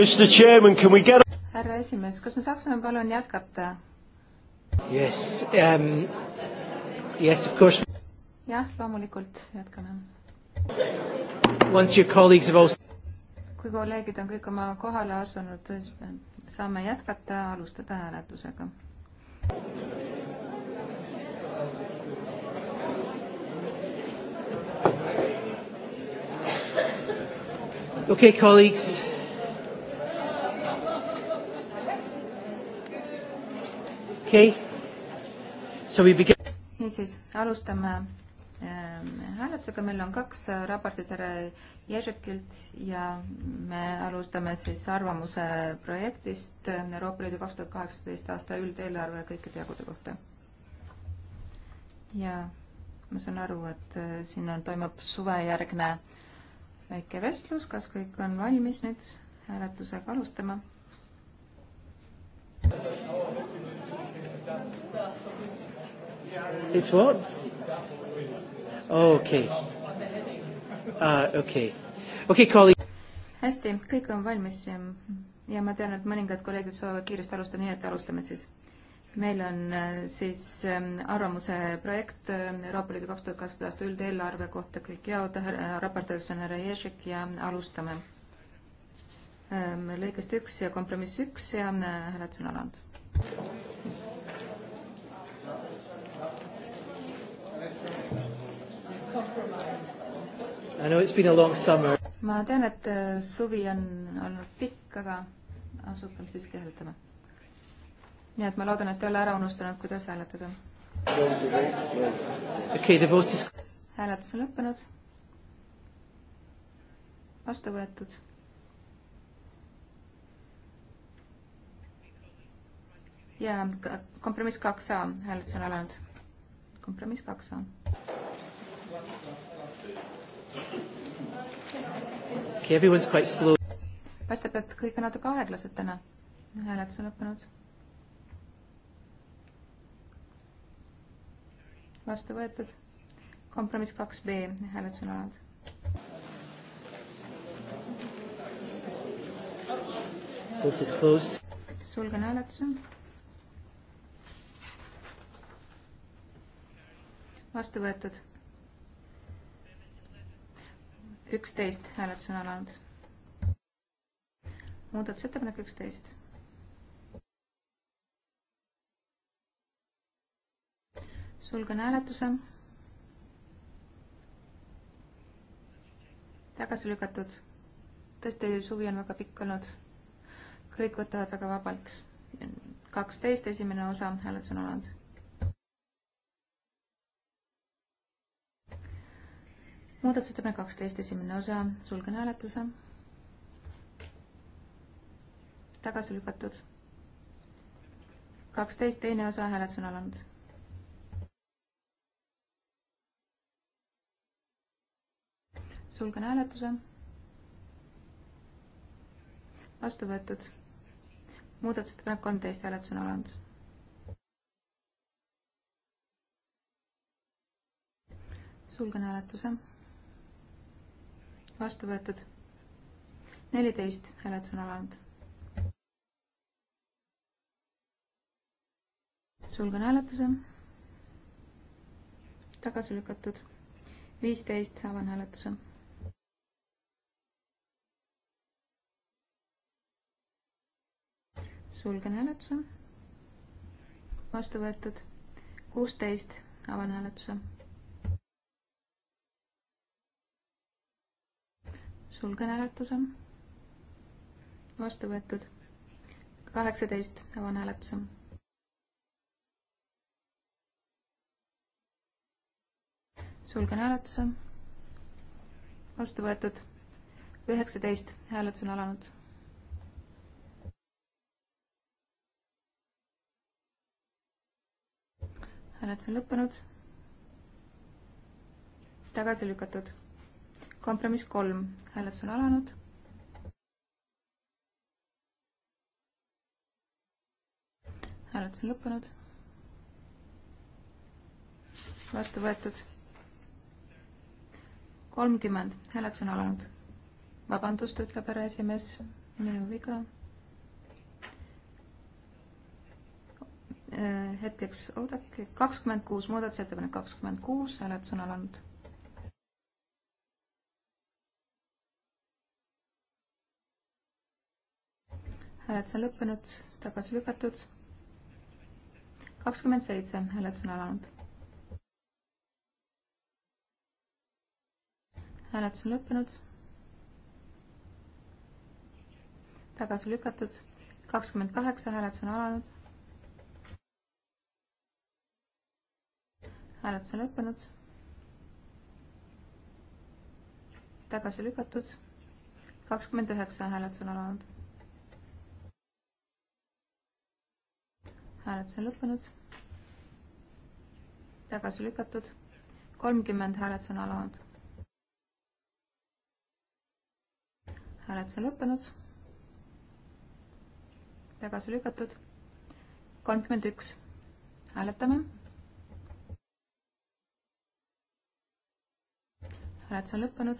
Mr Chairman, can we get härra esimees, kas me saaksime palun jätkata? Yes um,, yes of course. jah, loomulikult jätkame. Once your colleagues have also kui kolleegid on kõik oma kohale asunud, siis saame jätkata, alustada hääletusega. okei okay,, kolleegid. okei okay.. So we begin. niisiis, alustame ähm, hääletusega, meil on kaks äh, raportit härra Ježekilt ja me alustame siis arvamuse projektist äh, Euroopa Liidu kaks tuhat kaheksateist aasta üldeelarve kõikide jagude kohta. ja ma saan aru, et äh, siin on, toimub suvejärgne väike vestlus, kas kõik on valmis nüüd hääletusega alustama? It's what? okei okay. uh,, ah, okei okay., okei okay,, kolleeg. hästi, kõik on valmis ja, ja ma tean, et mõningad kolleegid soovivad kiiresti alustada, nii et alustame siis. meil on äh, siis ähm, arvamuse projekt äh, Euroopa Liidu kaks tuhat kakssada aasta üldeelarve kohta kõik jaod, äh, raportööks on härra Ježek ja alustame ähm, lõigest üks ja kompromiss üks ja hääletus on alanud ma tean, et äh, suvi on olnud pikk, aga asutame siiski hääletama. nii et ma loodan, et te ei ole ära unustanud, kuidas hääletada. hääletus on lõppenud. vastu võetud ja kompromiss kaks A, hääletus on alanud. kompromiss kaks A. paistab, et kõik on natuke aeglased täna. hääletus on lõppenud. vastu võetud. kompromiss kaks B, hääletus on alanud. sulgen hääletuse vastu võetud. üksteist hääletus on alanud. muudatusettepanek üksteist. sulgen hääletuse. tagasi lükatud. tõesti, suvi on väga pikk olnud. kõik võtavad väga vabalt. kaksteist, esimene osa, hääletus on alanud muudatusettepanek kaksteist, esimene osa, sulgen hääletuse. tagasi lükatud. kaksteist, teine osa, hääletus on alanud. sulgen hääletuse. vastu võetud. muudatusettepanek kolmteist, hääletus on alanud sulgen hääletuse vastu võetud. neliteist, hääletus on alanud. sulgen hääletuse. tagasi lükatud. viisteist, avan hääletuse. sulgen hääletuse. vastu võetud. kuusteist, avan hääletuse sulgen hääletuse. vastu võetud. kaheksateist, avan hääletuse. sulgen hääletuse. vastu võetud. üheksateist, hääletus on alanud. hääletus on lõppenud. tagasi lükatud kompromiss kolm, hääletus on alanud. hääletus on lõppenud. vastu võetud. kolmkümmend, hääletus on alanud. vabandust, ütleb härra esimees, minu viga äh, hetkeks oodake, kakskümmend kuus, muudatusettepanek kakskümmend kuus, hääletus on alanud. hääletus on lõppenud, tagasi lükatud. kakskümmend seitse, hääletus on alanud. hääletus on lõppenud. tagasi lükatud, kakskümmend kaheksa, hääletus on alanud hääletus on lõppenud. tagasi lükatud. kakskümmend üheksa hääletus on alanud. hääletus on lõppenud. tagasi lükatud. kolmkümmend hääletus on alanud. hääletus on lõppenud. tagasi lükatud. kolmkümmend üks. hääletame. hääletus on lõppenud.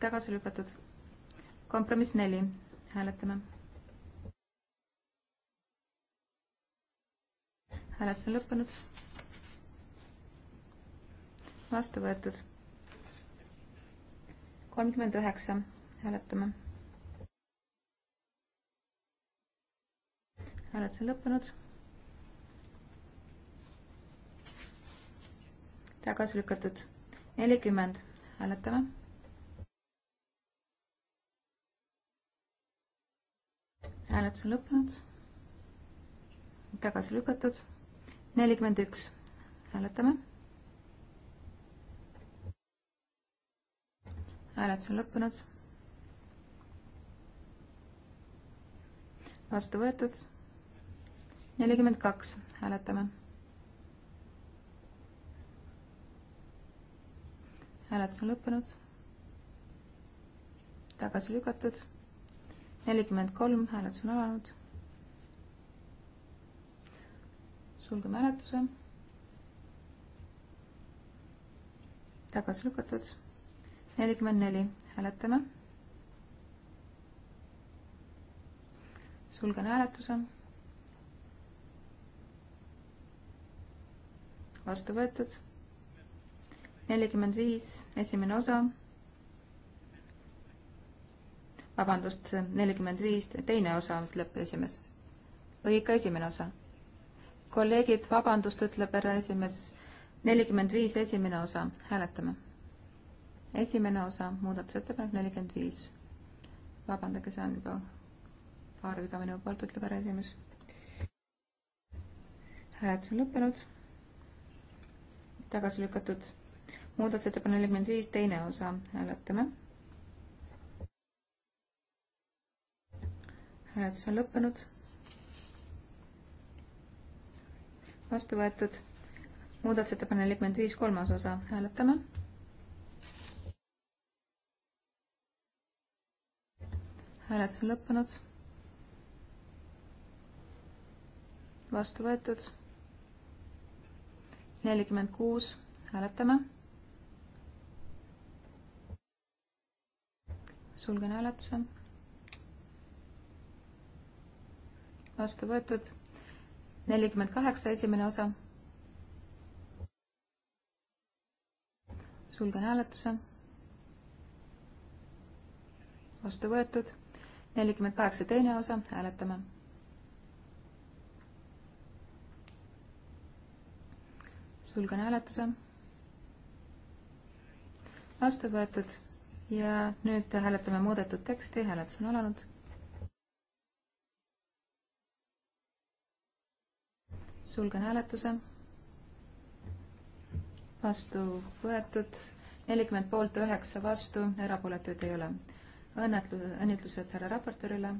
tagasi lükatud. kompromiss neli. hääletame hääletus on lõppenud. vastu võetud. kolmkümmend üheksa, hääletame. hääletus on lõppenud. tagasi lükatud. nelikümmend, hääletame. hääletus on lõppenud. tagasi lükatud nelikümmend üks, hääletame. hääletus on lõppenud. vastu võetud. nelikümmend kaks, hääletame. hääletus on lõppenud. tagasi lükatud. nelikümmend kolm, hääletus on alanud sulgeme hääletuse. tagasi lükatud. nelikümmend neli, hääletame. sulgen hääletuse. vastu võetud. nelikümmend viis, esimene osa. vabandust, nelikümmend viis, teine osa, ütleb esimees. või ikka esimene osa kolleegid, vabandust, ütleb härra esimees, nelikümmend viis esimene osa, hääletame. esimene osa, muudatusettepanek nelikümmend viis. vabandage, see on juba paar viga minu poolt, ütleb härra esimees. hääletus on lõppenud. tagasi lükatud. muudatusettepanek nelikümmend viis, teine osa, hääletame. hääletus on lõppenud vastu võetud. muudatusettepanek nelikümmend viis, kolmas osa, hääletame. hääletus on lõppenud. vastu võetud. nelikümmend kuus, hääletame. sulgen hääletuse. vastu võetud nelikümmend kaheksa, esimene osa. sulgen hääletuse. vastu võetud. nelikümmend kaheksa, teine osa, hääletame. sulgen hääletuse. vastu võetud ja nüüd hääletame muudetud teksti, hääletus on alanud sulgen hääletuse. vastu võetud, nelikümmend poolt, üheksa vastu, erapooletuid ei ole. õnnetu-, õnnitlused härra raportöörile.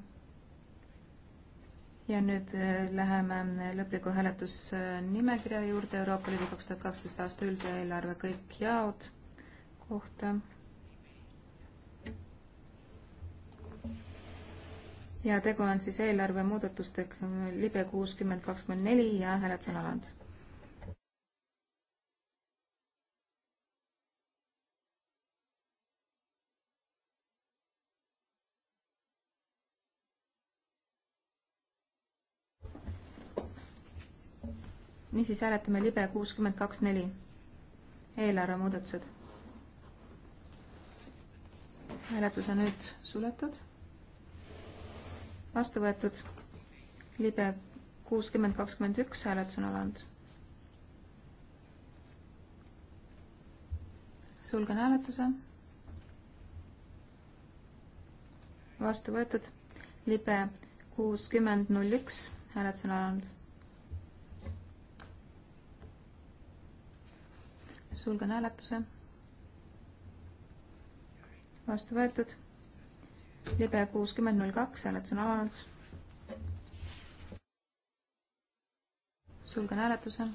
ja nüüd äh, läheme lõpliku hääletusnimekirja juurde Euroopa Liidu kaks tuhat kaksteist aasta üldeelarve kõik jaod kohta ja tegu on siis eelarve muudatustega libe kuuskümmend kakskümmend neli ja hääletus on alanud. niisiis hääletame libe kuuskümmend kaks neli, eelarve muudatused. hääletus on nüüd suletud vastu võetud. libe kuuskümmend kakskümmend üks hääletus on alanud. sulgen hääletuse. vastu võetud. libe kuuskümmend null üks hääletus on alanud. sulgen hääletuse. vastu võetud libe kuuskümmend null kaks, hääletus on alanud. sulgen hääletuse.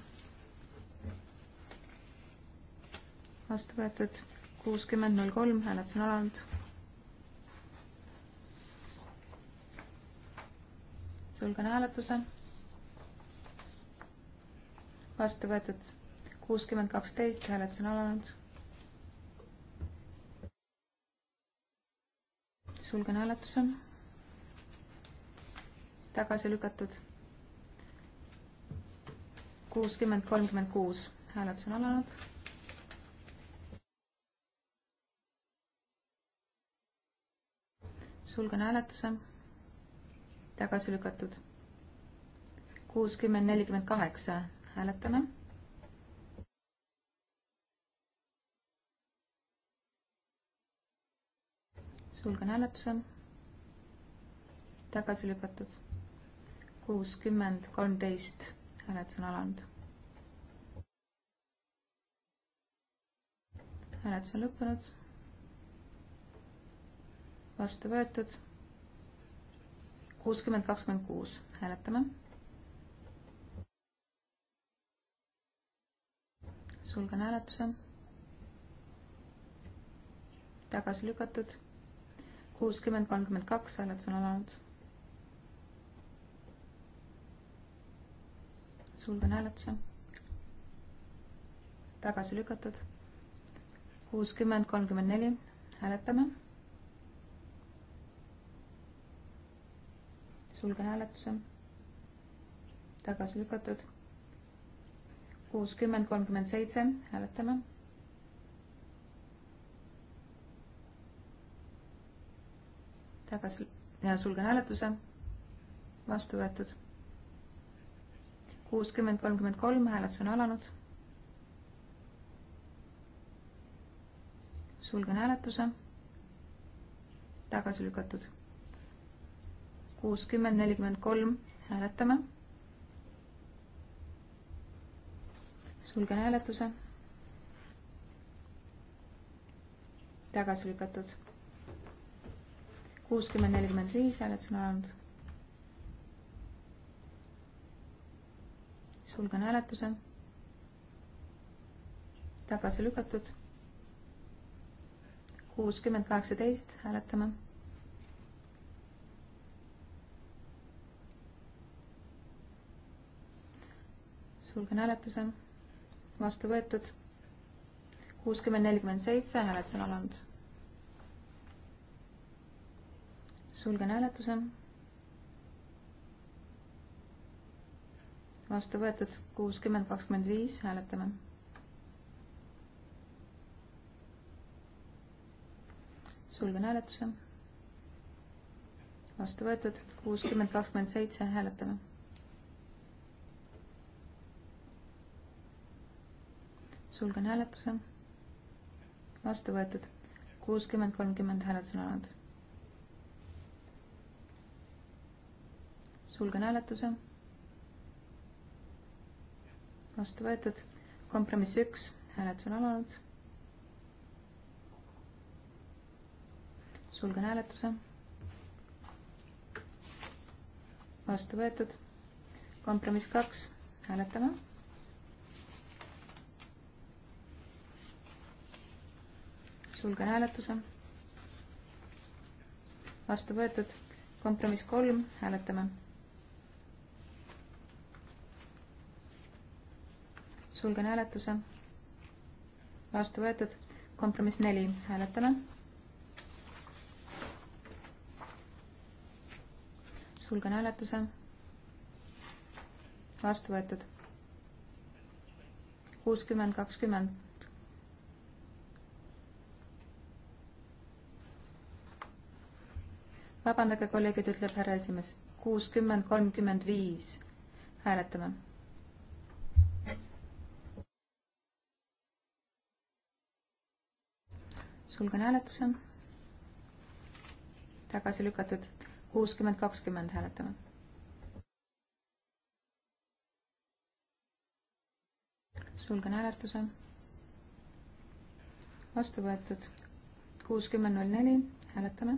vastu võetud kuuskümmend null kolm, hääletus on alanud. sulgen hääletuse. vastu võetud kuuskümmend kaksteist, hääletus on alanud sulgen hääletuse. tagasi lükatud. kuuskümmend, kolmkümmend kuus, hääletus on alanud. sulgen hääletuse. tagasi lükatud. kuuskümmend, nelikümmend kaheksa, hääletame sulgen hääletuse. tagasi lükatud. kuuskümmend kolmteist, hääletus on alanud. hääletus on lõppenud. vastu võetud. kuuskümmend kakskümmend kuus, hääletame. sulgen hääletuse. tagasi lükatud kuuskümmend, kolmkümmend kaks hääletus on alanud. sulgen hääletuse. tagasi lükatud. kuuskümmend, kolmkümmend neli, hääletame. sulgen hääletuse. tagasi lükatud. kuuskümmend, kolmkümmend seitse, hääletame tagasi, sulgen hääletuse, vastu võetud. kuuskümmend, kolmkümmend kolm, hääletus on alanud. sulgen hääletuse, tagasi lükatud. kuuskümmend, nelikümmend kolm, hääletame. sulgen hääletuse tagasi lükatud kuuskümmend, nelikümmend viis hääletus on alanud. sulgen hääletuse. tagasi lükatud. kuuskümmend, kaheksateist, hääletame sulgen hääletuse. vastu võetud. kuuskümmend, nelikümmend seitse, hääletus on alanud sulgen hääletuse. vastu võetud kuuskümmend, kakskümmend viis, hääletame. sulgen hääletuse. vastu võetud kuuskümmend, kakskümmend seitse, hääletame. sulgen hääletuse. vastu võetud kuuskümmend, kolmkümmend, hääletus on olnud sulgen hääletuse. vastu võetud. kompromiss üks, hääletus on alanud. sulgen hääletuse. vastu võetud. kompromiss kaks, hääletame sulgen hääletuse. vastu võetud. kompromiss kolm, hääletame. sulgen hääletuse. vastu võetud. kompromiss neli, hääletame. sulgen hääletuse. vastu võetud. kuuskümmend, kakskümmend. vabandage, kolleegid, ütleb härra esimees. kuuskümmend, kolmkümmend viis. hääletame sulgen hääletuse. tagasi lükatud kuuskümmend kakskümmend hääletame. sulgen hääletuse. vastu võetud kuuskümmend null neli, hääletame.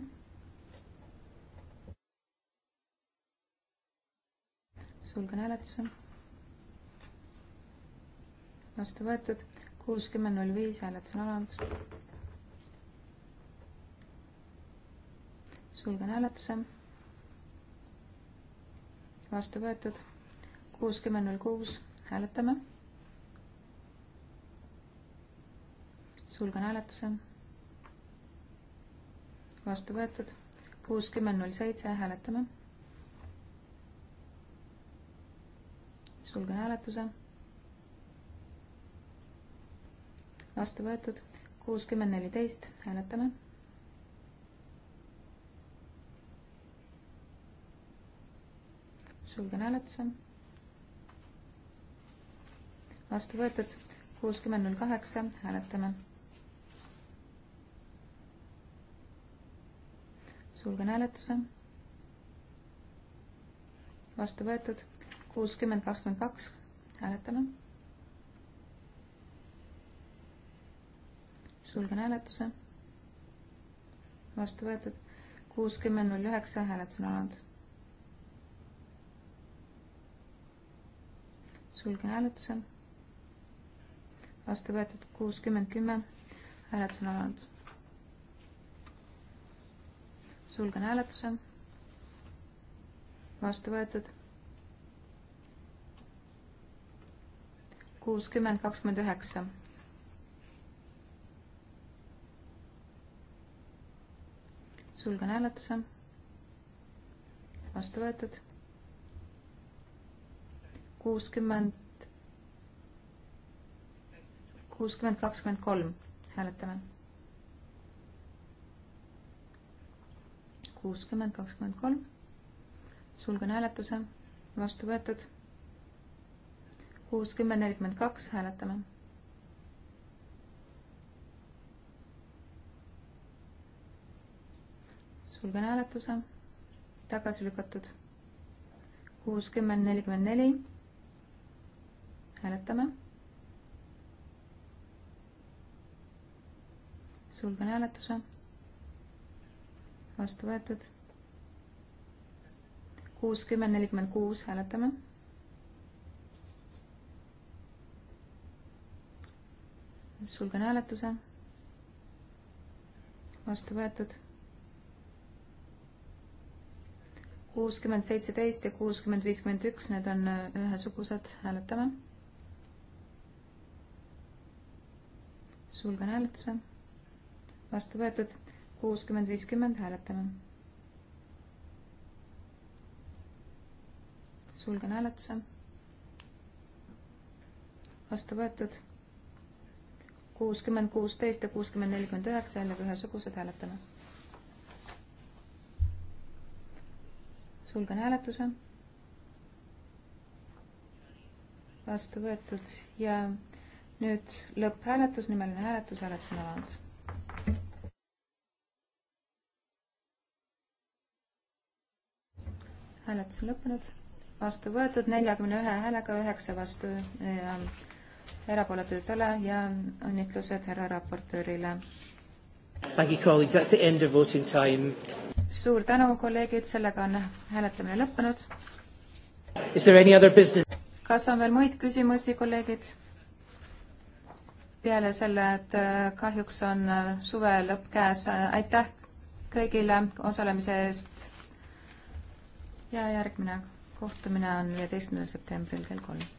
sulgen hääletuse. vastu võetud kuuskümmend null viis, hääletus on alanud sulgen hääletuse. vastu võetud kuuskümmend null kuus, hääletame. sulgen hääletuse. vastu võetud kuuskümmend null seitse, hääletame. sulgen hääletuse. vastu võetud kuuskümmend neliteist, hääletame sulgen hääletuse. vastu võetud kuuskümmend null kaheksa, hääletame. sulgen hääletuse. vastu võetud kuuskümmend kakskümmend kaks, hääletame. sulgen hääletuse. vastu võetud kuuskümmend null üheksa, hääletus on alanud. sulgen hääletuse. vastu võetud kuuskümmend kümme, hääletus on alanud. sulgen hääletuse. vastu võetud. kuuskümmend kakskümmend üheksa. sulgen hääletuse. vastu võetud kuuskümmend, kuuskümmend kakskümmend kolm, hääletame. kuuskümmend kakskümmend kolm, sulgen hääletuse, vastu võetud. kuuskümmend nelikümmend kaks, hääletame sulgen hääletuse. tagasi lükatud. kuuskümmend, nelikümmend neli hääletame. sulgen hääletuse. vastu võetud. kuuskümmend, nelikümmend kuus, hääletame. sulgen hääletuse. vastu võetud. kuuskümmend seitseteist ja kuuskümmend viiskümmend üks, need on ühesugused, hääletame sulgen hääletuse, vastu võetud, kuuskümmend, viiskümmend, hääletame. sulgen hääletuse, vastu võetud, kuuskümmend, kuusteist ja kuuskümmend, nelikümmend üheksa, jällegi ühesugused, hääletame sulgen hääletuse. vastu võetud ja nüüd lõpphääletus, nimeline hääletus, hääletus on alanud. hääletus on lõppenud, vastu võetud neljakümne ühe häälega, üheksa vastu ja erapooletutele ja õnnitlused härra raportöörile. suur tänu, kolleegid, sellega on hääletamine lõppenud. kas on veel muid küsimusi, kolleegid? peale selle, et äh, kahjuks on äh, suve lõpp käes. aitäh kõigile osalemise eest. ja järgmine kohtumine on viieteistkümnendal septembril kell kolm.